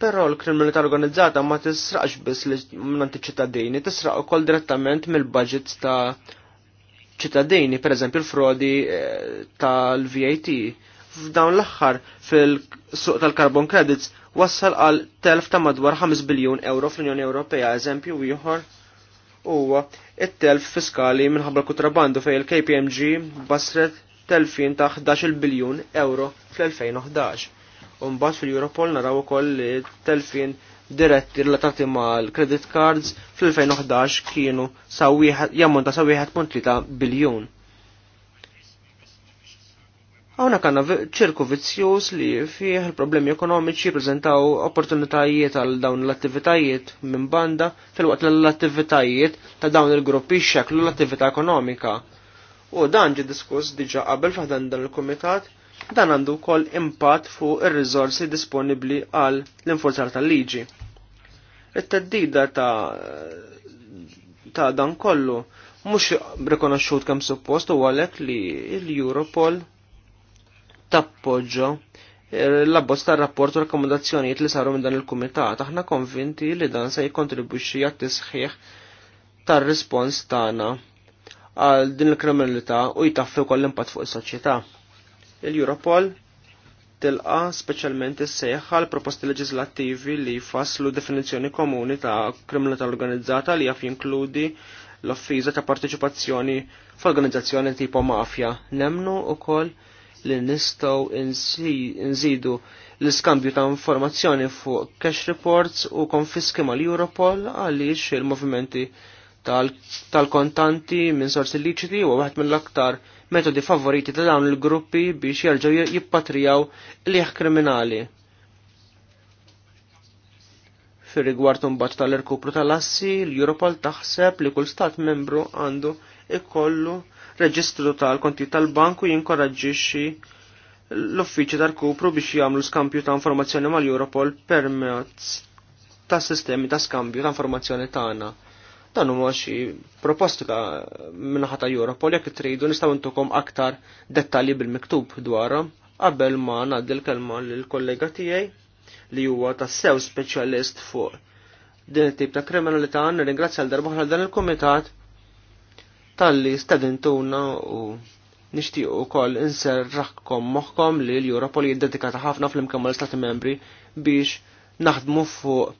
Però l-kriminalità organizzata ma tisraqx biss li minn ċittadini, tisraq ukoll direttament mill-budget ta' ċittadini, per eżempju l-frodi eh, tal-VAT. F'dawn l-aħħar fil-suq tal-carbon credits wassal għal telf ta' madwar 5 biljun euro fl-Unjoni Ewropea, eżempju ieħor huwa it-telf fiskali minħabba kutrabandu fej il-KPMG basret telfin ta' 11 biljun euro fl-2011. Umbat fil-Europol naraw ukoll li telfin diretti relatati mal credit cards fl-2011 kienu jammonta sa' 1.3 biljun. Għawna kanna ċirku vizzjus li fih il-problemi ekonomiċi prezentaw opportunitajiet għal dawn l-attivitajiet minn banda fil-waqt l-attivitajiet ta' dawn il-gruppi xeklu l-attività ekonomika. U dan ġi diskuss diġa qabel faħdan dan il-komitat dan għandu kol impatt fuq ir rizorsi disponibli għal l-infurzar tal-liġi. It-teddida ta' ta' dan kollu mhux rikonoxxut kemm suppost u għalhekk li l-Europol tappoġġo eh, l-abbozz tar-rapport u rakkomandazzjonijiet li saru minn dan il-kumitat. Aħna konvinti li dan se jikkontribwixxi għat-tisħiħ tar-rispons tagħna għal din il-kriminalità u jtaffi wkoll l impatt fuq is-soċjetà. Il-Europol tilqa speċjalment is-sejħa l proposti leġislattivi li jfasslu definizzjoni komuni ta' kriminalità organizzata li jaf jinkludi l-offiża ta' parteċipazzjoni f'organizzazzjoni tipo mafja. Nemnu ukoll li nistaw nżidu l-iskambju ta' informazzjoni fuq cash reports u konfiski mal Europol għaliex il-movimenti tal-kontanti minn sorsi liċiti u għahet mill-aktar metodi favoriti ta' dawn il-gruppi biex jarġaw jippatrijaw liħ kriminali. Fir rigward mbagħad tal-irkupru tal-assi, l-Europol taħseb li kull stat membru għandu ikollu e reġistru tal-konti tal-banku jinkoraġġixxi l-uffiċi tal-kupru biex jagħmlu skambju ta' informazzjoni mal-Europol permezz ta' sistemi ta' skambju ta' informazzjoni tagħna. Dan huma xi proposti ta minħa ta' Europol jekk tridu nistgħu ntukom aktar dettalji bil-miktub dwarhom qabel ma ngħaddi l-kelma lill-kollega tiegħi li huwa tas-sew speċjalist fuq din it-tip ta' kriminalità nirringrazzja l darba dan il-kumitat tal-li stedintuna u nishtiq u koll inserraħkom moħkom li l-Europol jiddedikata ħafna fl-imkemmu l-Stati membri biex naħdmu fuq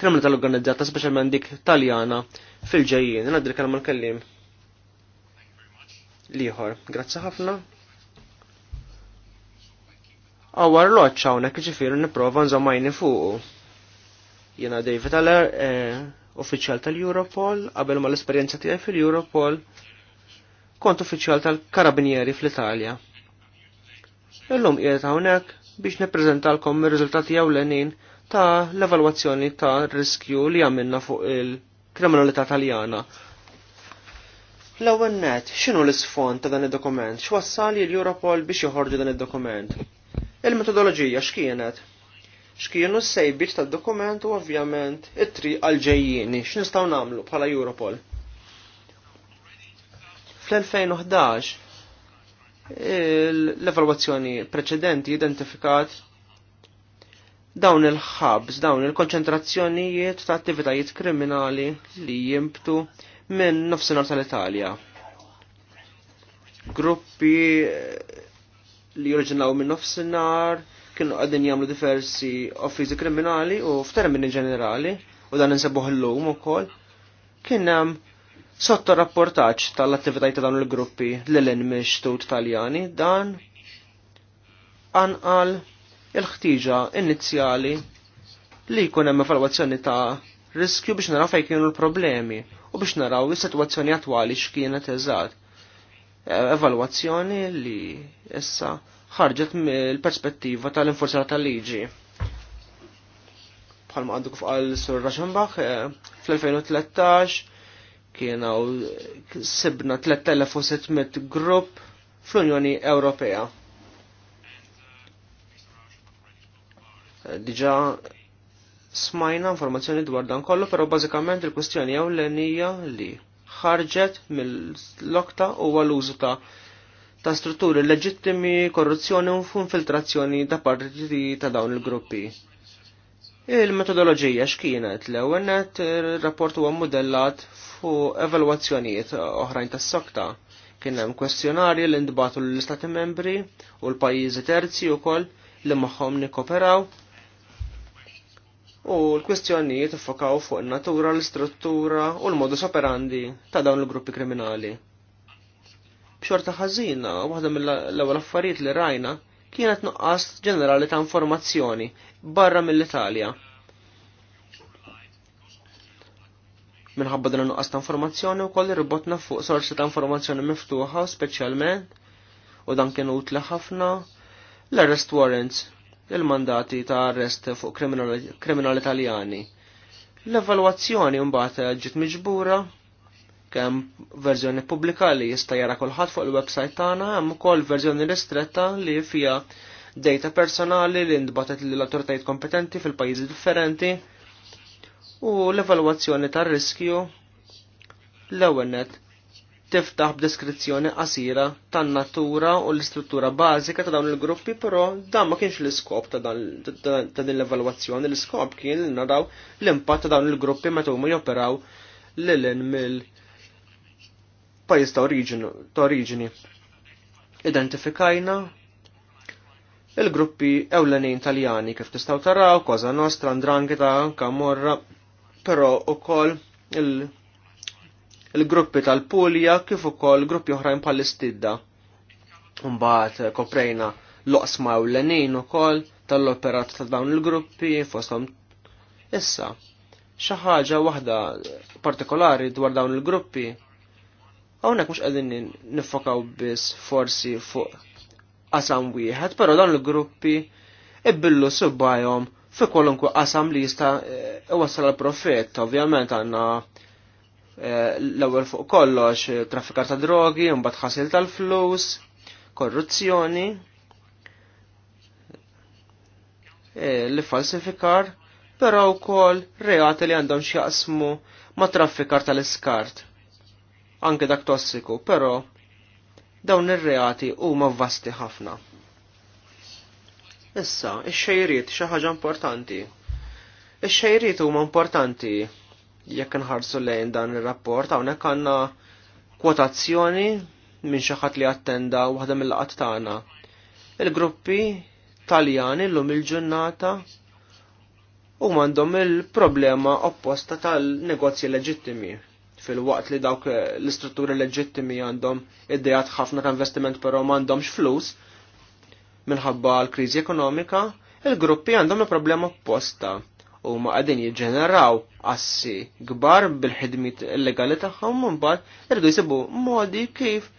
kriminalità l organizzata specialment dik taljana fil-ġejjien. Nadri kalma l-kellim. Liħor, grazzi ħafna. Għawar loċċa unek ġifiru niprofa nżommajni fuq. Jena David Aller, eh, uffiċjal tal-Europol, qabel ma l-esperjenza tiegħi fil-Europol, kont uffiċjal tal-Karabinieri fl-Italja. Illum qiegħed hawnhekk biex nippreżentalkom ir-riżultati ewlenin ta' l-evalwazzjoni ta' riskju li għamilna fuq il-kriminalità taljana. L-ewwel net, x'inhu l-isfond ta' dan id-dokument? X'wassal l-Europol biex joħorġu dan id-dokument? Il-metodoloġija x'kienet? x'kienu s-sejbiet tad-dokument u ovvjament it-triq għal ġejjini x'nistgħu nagħmlu bħala Europol. Fl-2011 l-evalwazzjoni preċedenti identifikat dawn il-ħabs, dawn il-konċentrazzjonijiet ta' attivitajiet kriminali li jimbtu minn nofsinhar tal-Italja. Gruppi li jorġinaw minn nofsinhar, kienu għadin jamlu diversi offizi kriminali u f'termini ġenerali, u dan nsebuħ l-lum u kol, kienem sotto rapportaċ tal-attivitajt ta' dawn il-gruppi l-len mishtut taljani, dan anqal il-ħtiġa inizjali li jkun hemm evalwazzjoni ta' riskju biex naraw fejn kienu l-problemi u biex naraw is-sitwazzjoni attwali x'kienet eżatt. Evalwazzjoni li issa ħarġet mill-perspettiva tal inforzata tal-liġi. Bħalma għandu kif għal Sur Raxenbach, eh, fl-2013 kienu sibna 3600 grupp fl-Unjoni Ewropea. Eh, Dġa smajna informazzjoni dwar dan kollu, pero bażikament il-kwestjoni enija li ħarġet mill-lokta u għal-użu ta' ta' strutturi leġittimi, korruzzjoni u infiltrazzjoni da' partiti ta' dawn il-gruppi. Il-metodoloġija x'kienet l ewwenet ir-rapport huwa modellat fuq evalwazzjonijiet oħrajn tas-sokta. Kien hemm kwestjonarji li ndbatu l-Istati membri u l-pajjiżi terzi wkoll li magħhom nikkoperaw. U l-kwestjonijiet iffokaw fuq in-natura, l-istruttura u l-modus operandi ta' dawn il-gruppi kriminali b'xorta ħażina, waħda mill-ewwel affarijiet li rajna kienet nuqqas ġenerali ta' informazzjoni barra mill-Italja. Minħabba din nuqqas ta' informazzjoni wkoll irbotna fuq sorsi ta' informazzjoni miftuħa speċjalment u dan kien utli ħafna l-arrest warrants, il-mandati ta' arrest fuq kriminali Italjani. L-evalwazzjoni mbagħad ġiet miġbura kemm verżjoni pubblika li jista' jara kulħadd fuq il-website tagħna, hemm ukoll verżjoni ristretta li fija data personali li nbatet lill autoritajiet kompetenti fil-pajjiżi differenti u l-evalwazzjoni tar-riskju l-ewwel tiftaħ b'deskrizzjoni qasira tan-natura u l-istruttura bażika ta' dawn il-gruppi, però dan ma kienx l-iskop ta' din l-evalwazzjoni, l-iskop kien li naraw l-impatt ta' dawn il-gruppi meta huma joperaw lil mill pajis ta' oriġini. Identifikajna il-gruppi ewlenin taljani kif tistaw taraw, Koza Nostra, Ndrangita, Kamorra, però ukoll il-gruppi tal-Pulja kif ukoll gruppi oħrajn palestidda. istidda koprejna loqsma ewlenin ukoll tal-operat ta' dawn il-gruppi fosthom issa. Xi ħaġa waħda partikolari dwar dawn il-gruppi Hawnhekk mhux qegħdin nifokaw biss forsi fuq qasam wieħed, però dan il-gruppi ibbillu subbajhom fi kwalunkwe qasam li jista' eh, iwassal għal profet, ovvjament għandna eh, l-ewwel fuq kollox eh, traffikar ta' drogi, mbagħad ħasil tal-flus, korruzzjoni, li falsifikar, però wkoll reati li għandhom x'jaqsmu ma' traffikar tal-iskart anke dak tossiku, però dawn ir-reati huma vasti ħafna. Issa, ix-xejriet xi ħaġa importanti. Ix-xejriet huma importanti jekk nħarsu lejn dan ir-rapport hawnhekk għandna kwotazzjoni minn xi ħadd li attenda waħda mill-qatt tagħna. Il-gruppi Taljani llum il-ġurnata u għandhom il-problema opposta tal-negozji leġittimi fil-waqt li dawk eh, l-istrutturi leġittimi għandhom id dijat ħafna ta' investiment però m'għandhomx flus minħabba l-kriżi ekonomika, il-gruppi għandhom il-problema posta u ma għadin jiġġeneraw assi gbar bil-ħidmit illegali tagħhom u mbagħad irridu jsibu modi kif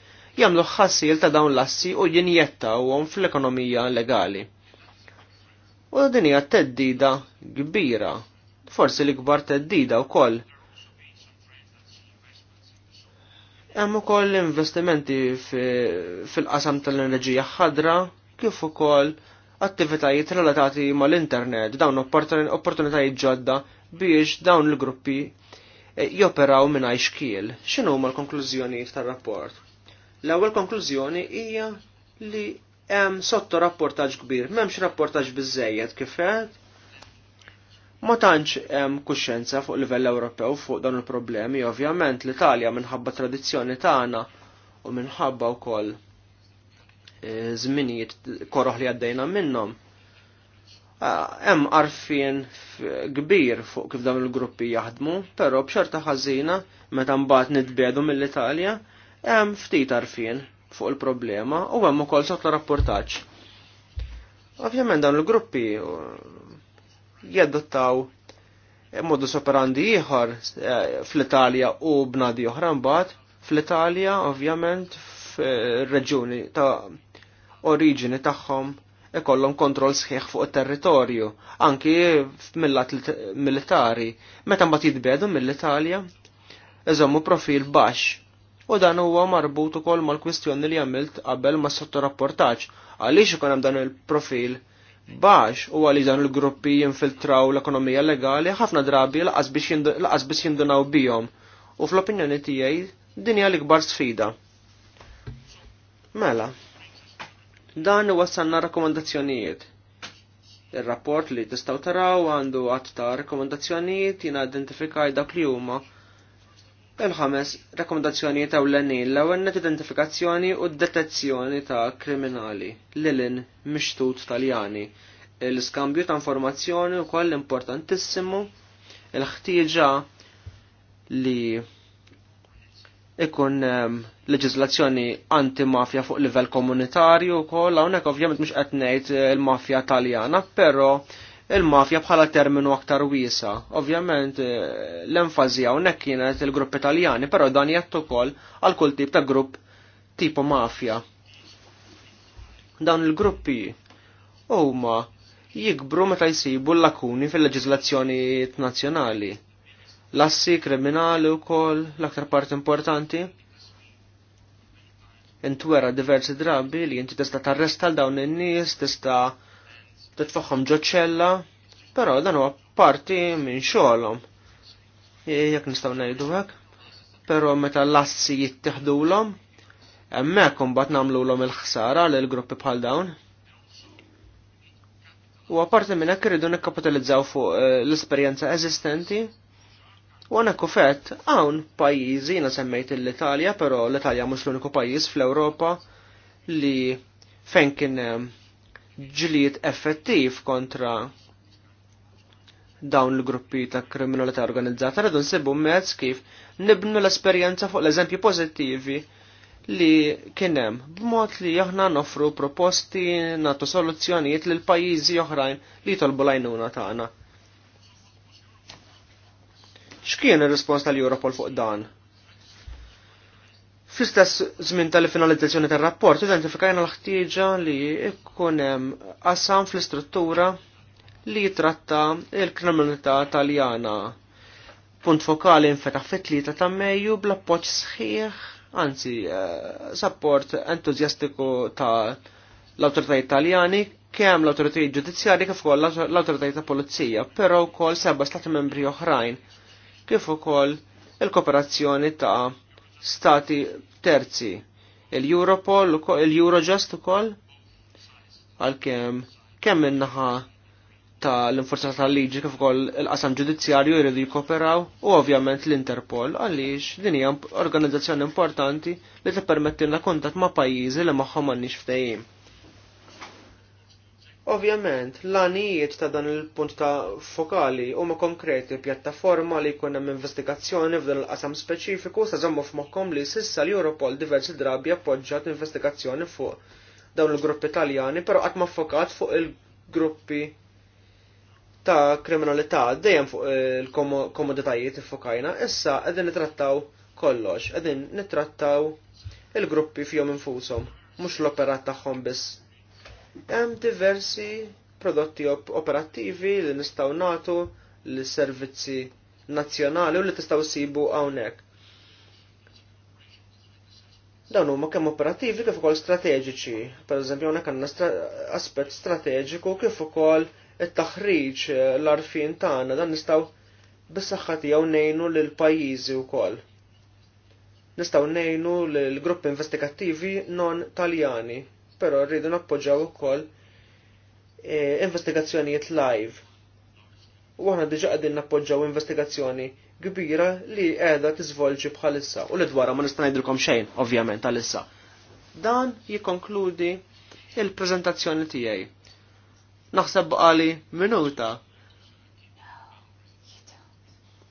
jagħmlu ħassil ta' dawn l-assi u jinjettawhom fl-ekonomija legali. U din hija teddida kbira, forsi l-ikbar teddida wkoll Hemm ukoll investimenti fil-qasam tal-enerġija ħadra kif ukoll attivitajiet relatati mal-internet, dawn opportunitajiet ġodda biex dawn il-gruppi eh, joperaw minn xkiel. X'inhu huma l-konklużjonijiet tar-rapport? L-ewwel konklużjoni hija li hemm sotto rapportaġġ kbir, m'hemmx rapportaġġ biżejjed kif qed, Ma tantx hemm kuxjenza fuq livell Ewropew fuq dawn il-problemi, ovvjament l-Italja minħabba tradizzjoni tagħna u minħabba wkoll e, żminijiet koroħ li għaddejna minnhom. Hemm arfien kbir fuq kif dawn il-gruppi jaħdmu, però b'xorta ħażina meta mbagħad nitbiedu mill-Italja, hemm ftit arfien fuq il-problema u hemm ukoll sotla rapportaġġ. Ovvjament dawn il-gruppi jadottaw modus operandi ieħor eh, fl-Italja u b'nadi oħra mbagħad. Fl-Italja ovvjament f'reġjuni ta' oriġini tagħhom ikollhom kontroll sħiħ fuq it-territorju, anki mill-lat militari. Meta mbagħad jitbedu mill-Italja, eżommu profil baxx. U dan huwa marbut ukoll mal-kwistjoni li għamilt qabel ma' rapportaġġ għaliex ikun hemm dan il-profil Bax u għalli dan il-gruppi jinfiltraw l-ekonomija legali ħafna drabi laqas biex jindunaw bijom u fl-opinjoni tiegħi dinja l-ikbar sfida. Mela, dan għassanna rakkomandazzjonijiet. Ir-rapport li tistgħu taraw għandu għatt ta' rakkomandazzjonijiet jina identifikaj dak li huma Il-ħames, rekomendazzjoni ta' l-lenin l-għennet identifikazzjoni u detezzjoni ta' kriminali, l-lin mishtut taljani, l-skambju ta' informazzjoni u koll importantissimu, il-ħtieġa li ikun um, ehm, leġizlazzjoni anti-mafja fuq livell komunitarju u koll, għonek ovvijament mux etnejt il-mafja taljana, pero il-mafja bħala terminu aktar wiesa. Ovvjament eh, l-enfasi hawnhekk kienet il-grupp Italjani, però dan jattu ukoll għal kull tip ta' grupp tipo mafja. Dan il-gruppi huma jikbru meta jsibu l-lakuni fil-leġiżlazzjoni nazzjonali. Lassi kriminali wkoll l-aktar part importanti intwera diversi drabi li inti tista tarresta l dawn in-nies, tista' titfaħħom ġoċella, però dan huwa parti minn xogħolhom. Jek nistgħu ngħidu hekk, però meta l-assi jitteħdulhom, hemmhekk imbagħad nagħmlulhom il-ħsara lil gruppi bħal dawn. U apparti minn hekk irridu nikkapitalizzaw fuq eh, l-esperjenza eżistenti. U għana kufet, hawn pajizi, jina semmejt l-Italja, però l-Italja mhux l-uniku pajjiż fl-Ewropa li fejn kien eh, ġlied effettiv kontra dawn l-gruppi ta' kriminalità organizzata rridu nsibu mezz kif nibnu l-esperjenza fuq l-eżempji pożittivi li kienem b'mod li aħna nofru proposti nagħtu soluzzjonijiet lil pajjiżi oħrajn li tolbu l-għajnuna tagħna. X'kien ir-rispons tal-Europol fuq dan? Fl-istess żmien tal-finalizzazzjoni tar-rapport identifikajna l-ħtieġa li jkun hemm qasam fl-istruttura li jitratta l-kriminalità taljana. Punt fokali infetaħ fit-tlieta ta' Mejju bl-appoġġ sħiħ, anzi eh, support entużjastiku ta' l-awtoritajiet Taljani kemm l-awtoritajiet ġudizzjarji kif ukoll l-awtoritajiet ta' pulizija, però wkoll seba' stati membri oħrajn kif ukoll il-kooperazzjoni ta' stati terzi. Il-Europol, il-Eurojust ukoll għalkemm kemm minnaħa ta' l-inforzata tal-liġi kif ukoll il-qasam ġudizzjarju jridu jikoperaw u ovvjament l-Interpol għaliex din hija organizzazzjoni importanti li tippermettilna kuntat ma' pajjiżi li magħhom m'għandniex ftehim. Ovvjament, l-għanijiet ta' dan il-punt ta' fokali huma konkreti pjattaforma li jkun hemm investigazzjoni f'dan il-qasam speċifiku sa' zommu f'mokkom li sissa l-Europol diversi drabi appoġġjat investigazzjoni fuq dawn il-gruppi taljani, però qatt ma fokat fuq il-gruppi ta' kriminalità dejjem fuq il-komoditajiet ifokajna, issa qegħdin nitrattaw kollox, qegħdin nittrattaw il-gruppi fihom infushom, mhux l-operat tagħhom biss Hemm diversi prodotti op operattivi li nistgħu nagħtu l-servizzi nazzjonali u li tistgħu sibu hawnhekk. Dawn huma kemm operattivi kif ukoll strateġiċi. Pereżempju hawnhekk għandna stra aspett strateġiku kif ukoll it-taħriġ eh, l-arfin tagħna dan nistgħu bis-saħħa tiegħu ngħinu lil pajjiżi wkoll. Nistgħu ngħinu lil grupp investigattivi non Taljani però rridu nappoġġaw ukoll e, investigazzjonijiet live. U aħna diġa qegħdin nappoġġaw investigazzjoni kbira li qiegħda tiżvolġi bħalissa u li dwarha ma nista' ngħidilkom xejn ovvjament għalissa. Dan jikkonkludi il-preżentazzjoni tiegħi. Naħseb baqali minuta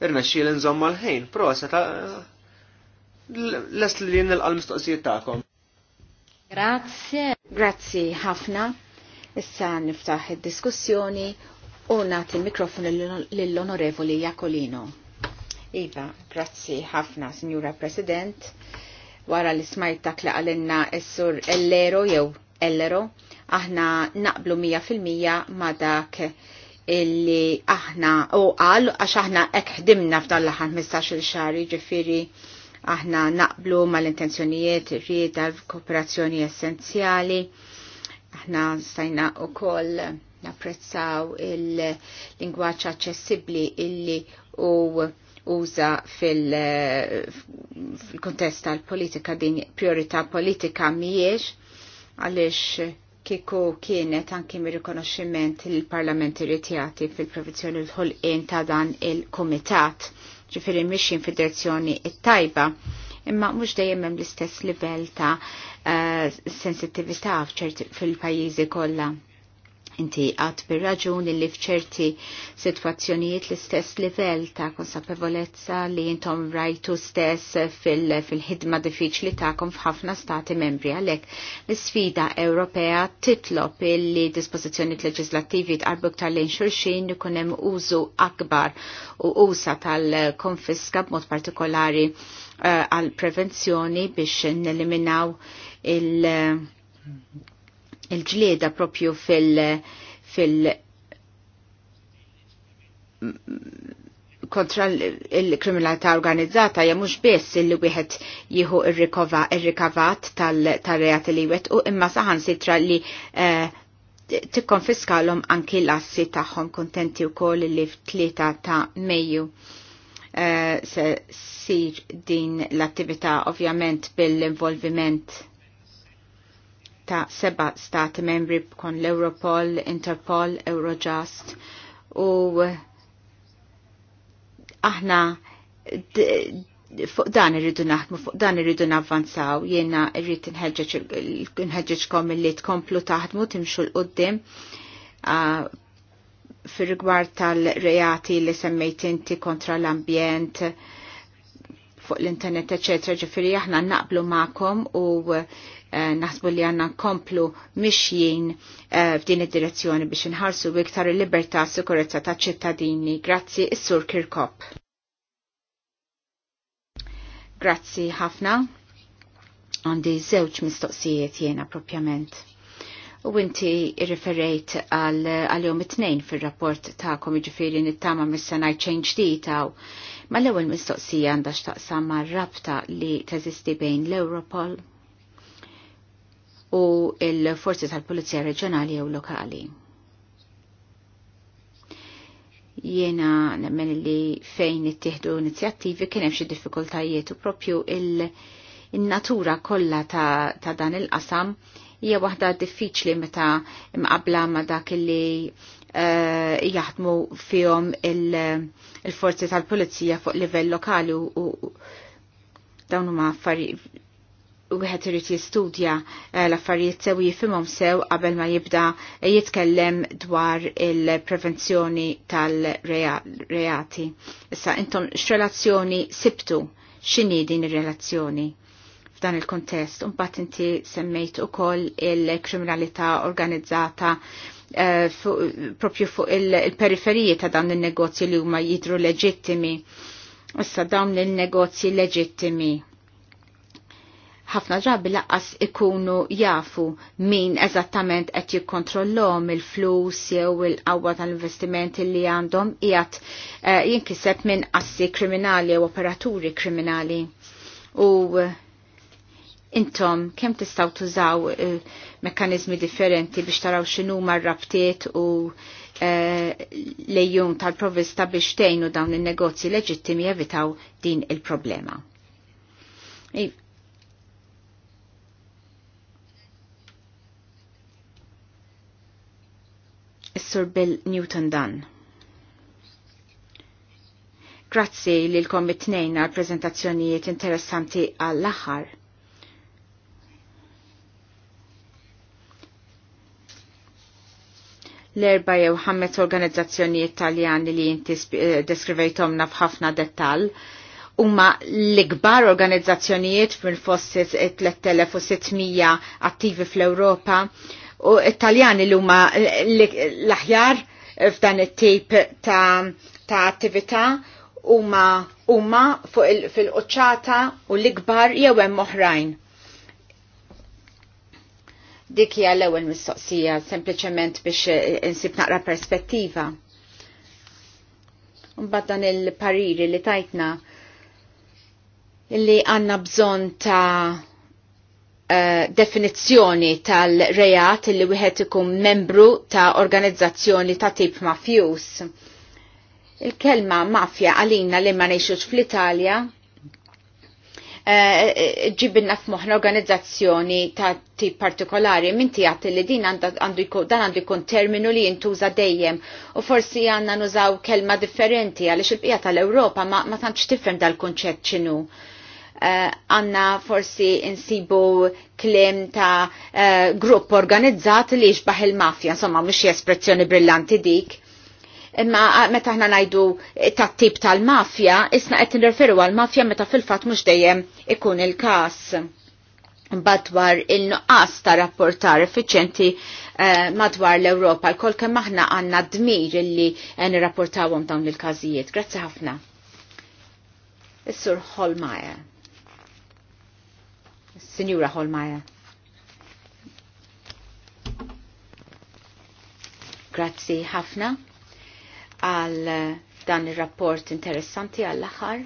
irnexxi l nżomm mal-ħin, se ta' lest li nilqa l-mistoqsijiet tagħkom. Grazie. Grazzi ħafna. Issa niftaħ id-diskussjoni u nagħti l-mikrofonu lill-Onorevoli Jakolino. Iva, grazzi ħafna, Signora President. Wara li smajt dak li għalinna s-sur Ellero jew Ellero, aħna naqblu 100% ma dak illi aħna u għal għax aħna hekk ħdimna f'dan l-aħħar 15-il xahar, ġifieri Aħna naqblu mal-intenzjonijiet rieda għal kooperazzjoni essenzjali. Aħna stajna u koll napprezzaw il-lingwaċ aċċessibli illi u uża fil-kontest fil tal-politika din priorità politika miex għalix kiku kienet anki mir rikonoxximent il parlamenti irritjati fil-provizjoni l-ħolqien ta' dan il-komitat ġifiri mixin fid-direzzjoni it-tajba, imma mux dejjem hemm l-istess livell ta' uh, eh, sensitivita fil-pajjiżi kollha. Inti għad bir raġun li fċerti situazzjonijiet l-istess livell ta' konsapevolezza li jintom rajtu stess fil-ħidma fil diffiċli ta'kom f'ħafna stati membri għalek. L-sfida Ewropea titlop illi dispożizzjonijiet leġislattivi tqarbu ktar lejn xurxin ikunem użu akbar u usa tal-konfiska b'mod partikolari eh, għal uh, prevenzjoni biex n-eliminaw il- il-ġlieda propju fil- fil- kontra il-kriminalità organizzata ja mhux biss li wieħed jieħu ir-rikavat tal-reati li wet u imma saħan sitra li eh, tikkonfiskalhom anki l-assi tagħhom kontenti wkoll li f'tlieta ta' Mejju eh, se sir din l-attività ovvjament bil-involviment ta' seba stati membri kon l-Europol, Interpol, Eurojust u aħna fuq dan irridu naħdmu, fuq dan irridu navvanzaw, jena irrid nħedġeġkom li tkomplu taħdmu timxu l-qoddim fir rigward tal-reati li semmejt inti kontra l-ambjent fuq l-internet, eccetera, ġifiri aħna naqblu ma'kom u Eh, naħsbu li għanna komplu miexjien eh, f'din id-direzzjoni biex nħarsu iktar il-libertà sikurezza ta' ċittadini. Grazzi, Is-Sur Kirkop. Grazzi ħafna. Għandi żewġ mistoqsijiet jena propjament. U inti irreferejt għal-jom it-tnejn fil-rapport ta' komiġifiri nittama mis-sanaj change ditaw. Ma l-ewel mistoqsija għandax taqsam ma' rabta li teżisti bejn l-Europol u il-forzi tal-Polizija Reġjonali u Lokali. Jiena nemmen li fejn nittieħdu inizjattivi kien hemm xi diffikultajiet u propju il-natura kollha ta, ta' dan il-qasam hija waħda diffiċli meta mqabla ma' dak li uh, jaħdmu fihom il-forzi il tal-pulizija fuq livell lokali u, u dawn huma affarijiet wieħed irid jistudja eh, l-affarijiet sew jifimom sew qabel ma jibda eh, jitkellem dwar il-prevenzjoni tal-reati. Issa intom x'relazzjoni sibtu x'inhi din ir-relazzjoni f'dan il-kontest. bat inti semmejt ukoll il-kriminalità organizzata uh, fu, propju fuq il-periferiji ta' dawn il negozji li huma jidru leġittimi. Issa dawn il-negozji leġittimi ħafna drabi laqqas ikunu jafu min eżattament qed jikkontrollhom il-flus jew il-qawwa tal-investimenti li għandhom qiegħed eh, jinkiseb minn qassi kriminali jew operaturi kriminali. U eh, intom kemm tistgħu tużaw eh, mekkaniżmi differenti biex taraw x'inhuma r-rabtiet u uh, lejjun tal-provista biex tgħinu dawn in-negozji leġittimi jevitaw din il-problema. Sir sur Bill Newton Dunn. Grazzi li l-kom it-tnejn għal prezentazzjonijiet interessanti għall-aħħar. L-erba jew ħammet organizzazzjonijiet taljani li jinti eh, naf f'ħafna dettal huma l-ikbar organizzazzjonijiet fil fost 3600 attivi fl-Ewropa u Italjani li huma l-aħjar f'dan it-tip ta', ta attività huma huma fil-qoċċata u l-ikbar jew hemm oħrajn. Dik hija l-ewwel mistoqsija sempliċement biex insib naqra perspettiva. Mbagħad dan il-pariri li tajtna li għandna bżonn ta' uh, definizzjoni tal-rejat li wieħed ikun membru ta' organizzazzjoni ta' tip mafjus. Il-kelma mafja għalina li ma nejxux fl-Italja eh, ġibinna uh, f'moħna organizzazzjoni ta' tip partikolari, minti tijat li din għandu dan għandu jkun terminu li jintuża dejjem u forsi għanna nużaw kelma differenti għalix il-bqija tal-Ewropa ma, ma tantx tifhem dal kunċett ċinu. Eh, għanna forsi insibu klim ta' uh, grupp organizzat li xbaħ il-mafja, insomma, mux espressjoni brillanti dik. Imma meta ħna najdu ta' tip tal-mafja, isna qed nirreferu għal-mafja meta fil-fat mux dejjem ikun il-kas. Badwar il-nuqqas ta' rapportar effiċenti uh, eh, madwar l-Europa, l-kol kem aħna għanna dmir illi nirrapportawhom dawn il-każijiet. Grazzi ħafna. Is-Sur Holmeyer. Signora Holmaja. Grazzi ħafna għal eh, dan il-rapport interessanti għall-aħħar.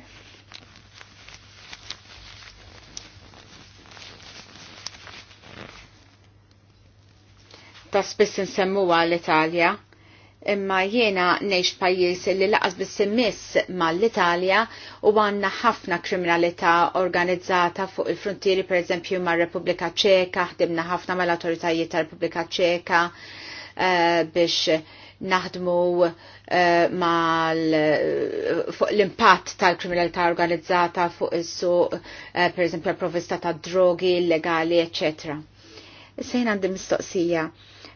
Ta' spiss nsemmuha għal italja imma jiena neċ pajis li laqas bis-simmiss mal-Italja u għanna ħafna kriminalità organizzata fuq il-frontieri per eżempju ma' Repubblika Ċeka, ħdimna ħafna mal autoritajiet ta' Repubblika Ċeka uh, biex naħdmu uh, fuq l-impatt tal-kriminalità organizzata fuq is-suq, eh, per eżempju, provvista ta' drogi illegali, eccetera. Sejna għandi mistoqsija.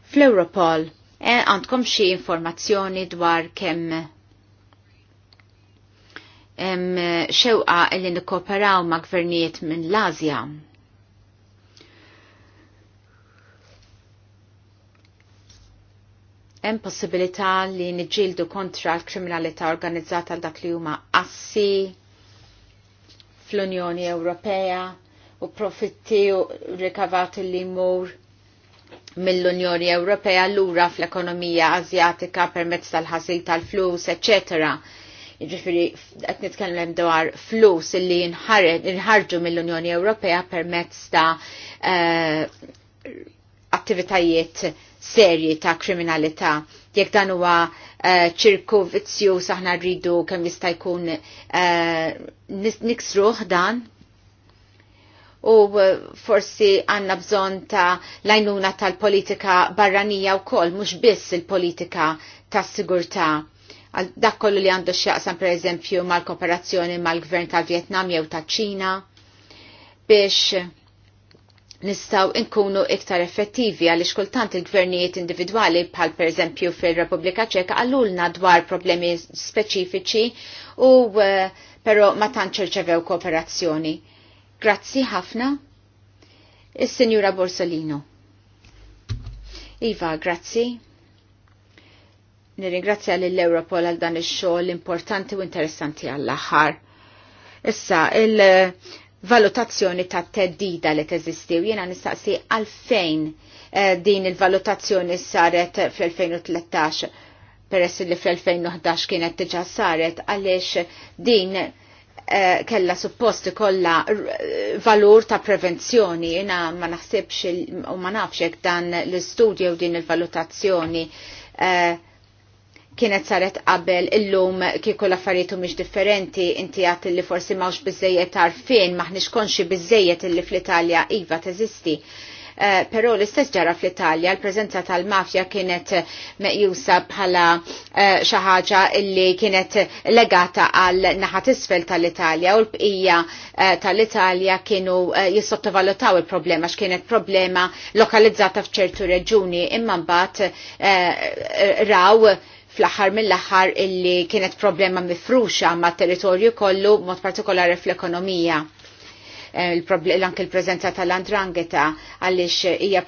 Fl-Europol, E, għandkom xie xi informazzjoni dwar kemm xewqa li nikkooperaw ma' gvernijiet minn l-Azja. Hemm possibilità li niġġieldu kontra l-kriminalità organizzata għal dak li huma assi fl-Unjoni Ewropea u profitti u rikavati li mur mill-Unjoni Ewropea lura fl-ekonomija Azjatika permezz tal-ħasil tal-flus, eccetera ġifiri, għet nitkellem dwar flus illi nħarġu mill-Unjoni Ewropea permezz ta' uh, attivitajiet serji ta' kriminalità. Jekk dan huwa eh, ċirku vizzju saħna rridu kemm jista' jkun uh, eh, niksruħ dan u uh, forsi għanna bżon ta' lajnuna tal-politika barranija u koll, mux biss il-politika ta' sigurta. Dak kollu li għandu xjaqsam per eżempju mal-kooperazzjoni mal-gvern tal-Vietnam jew ta' ċina biex nistaw inkunu iktar effettivi għal kultant il-gvernijiet individuali bħal per eżempju fil-Repubblika Ċeka għallulna dwar problemi speċifiċi u uh, pero ma tantx irċevew kooperazzjoni Grazzi ħafna. Is-Sinjura Borsolino. Iva, grazzi. Nirringrazzja lill-Europol għal dan ix-xogħol importanti u interessanti għall-aħħar. Issa, il-valutazzjoni ta' teddida li teżisti u jiena nistaqsi għalfejn eh, din il-valutazzjoni saret fl-2013 peress li fl-2011 kienet diġà saret għaliex din Eh, kella suppost kolla valur ta' prevenzjoni, jina ma naħsibx u ma nafxek dan l-studio din il-valutazzjoni eh, kienet saret qabel illum kieku l-affarijiet mhux differenti inti għat li forsi mawx bizzejiet tarfin maħniex konxi bizzejiet illi fl-Italja iva teżisti Eh, però l-istess ġara fl-Italja l-preżenza tal-mafja kienet meqjusa bħala eh, xi ħaġa illi kienet legata għal naħat isfel tal-Italja u l-bqija eh, tal-Italja kienu jissottovalutaw il-problema x'kienet problema lokalizzata f'ċertu reġuni imma mbagħad raw fl-axar mill-axar illi kienet problema mifruxa ma' territorju kollu mod partikolari fl-ekonomija. Eh, anke l prezenza tal-Andrangeta għaliex hija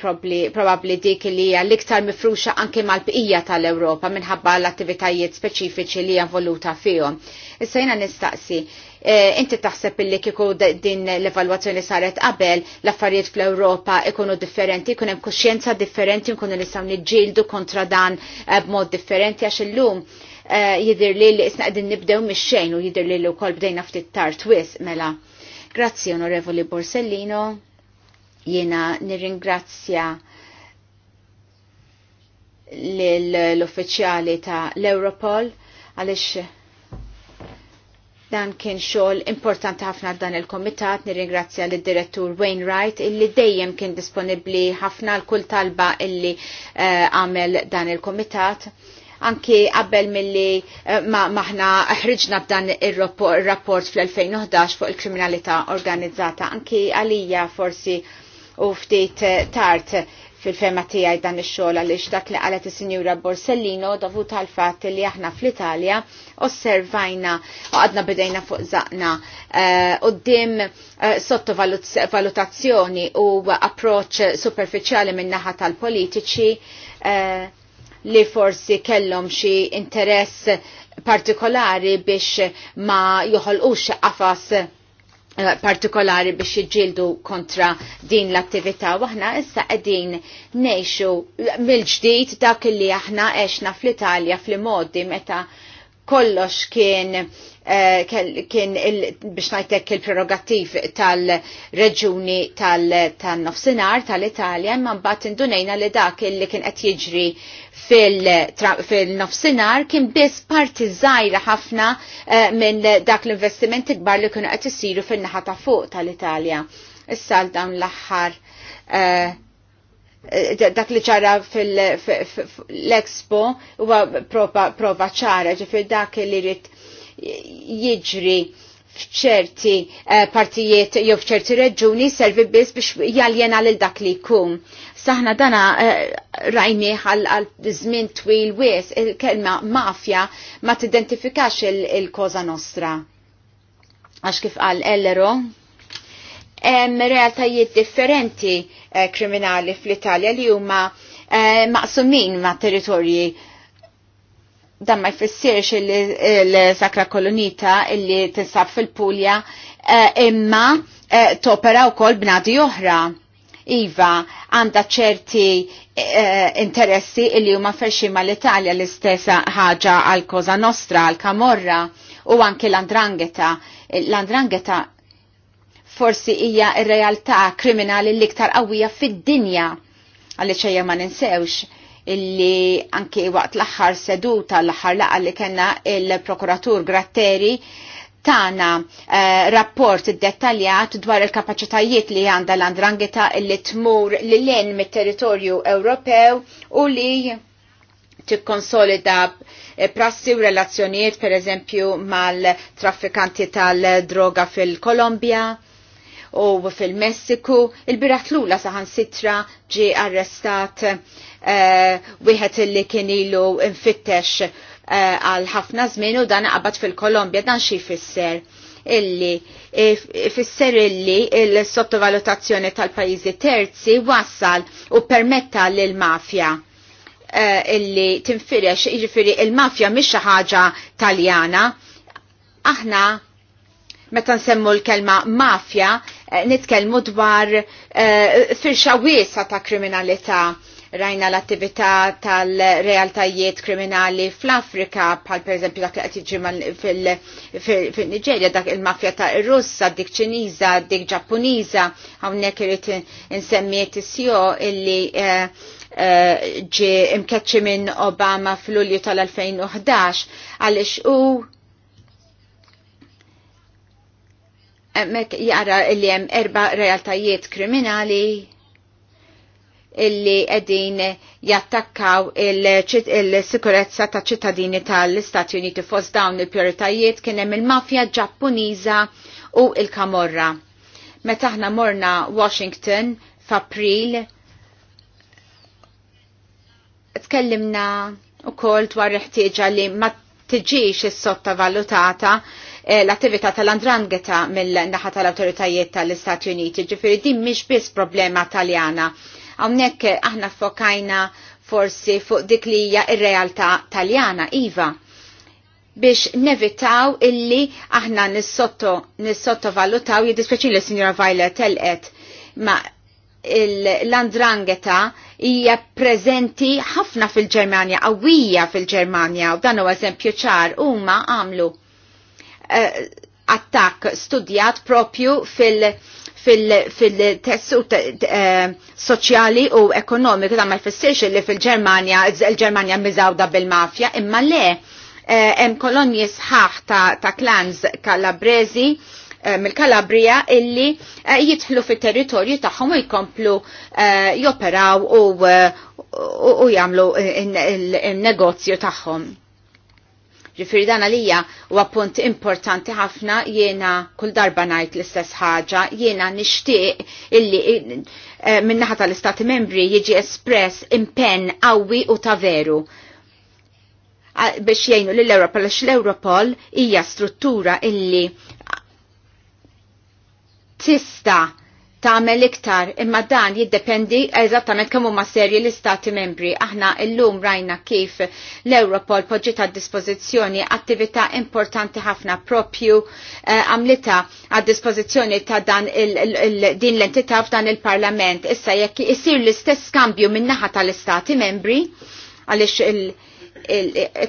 probabbli dik li hija l-iktar mifruxa anke mal-bqija tal-Ewropa minħabba l-attivitajiet speċifiċi li hija voluta fihom. Issa jiena nistaqsi, eh, inti taħseb li kieku din l-evalwazzjoni saret qabel l-affarijiet fl-Ewropa ikunu differenti, ikun hemm kuxjenza differenti, nkunu nistgħu niġġieldu kontra dan eh, b'mod differenti għax illum jidir li li isnaqdin nibdew mis xejn u jidir li li u kol bdejna ftit tart wis mela Grazzi Onorevoli Borsellino, jena nirringrazzja l-uffiċjali ta' l-Europol għalix dan kien xogħol importanti ħafna dan il-komitat, nirringrazzja l direttur Wainwright illi dejjem kien disponibbli ħafna l kull talba illi eh, għamel dan il-komitat anki qabel milli eh, maħna ħriġna b'dan ir-rapport fl-2011 fuq il-kriminalità organizzata. Anki għalija forsi u ftit eh, tard fil-fema tiegħi dan ix-xogħol għaliex dak li qalet is-Sinjura Borsellino dovuta għal fatt li aħna fl-Italja osservajna u għadna bidejna fuq zaqna eh, qudiem uh, uh, sottovalutazzjoni u approċ superfiċjali min-naħa tal-politiċi uh, li forsi kellhom xi interess partikolari biex ma joħolqux qafas eh, partikolari biex jiġildu kontra din l-attività. Waħna issa qegħdin nejxu mill-ġdid dak li aħna għexna fl-Italja fl-modi meta kollox kien eh, kien biex najtek il-prerogativ tal-reġuni tal-nofsinar tal-Italja, imma mbagħad indunejna li dak li kien qed jiġri fil-nofsinar kien biss parti żgħira ħafna eh, minn dak l-investimenti kbar li kienu qed isiru fin-naħa ta' fuq tal-Italja. Issa l dawn l-aħħar eh, Eh, dak li ċara fil-Expo huwa prova ċara ġifir dak li rrit jiġri fċerti eh, partijiet jew fċerti reġuni servi biss biex jaljena lil dak li jkun. Saħna dana eh, rajni għal żmien twil wies il-kelma mafja ma tidentifikax il-koza nostra. Għax kif qal Ellero, hemm realtajiet differenti eh, kriminali fl-Italja li huma eh, maqsumin ma' territorji dan ma jfissirx il-Sakra Kolonita illi tinsab fil-Pulja eh, imma topera u kol bnadi oħra. Iva għanda ċerti interessi illi huma ferxi ma l-Italja l-istessa ħaġa għal Koza Nostra, għal Kamorra u anke l andrangheta L-Andrangeta forsi hija r-realtà kriminali l-iktar qawwija fid-dinja għalli ċejja ma ninsewx illi anki waqt l aħħar seduta l aħħar laqa li kena il-prokuratur Gratteri tana eh, rapport dettaljat dwar il-kapacitajiet li għanda l-andrangita illi tmur li l-en mit-territorju Ewropew u li tikkonsolida eh, prassi u relazzjonijiet per eżempju mal-traffikanti tal-droga fil-Kolombja u fil-Messiku. Il-birat lula saħan sitra ġi arrestat eh, wieħed li kien ilu infittex eh, għal ħafna żmien u dan qabad fil-Kolombja dan xi fisser illi eh, fisser illi il-sottovalutazzjoni tal-pajjiżi terzi wassal u permetta lil mafja illi tinfirex jiġifieri il-mafja mhix xi ħaġa Taljana aħna meta nsemmu l-kelma mafja, eh, nitkellmu dwar eh, firxa wiesa ta' kriminalità rajna l-attività tal-realtajiet kriminali fl-Afrika, pal per eżempju dak li qed fil-Niġerja, dak il-mafja ta' Russa, dik Ċiniża, dik Ġappuniża, hawnhekk irid insemmiet is-sio e illi eh, ġi imkeċċi minn Obama fl-Ulju tal-2011 għaliex u emmek jara li hemm erba realtajiet kriminali illi edin jattakkaw il-sikurezza ta' ċittadini tal-Istati Uniti fost dawn il-prioritajiet kienem il-mafja ġappuniza u il-kamorra. Meta aħna morna Washington f'April, tkellimna u kol dwar iħtieġa li ma tiġix is-sottavalutata valutata Eh, l-attività tal-andrangheta mill-naħa tal-autoritajiet tal-Istati Uniti. Ġifiri din mhix biss problema taljana. Hawnhekk aħna fokajna forsi fuq dik li hija ir-realtà taljana iva biex nevitaw illi aħna nissotto nissottovalutaw jiddispeċin li sinjora Violet telqet ma l-andrangeta hija preżenti ħafna fil-Ġermanja, qawwija fil-Ġermanja u dan u eżempju ċar huma għamlu Eh, attakk studjat propju fil- fil-tessut eh, soċjali u ekonomiku ta' ma jfissirx li fil-Ġermanja, il-Ġermanja mizawda bil-mafja, imma le eh, hemm kolonji sħaħ ta' klans kalabrezi mill-Kalabrija illi jitħlu fit territorju tagħhom u jkomplu joperaw u jagħmlu il-negozju tagħhom. Ġifiri dan għalija u appunt importanti ħafna jiena kull darba najt l-istess ħaġa, jiena nishtiq illi eh, minnaħa tal-Istati membri jiġi espress impenn qawwi u ta' veru biex jgħinu l-Europol, għax l-Europol hija struttura illi tista' tagħmel iktar, imma dan jiddependi eżattament kemm huma serji l-istati membri. Aħna llum rajna kif l-Europol poġġiet għad dispożizzjoni attività importanti ħafna propju eh, għamlita għad dispożizzjoni ta' dan din l-entità f'dan il-Parlament. Issa jekk isir l-istess skambju min-naħa tal-istati membri għaliex il-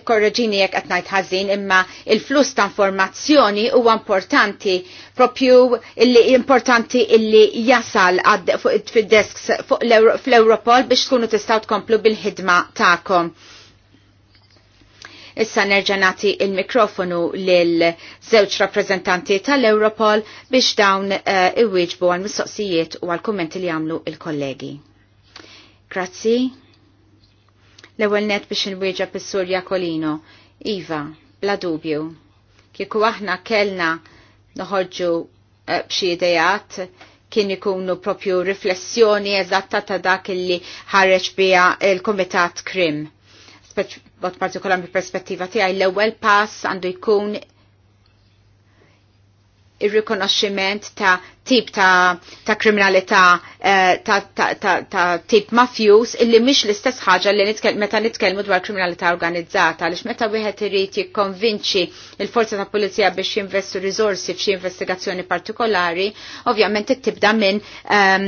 korreġini jek għatnajt ħazin imma il-flus ta' informazzjoni huwa importanti propju illi importanti illi jasal għad fuq desks fuq l-Europol biex tkunu tistaw tkomplu bil-ħidma ta'kom. Issa nerġa' nagħti il-mikrofonu lil żewġ rappreżentanti tal-Europol biex dawn uh, iwieġbu għal mistoqsijiet u għal kummenti li għamlu il-kollegi. Grazzi. L-ewwel net biex inwieġa bis sur Kolino. Iva, bla dubju. Kieku aħna kellna noħorġu eh, b'xi idejat kien ikunu propju riflessjoni eżatta ta' dak illi ħareġ biha il-Kumitat Krim. Bot partikolar perspettiva tiegħi l-ewwel pass għandu jkun ir-rikonoxximent ta' tip ta', ta kriminalità eh, ta, ta, ta, ta, tip mafjus illi mhix l-istess ħaġa li nitkel, meta nitkellmu dwar kriminalità organizzata għaliex meta wieħed irid jikkonvinċi il-forza ta' pulizija biex jinvestu riżorsi f'xi investigazzjoni partikolari, ovvjament tibda minn um,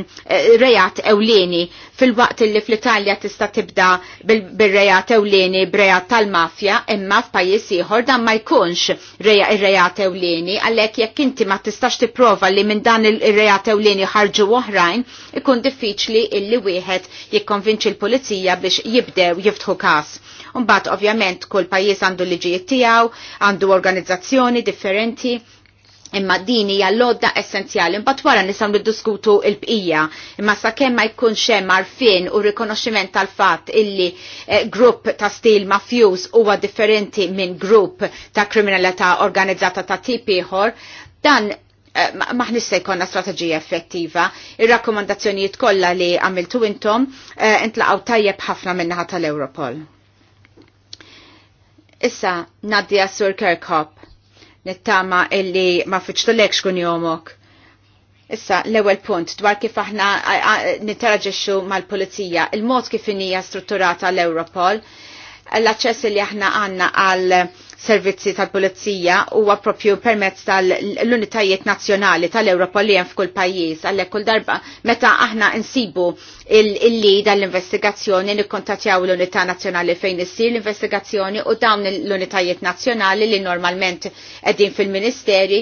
rejat ewlieni fil-waqt illi fl-Italja tista' tibda bil-rejat ewlieni b'rejat tal-mafja, imma f'pajjiż ieħor dan ma jkunx ir-rejat ewlieni għalhekk jekk inti ma tistax tipprova li minn dan dan il-reatew lini ħarġu oħrajn, ikun diffiċli illi wieħed jikkonvinċi l-pulizija biex jibdew jiftħu kas. Umbat ovvjament kull pajjiż għandu liġijiet tiegħu, għandu organizzazzjoni differenti, imma din hija lodda essenzjali imbagħad wara nisam niddiskutu l-bqija imma sakemm ma jkunx hemm għarfien u rikonoxximent tal-fatt illi eh, grupp ta' stil mafjuż huwa differenti minn grupp ta' kriminalità organizzata ta' tip ieħor dan Eh, maħnis se jkonna strategija effettiva. Ir-rakkomandazzjonijiet kollha li għamiltu intom eh, intlaqgħu tajjeb ħafna minnaħa tal-Europol. Issa Nadja Sur Kirkhop nittama illi ma fiċtulekx kun jomok. Issa, l ewwel punt, dwar kif aħna nittaraġiexu mal-polizija, il-mod kif inija strutturata l-Europol, l-aċċess li aħna għanna għal servizzi tal-Pulizija huwa propju permezz tal-unitajiet nazzjonali tal-Ewropa li hemm f'kull pajjiż għalhekk kull darba meta aħna nsibu il li dal investigazzjoni nikkontattjaw l-Unità Nazzjonali fejn issir l-investigazzjoni u dawn l-unitajiet nazzjonali li normalment qegħdin fil-Ministeri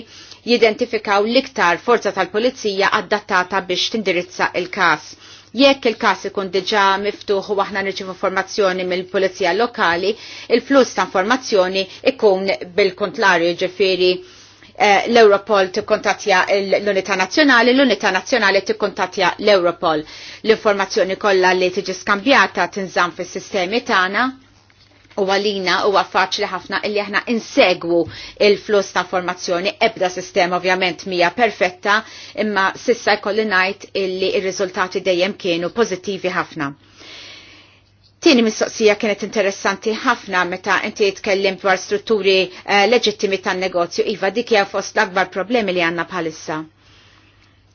jidentifikaw l-iktar forza tal-Pulizija adattata biex tindirizza il-każ Jekk il-kas ikun diġa miftuħ u aħna nirċiv informazzjoni mill-Pulizija Lokali, il-flus ta' informazzjoni ikun bil-kontlarju ġifiri eh, l-Europol tikkontatja l-Unità Nazzjonali, l-Unità Nazzjonali tikkontatja l-Europol. L-informazzjoni kollha li tiġi skambjata tinżamm fis-sistemi tagħna U għalina u għaffaċli ħafna illi aħna insegwu il-flus ta' formazzjoni ebda sistema ovvjament mija perfetta imma sissa jkolli najt illi il-rizultati dejjem kienu pozittivi ħafna. Tieni mistoqsija kienet interessanti ħafna meta inti jitkellim dwar strutturi uh, leġittimi tan-negozju iva dik hija fost l-akbar problemi li għandna bħalissa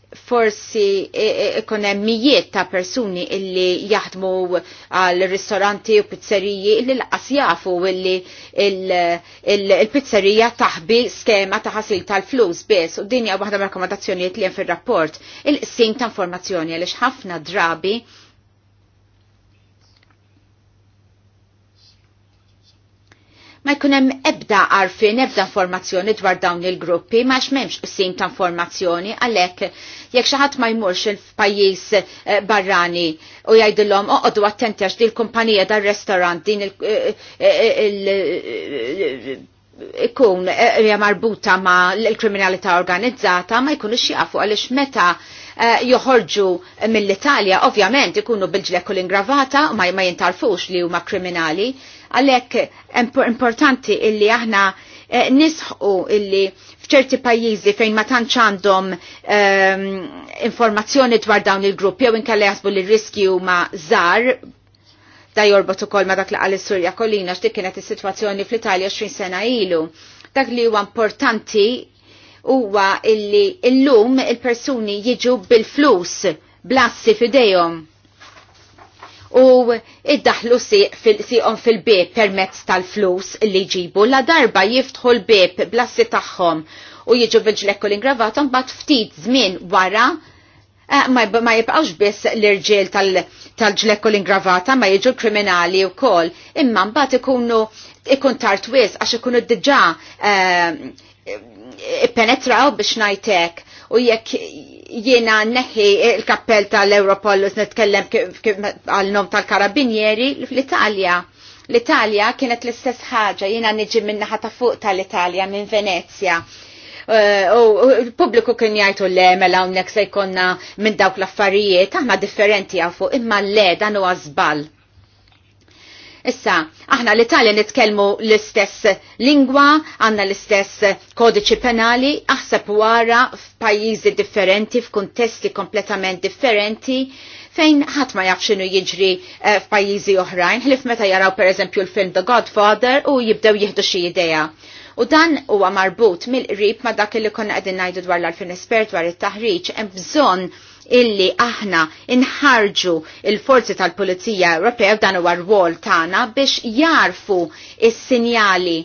forsi ekonomijiet e, ta' persuni illi jaħdmu għal ristoranti u pizzeriji illi laqas jafu illi il-pizzerija taħbi skema ta' ħasil tal-flus biss u dinja waħda ma' rakkomandazzjonijiet li jen fil-rapport il sin ta' informazzjoni għalix ħafna drabi ma jkunem ebda għarfin, ebda informazzjoni dwar dawn il-gruppi, ma xmemx sim ta' informazzjoni, għalek, jek xaħat ma jmurx il-pajis eh, barrani u jajdilom, oqodu attenti għax di l-kumpanija dar restorant din il- eh, eh, ikun hija marbuta ma l-kriminalità organizzata ma jkunux xiafu għaliex meta joħorġu mill-Italja, ovvjament ikunu bilġle ġlek u ingravata ma jintarfux li huma kriminali, Għalhekk importanti illi aħna eh, nisħu illi f'ċerti pajjiżi fejn ma tantx għandhom um, informazzjoni dwar dawn il-gruppi jew inkella jasbu li riski huma żgħar da jorbot ukoll ma dak li għal surja Kolina x'dik kienet is-sitwazzjoni fl-Italja 20 sena ilu. Dak li huwa importanti huwa illi illum il-persuni jiġu bil-flus blassi fidejhom u iddaħlu siqom fil-bib permezz tal-flus li ġibu la darba jiftħu l-bib blassi tagħhom u jiġu bil-ġlekku l-ingravatom bat ftit żmien wara eh, ma jibqawx biss l-irġiel tal-ġlekku l-ingravata ma jiġu kriminali u kol imma mbagħad ikunu ikun tartwis għax ikunu diġà eh, penetraw biex najtek u jekk jiena neħi il-kappell tal-Europol u netkellem għal-nom tal karabinieri fl-Italja. L-Italja kienet l-istess ħaġa, jiena niġi minnaħa ta' fuq tal-Italja minn Venezia. Eh, u l-pubbliku kien jajtu le mela hawnhekk se jkollna minn dawk l-affarijiet, aħna differenti għafu, imma le dan huwa żball Issa, aħna l-Italja nitkellmu l-istess lingwa, għanna l-istess kodiċi penali, aħseb wara f'pajjiżi differenti, f'kuntesti kompletament differenti, fejn ħadd ma jaf x'inhu jiġri eh, f'pajjiżi oħrajn, ħlif meta jaraw pereżempju l-film The Godfather u jibdew jieħdu xi idea. U dan huwa marbut mill-qrib ma dak li konna qegħdin ngħidu dwar l-alfin espert dwar it-taħriġ hemm bżonn illi aħna inħarġu il-forzi tal-Pulizija Ewropea dan huwa rwol tagħna biex jarfu is-sinjali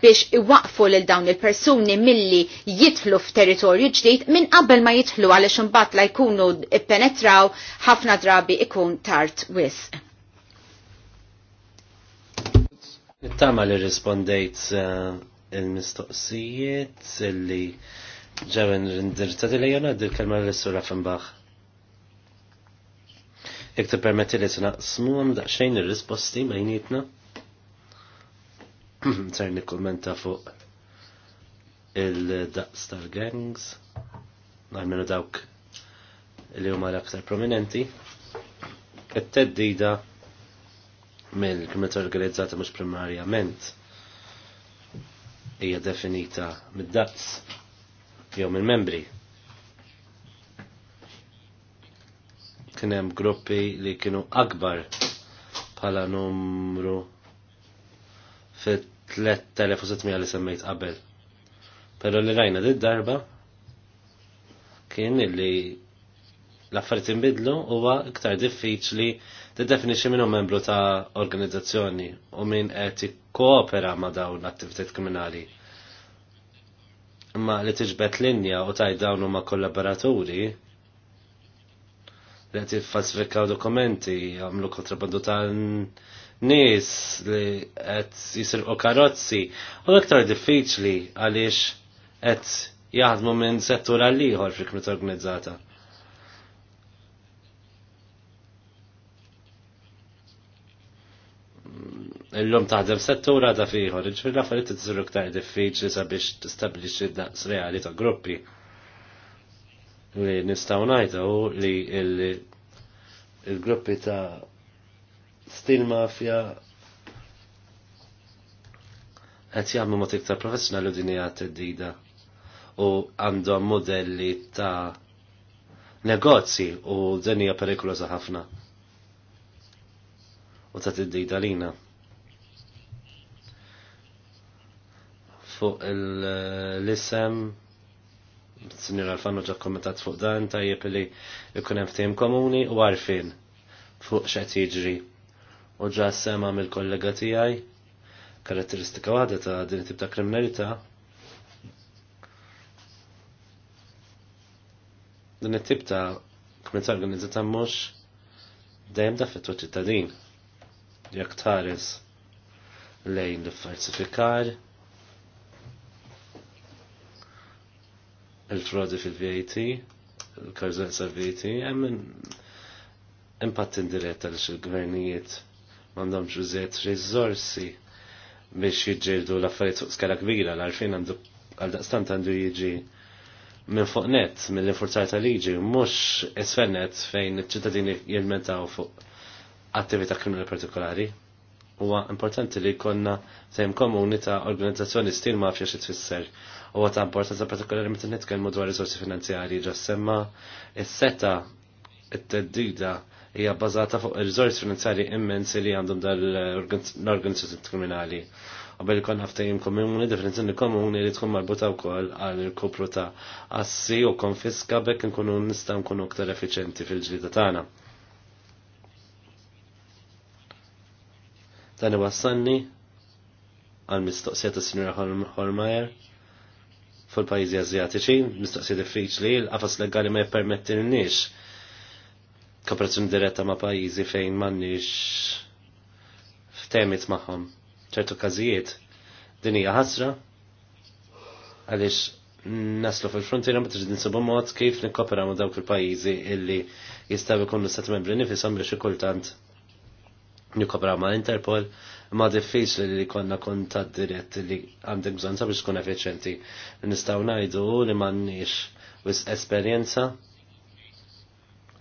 biex iwaqfu lil dawn il-persuni milli jitħlu f'territorju ġdid minn qabel ma jitħlu għaliex imbagħad la jkunu ippenetraw ħafna drabi ikun tard wisq. Nittama li rispondejt eh, il-mistoqsijiet illi ġewen rindirizzati li jona dil kelma l-sura Fimbaħ. Jek ti permetti li smu għam daqxejn il-risposti ma jinietna? Ser kommenta fuq il-daqs tal-gangs, għalmenu dawk li huma l-aktar prominenti. It-teddida mill-kriminalità organizzata mhux primarjament hija definita mid-daqs jew mill-membri Kien hemm gruppi li kienu akbar bħala numru fit-3600 li semmejt qabel. Pero li rajna di darba kien li l-affarijiet inbidlu huwa iktar diffiċli tiddefinixxi minn membru ta' organizzazzjoni u minn qed koopera ma' dawn l attivitet kriminali. Imma li tiġbed linja u taj dawn huma kollaboraturi li għet jiffasfikaw dokumenti, għamlu kontrabandu tal nis li għet jisirqu karozzi, u l-aktar diffiċli għaliex għet jaħdmu minn settur għal-liħor fi kmit organizzata. Illum taħdem settura ta' fiħor, ġifir la' farit t-tzuruk ta' diffiċli sabiex t-stabliċi daqs reali ta' gruppi li nistaw najdu li il-gruppi il ta' Steel Mafia għet jgħamlu ma tiktar u din hija dida u għandhom modelli ta' negozji u din hija perikolosa ħafna. U ta' t-dida lina. Fuq il-lisem il il lisem Sinjur Alfano ġa kommentat fuq dan tajjeb li jkun hemm ftehim komuni u għarfien fuq x'qed jiġri. U ġa sema mill-kollega tiegħi karatteristika waħda ta' din tip ta' kriminalità din it-tip ta' kriminalità organizzata mhux dejjem daffettwa ċittadin jekk tħares lejn l-falsifikar il-frodi fil-VAT, il-karżenza VAT, hemm impatt indirett għaliex il-gvernijiet m'għandhomx użiet rizorsi biex jiġġieldu l-affarijiet fuq skala kbira l-għarfien għandu għal daqstant għandu jiġi minn fuq net, mill infurzar tal liġi, mux esfennet fejn iċ-ċittadini jilmentaw fuq attività kriminali partikolari huwa importanti li jkollna sejm komuni ta' organizzazzjoni stil mafja U tfisser. Huwa ta' importanza partikolari meta nitkellmu dwar rizorsi finanzjari ġa semma il seta il teddida hija bbażata fuq rizorsi riżorsi finanzjarji immensi li għandhom dal-organizzazzjoni kriminali. U Qabel ikun ħaftajim komuni, differenzjoni komuni li tkun marbuta wkoll għal kopru ta' assi u konfiska bekk nkunu nistgħu nkunu aktar effiċenti fil-ġlida tagħna. Dan iwassalni għal mistoqsija ta' Sinjora Holmajer fil-pajjiżi Azjatiċi, mistoqsija diffiċli, l-qafas legali ma jippermettilniex kooperazzjoni diretta ma' pajjiżi fejn m'għandniex f'temiet magħhom. ċertu każijiet din hija ħasra għaliex naslu fil-frontiera ma trid insibu mod kif nikkoperaw dawk il-pajjiżi illi jistgħu jkunu stat membri nifishom biex kultant nikobra ma' Interpol, ma' diffiċli li konna kontat dirett li għandek bżon sabiex tkun effiċenti. Nistaw najdu li m'għandniex wis esperjenza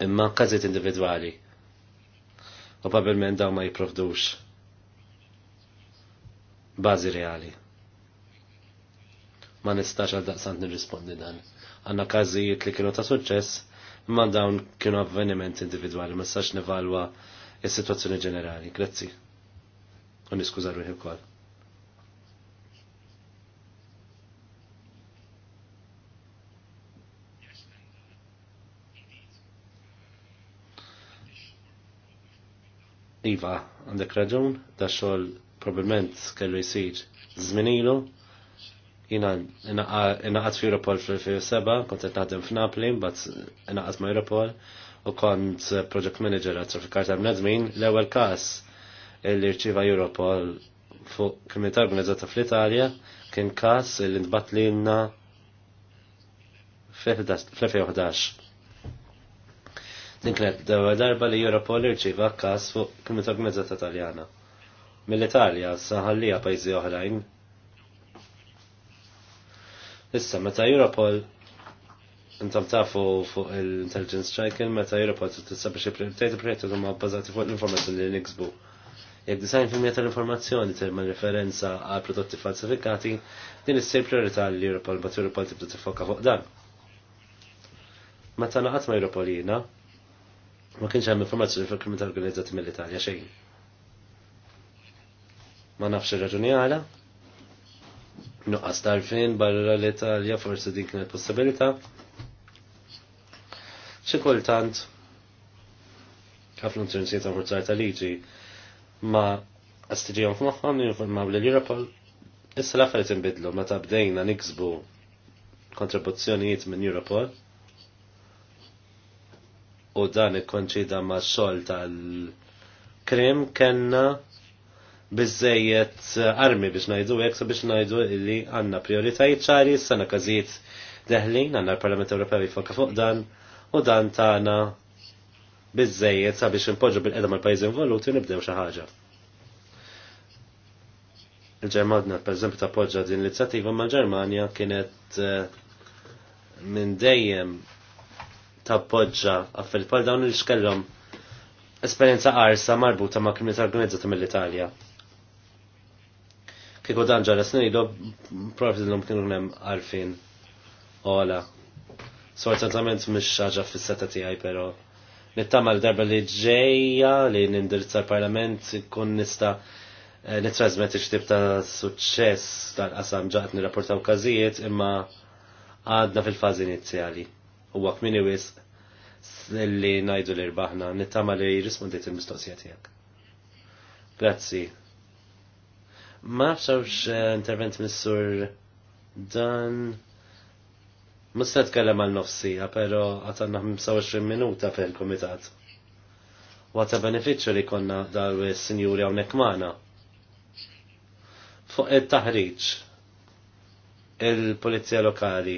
imma kazit individwali. U probabbilment daw ma jipprovdux bażi reali. Ma nistax għal daqsant nirrispondi dan. Għanna każijiet li kienu ta' suċċess, ma dawn kienu avvenimenti individwali, ma sax nivalwa il-situazzjoni ġenerali. Grazzi. U niskuża ruħi kol. Iva, għandek raġun, da xogħol probablement kellu jisir zminilu, jina inaqat fi Europol fil-2007, kontet naħdem f'Napli, bat inaqat ma' Europol, u kont eh, project manager għat trafikar ta' mnedmin l-ewel kas li rċiva Europol fuq kriminalità organizzata fl-Italja kien kas li nbat li jenna fl-2011. Din kienet d ewel darba li Europol rċiva kas fuq kriminalità organizzata Taljana. Mill-Italja saħallija pajzi oħrajn. Issa, meta Europol Intom tafu fuq il-intelligence tracking meta jirrapportu tista' biex il il-prioritajiet huma bbażati fuq l-informazzjoni li niksbu. Jekk design fil tal-informazzjoni terma referenza għal prodotti falsifikati, din issir priorità li Europol bat Europol tibda tifokka fuq dan. Meta naqat ma Europolina, ma kienx hemm informazzjoni fuq kriminalità organizzati mill-Italja xejn. Ma nafx ir-raġuni għala, nuqqas tarfin barra l-Italja forsi din kienet possibilità, xi kultant ħafna intrinsi ta' forzar ta' liġi ma astiġijom f'moħħom jinformaw li l-Europol issa l-affarijiet inbidlu meta bdejna niksbu kontribuzzjonijiet minn Europol u dan ikkonċida ma' xogħol tal-krim kena bizzejiet armi biex najdu jek, biex najdu illi għanna prioritajiet ċari, s-sana kazijiet deħlin, għanna l-Parlament Ewropew jifoka fuq dan, u dan tagħna bizzejiet sabiex impoġġu bil-qedha mal-pajjiż involuti nibdew xi ħaġa. Il-Ġermanja pereżempju tappoġġa din l-inizjattiva ma' Ġermanja kienet eh, minn dejjem tappoġġa affel pal dawn li xkellhom esperjenza qarsa marbuta ma' kriminalità organizzata mill-Italja. Kieku dan ġara snilu, profi l-lum kienu għarfin. Ola, Sfortunatament mhix ħaġa fis-seta tiegħi però nittama l-darba li ġejja li nindirizza l-Parlament kun nista' eh, nitrasmet iġtib ta' suċċess tal-qasam ġaqt nirrapportaw każijiet imma għadna fil-fazi inizjali. U għak minni wis li najdu li rbaħna, nittama li rispondiet il-mistoqsija tiegħek. Grazzi. Ma fxawx eh, intervent mis Sur dan Musta tkellem għal nofsija, pero għatanna 25 minuta per komitat. Għata beneficju li konna dar sinjuri għaw nekmana. Fuq il-taħriċ, il-polizija lokali,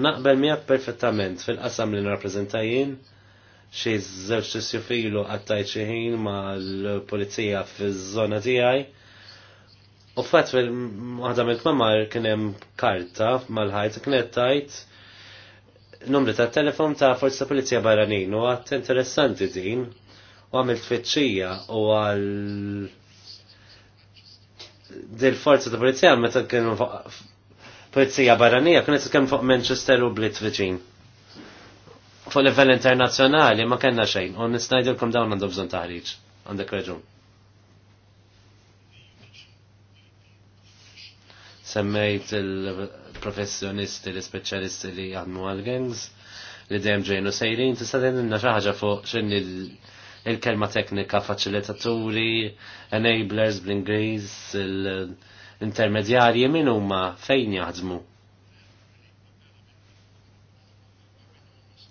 naqbel miegħek perfettament fil-qasam li nirrappreżentajin xi żewġ tisjufilu għattajt xi ħin mal-pulizija fiż-żona tiegħi U fatt waħda mill-kmamar kien hemm karta mal-ħajt kienet tajt numri ta' telefon ta' forza pulizija barranin u għat interessanti din u għamilt tfittxija u għal dil forza ta' pulizija meta kienu pulizija barranija kienet kemm fuq Manchester u Blit viċin. Fuq livell internazzjonali ma kellna xejn u nisnajdilkom dawn għandhom bżonn taħriġ għandek reġun. semmejt il-professjonisti, l specialisti li għadmu għal-gangs, li dejjem ġejnu sejrin, tista' dinna xi ħaġa fuq x'in il-kelma teknika, faċilitaturi, enablers bl l-intermedjarji min huma fejn jaħdmu.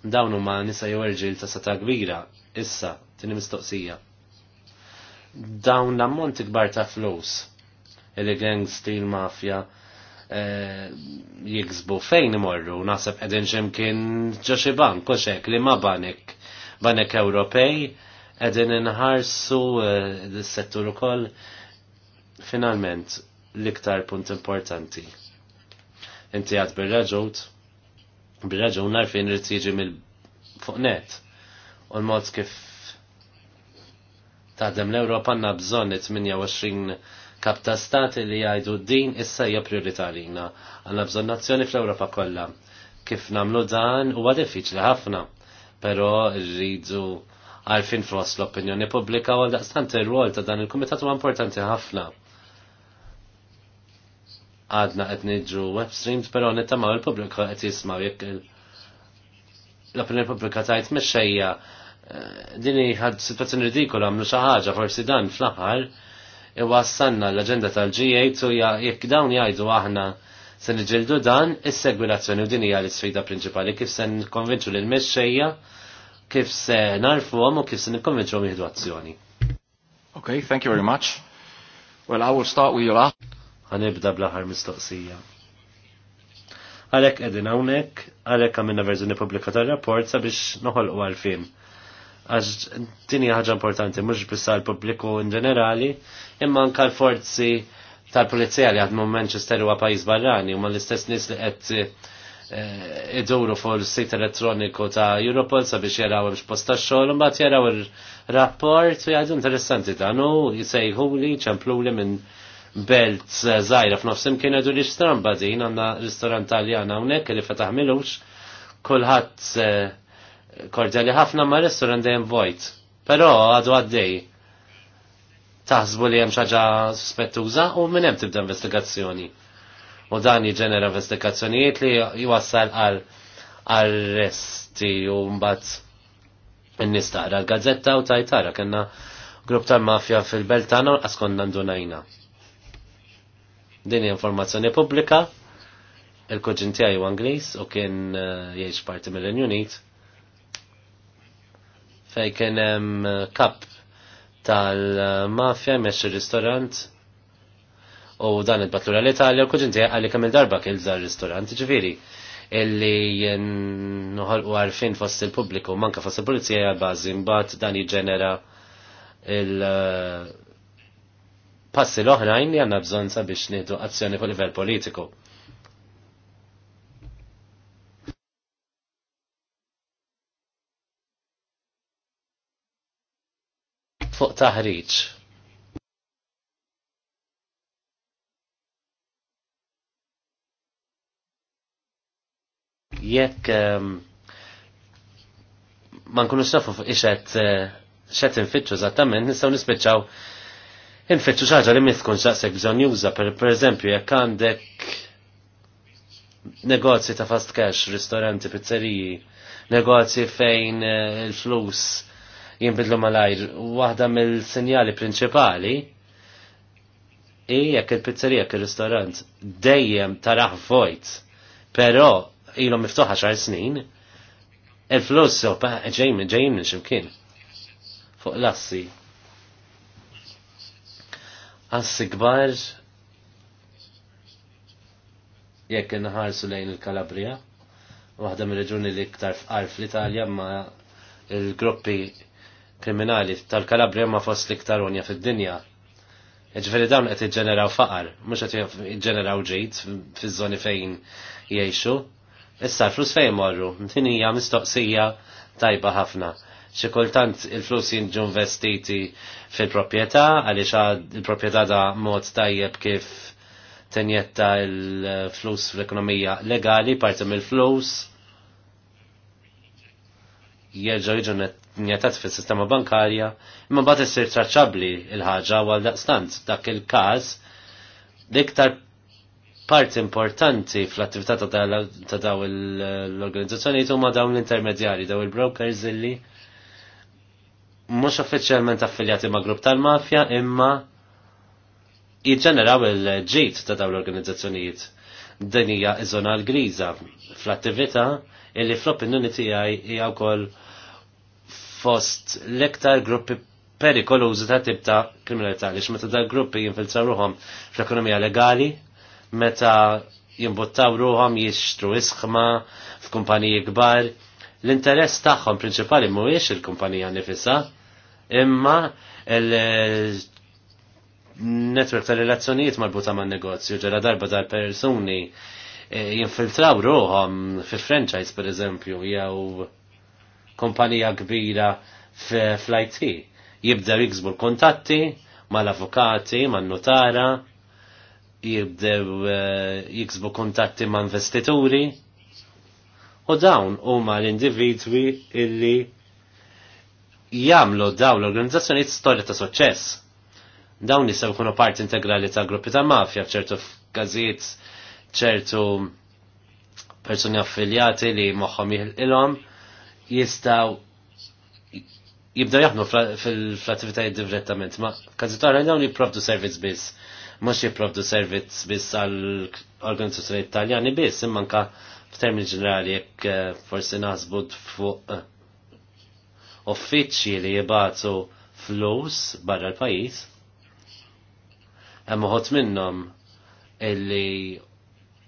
Dawn huma nisa jew irġiel ta' seta' kbira, issa, tini mistoqsija. Dawn l-ammont ikbar ta' flus il gangs stil mafja eh, jiksbu fejn imorru, nasab edin xemkien ġoċi ban kuxek li ma banek, banek Ewropej, edin inħarsu eh, s-settur ukoll finalment l-iktar punt importanti. Inti għad bil-raġut, bil-raġun narfin li tiġi mill-fuqnet, u l-mod kif taħdem l-Europa għanna 28 kap ta' stati li jgħidu din issa hija prioritarina. Għandna bżon nazzjoni fl-Ewropa kollha. Kif nagħmlu dan huwa diffiċli ħafna, però rridu għalfin fost l-opinjoni pubblika għal daqstant ir-rol ta' dan il-kumitat huwa importanti ħafna. Għadna qed niġu web streams, però nittamaw il-pubblika qed jismaw jekk l-opinjoni pubblika tajt mexxejja eh, din ħad situazzjoni ridikola għamlu xi ħaġa forsi dan fl-aħħar iwassanna l-agenda tal-G8 u jekk dawn jgħidu aħna se niġildu dan is-segwi l-azzjoni u din hija l-isfida prinċipali kif se nikkonvinċu l mexxejja kif se għom u kif se għom jihdu azzjoni. Ok, thank you very much. Well, I will start with you last. Għanibda bl-aħħar mistoqsija. Għalhekk qegħdin hawnhekk, għalhekk għamilna verżjoni pubblika tar-rapport sabiex noħolqu għalfin għax tini ħaġa importanti, mux bissa l-publiku in ġenerali, imma anka l-forzi tal-polizija li għadmu Manchester u għapajiz barrani, u ma l-istess nis li għed eh, iduru fuq il-sit elettroniku ta' Europol sabiex jaraw biex posta xogħol imbagħad jaraw ir-rapport u jgħidu interessanti dan u jsejħu li ċemplu li minn belt żgħira f'nofs imkien għadu li x'stramba din għandna ristorant Taljan hawnhekk li fetaħ milux kulħadd eh, kordjali ħafna ma' ristorant dejjem vojt. Però għadu għaddej. Taħsbu li hemm xaġa suspettuża u minn hemm tibda investigazzjoni. U dan jiġenera investigazzjonijiet li jwassal għal arresti u mbagħad in-nies taqra l-gazzetta u tajtara kellna grupp tal-mafja fil-belt tagħna u konna ndunajna. Din informazzjoni pubblika il-koġin tiegħi Angliż u kien eh, jgħix parti mill-Unit fej kienem hemm eh, kap tal-mafja il ristorant u dan il batlura l-Italja u kuġinti għalli kamil darba kien dar ristorant ġifiri illi nħol u għarfin fost il-publiku manka fost il-polizija għal-bazi mbat dan jġenera il- eh, passi l-oħrajn li għanna bżon sabiex nidu azzjoni fuq livell politiku. taħriġ. Jekk ehm, ma nkunux nafu fuq ixet eh, xed infittxu eżattament, nistgħu nispiċċaw infittxu xaġa li miskun xaqsek bżonn juża, per eżempju jekk għandek negozji ta' fast cash, ristoranti, pizzeriji, negozji fejn eh, il-flus jinbidlu malajr. Waħda mill-sinjali prinċipali i jekk il-pizzerija, jekk il-ristorant dejjem taraħ vojt, però ilhom miftuħa xar snin, il-flus so ġejjin ġejjin minn ximkien fuq lassi. assi Assi kbar jekk inħarsu lejn il-Kalabria, waħda mir reġuni li iktar fqar l italja ma il-gruppi kriminali tal kalabri ma fost liktar unja fid-dinja. E ġveri dawn qed iġġeneraw faqar, mhux qed iġġeneraw ġejt fiż-żoni fejn jgħixu. Issa l-flus fejn morru, din hija mistoqsija tajba ħafna. Xi kultant il-flus jinġu investiti fil-proprjetà għaliex il-proprjetà da mod tajjeb kif tenjetta il-flus fl-ekonomija legali, parti mill-flus, jerġa' jiġu njetat fis sistema bankarja, imma bat issir traċabli il-ħaġa għal daqstant dak il-każ l-iktar part importanti fl-attività ta' daw l-organizzazzjoni huma dawn l-intermedjari, daw il-brokers illi mhux uffiċjalment affiljati ma' grupp tal-mafja imma jiġġeneraw il-ġit ta' dawn l-organizzazzjonijiet. Din hija iż-żona l-griża fl-attività illi fl-opinjoni tiegħi hija wkoll fost l-iktar gruppi perikolużi ta' tip ta' kriminalità li meta da' gruppi jinfilzaw ruhom fl-ekonomija legali, meta jimbuttaw ruhom jixtru isħma f'kumpaniji kbar, l-interess tagħhom prinċipali mhuwiex il-kumpanija nifisa, imma il-netwerk ta' relazzjonijiet marbuta man negozju ġara darba tal persuni eh, jinfiltraw ruhom fil-franchise per eżempju jew kompanija kbira fl-IT. Jibdew jiksbu l-kontatti mal-avukati, man-notara, jibdew eh, jiksbu kontatti ma' investituri u dawn huma l-individwi illi jagħmlu dawn l-organizzazzjonijiet storja ta' suċċess. Dawn jistgħu jkunu parti integrali ta' gruppi ta' mafja ċertu każijiet ċertu persuni affiljati li moħħom jilqilhom jistaw jibdaw jaħdmu fil-attivitajiet direttament, ma kazit għara dawn jiprovdu servizz biss, mux jiprofdu servizz biss għal-organizzazzjoni italjani biss, immanka f'termin ġenerali jekk eh, forsi naħsbud fuq eh, uffiċi li jibgħatu flus barra l-pajjiż. Hemm uħod minnhom illi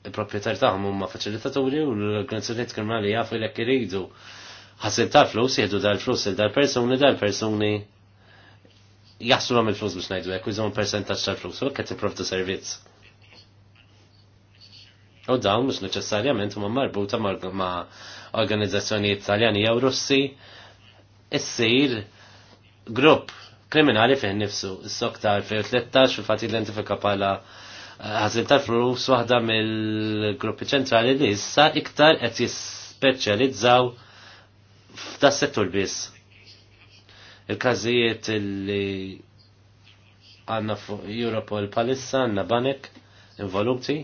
il-proprjetar tagħhom huma faċilitaturi u l organizzazzjoni kriminali jafu jekk iridu ħasil tal-flus, jihdu dal-flus il-dal-personi, dal-personi jaslu għam il-flus biex najdu, jek użom percentax tal-flus, u għet improv ta' servizz. U dawn mux neċessarjament huma marbuta ma' organizzazzjonijiet taljani jew russi, issir grupp kriminali fih nifsu, s-soktar fil-13 fil-fat identifika pala eh, ħazil tal-flus waħda mill-gruppi ċentrali li issa iktar qed jispeċjalizzaw f'da settur biss. Il-każijiet li għanna fuq l palissa għanna banek involuti.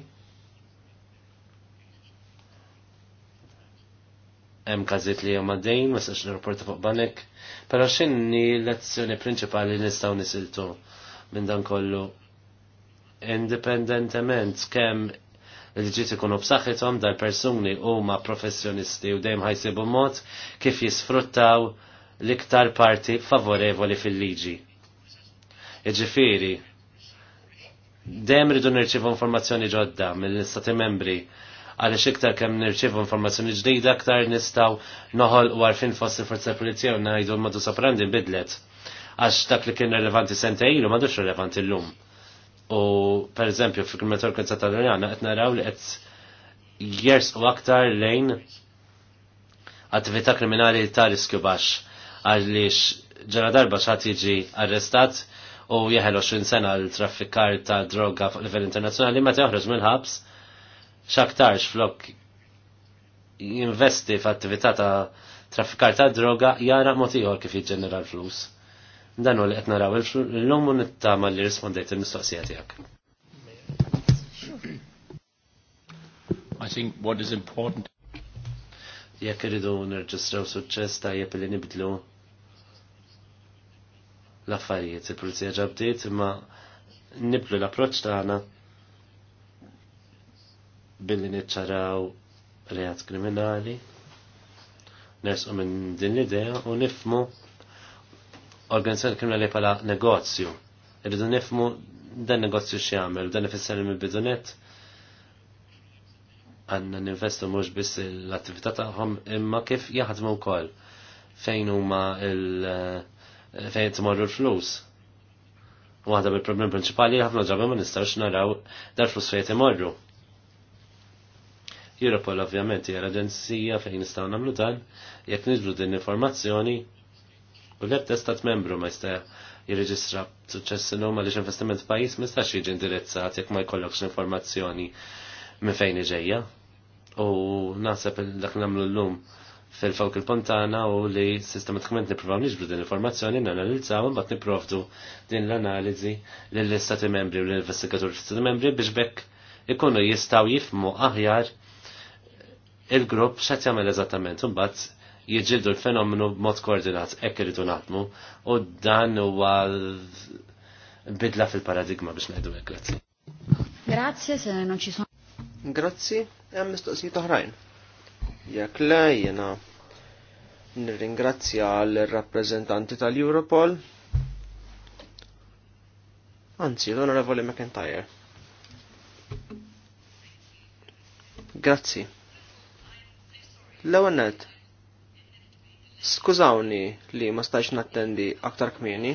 Hemm każijiet li huma dejn, ma sax nirrapporta fuq banek, però x'inhi l-azzjoni prinċipali li nistgħu nisiltu minn dan kollu indipendentement kemm li ġiet ikunu b'saħħithom dal persuni huma professjonisti u dejjem ħajsibu mod kif jisfruttaw l-iktar parti favorevoli fil-liġi. Jiġifieri? dejjem ridu nirċievu informazzjoni ġodda mill-istati membri għaliex iktar kemm nirċievu informazzjoni ġdida aktar nistgħu noħol u għarfin fost il-forza polizija u ngħidu madu soprandi bidlet għax dak li kien relevanti sentejn ilu madux relevanti l-lum U per eżempju, fil-kriminalità organizzata l-Irjana, qed naraw li qed jers u aktar lejn attività kriminali ta' riskju bax, għaliex ġara darba xa jiġi arrestat u jeħel 20 sena l-traffikar ta' droga fuq livell internazzjonali ma teħroġ mill-ħabs x'aktarx flok jinvesti f'attività ta' traffikar ta' droga jara motiħor kif jiġġenera l-flus Dan u li qed naraw l-lum u nittama li rispondejt il-mistoqsija tiegħek. I think what is important jekk iridu nirġistraw suċċess tajjeb li nibdlu l-affarijiet, il-pulizija ġabdiet imma nibdlu l-approċċ tagħna billi niċċaraw reat kriminali, nersqu minn din l-idea u nifmu organizzazzjoni kriminali pala negozju. Irridu nifmu dan negozju x'jagħmel, dan ifisser mill bidunet għandna ninvestu mhux biss l-attività taħħom imma kif jaħdmu wkoll fejn huma il eh, fejn tmorru l-flus. Waħda bil-problem prinċipali ħafna ġabba ma nistgħux naraw dar flus fejn imorru. Europol ovvjament hija l-aġenzija fejn nistgħu nagħmlu dan, jekk niġru din l informazzjoni U l-ebda stat membru ma jista' jirreġistra suċċess noma li investiment pajis ma jistax jiġi indirizzat jekk ma jkollokx informazzjoni minn fejn iġejja. U naħseb dak nagħmlu llum fil-fawk il-pontana u li s-sistematikament niprofaw niġbru din informazzjoni nanalizzaw mbagħad niprofdu din l-analiżi lill-istati membri u l investigatur fl-istati membri biex bekk ikunu jistgħu jifmu aħjar il-grupp x'qed jagħmel eżattament u mbagħad jiġildu l-fenomenu b'mod koordinat, ekk irridu naħdmu, u dan huwa bidla fil-paradigma biex ngħidu hekk grazzi. Grazzi se non ci sono. Grazzi, hemm mistoqsijiet oħrajn. Jekk le jiena nirringrazzja l-rappreżentanti tal-Europol. Anzi, l-Onorevoli McIntyre. Grazzi. L-ewwel Skużawni li ma stajx nattendi aktar kmieni,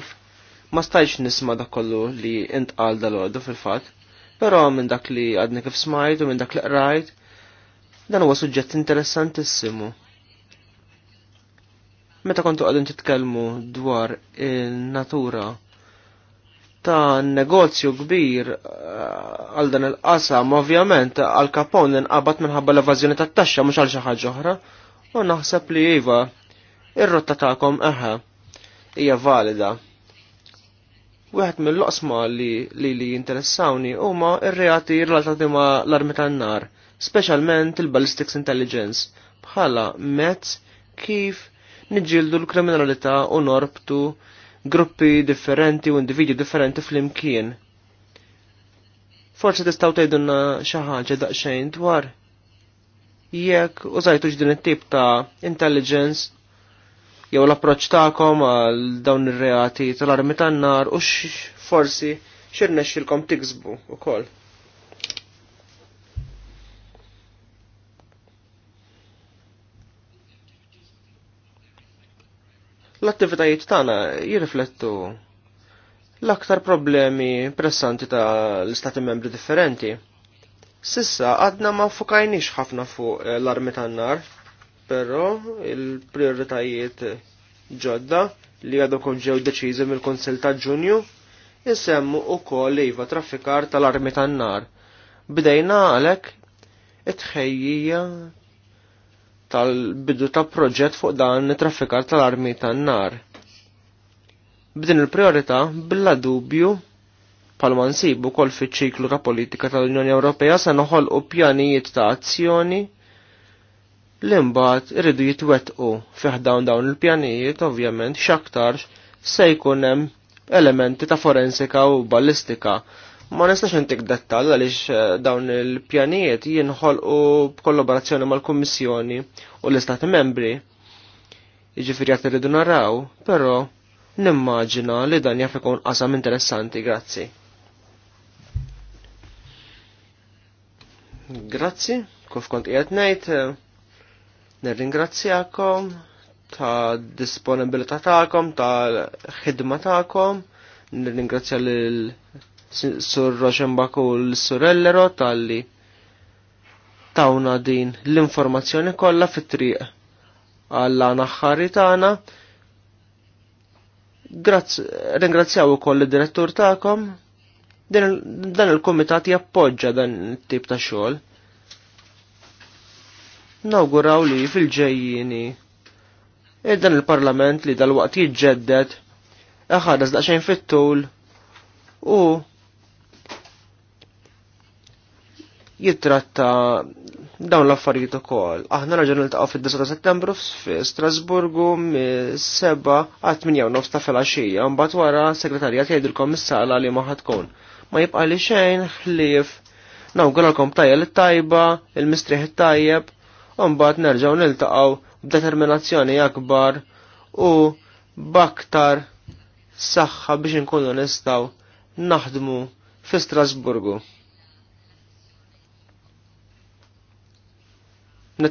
ma stajx nisma dak kollu li għal dal fil-fat, pero minn dak li għadni kif smajt u minn dak li qrajt, dan huwa suġġett interessantissimu. Meta kontu għadin titkellmu dwar il-natura ta' negozju kbir eh, għal dan il-qasam, ovvjament għal kapon inqabad minħabba l-evażjoni tat-taxxa mhux għal xi ħaġa oħra, u naħseb li iva Ir-rotta tagħkom eħe hija valida. Wieħed mill-loqsma li li jinteressawni huma r-reati relatati ma' l-armi tan-nar, speċjalment il-ballistics intelligence, bħala mezz kif niġġieldu l-kriminalità u norbtu gruppi differenti u individwi differenti fl-imkien. Forse tistaw tgħidulna xi ħaġa daqsxejn dwar jekk użajtux din it-tip ta' intelligence jew l-approċ tagħkom għal dawn ir-reati tal-armi tan-nar u forsi xirnexxilkom tiksbu ukoll. L-attivitajiet tagħna jirriflettu l-aktar problemi pressanti ta' l-istati membri differenti. Sissa għadna ma fukajnix ħafna fuq l-armi tan-nar però il-prioritajiet ġodda li għadu ġew deċiżi mill-Konsil ta' Ġunju insemmu wkoll iva traffikar tal-armi tan-nar. Bdejna għalhekk it tal-bidu ta' proġett fuq dan traffikar tal-armi tan-nar. B'din il-priorità billa dubju palma nsibu kol fiċ ċiklu ta' politika tal-Unjoni Ewropea se noħolqu pjanijiet ta' azzjoni l-imbat iridu jitwettqu fih dawn dawn il-pjanijiet ovvjament x'aktarx se jkun hemm elementi ta' forensika u ballistika. Ma nistax intik dettal għaliex eh, dawn il-pjanijiet jinħolqu b'kollaborazzjoni mal-Kummissjoni u l-Istati Membri. Jiġifieri qed irridu naraw, però nimmaġina li dan jaf ikun qasam interessanti, grazzi. Grazzi, kif kont qiegħed ngħid, eh, Nirringrazzjakom ta' disponibilità ta'kom, ta' ħidma ta'kom. Nirringrazzja lil Sur Roxenbach u l-Sur Ellero tal-li tawna din l-informazzjoni kollha fit-triq għalla naħħari tagħna. Ringrazzjaw ukoll id-direttur tagħkom. Dan il-kumitat jappoġġa dan it-tip ta' xogħol nawguraw li fil-ġejjini id-dan e il-parlament li dal-waqt jitġeddet eħadas daqxajn fit-tul u jittratta dawn l-affarijiet ukoll. Aħna raġun niltaqgħu fid-9 ta' Settembru fi Strasburgu mis-7 għat 8 nofs ta' filgħaxija, mbagħad wara segretarjat jgħidilkom is komissala li ma ħadkun. Ma jibqa' li xejn ħlief nawguralkom tajja l-tajba, il-mistrieħ tajjeb mbagħad nerġgħu niltaqgħu b'determinazzjoni akbar u baktar saħħa biex inkunu nistgħu naħdmu fi Strasburgu.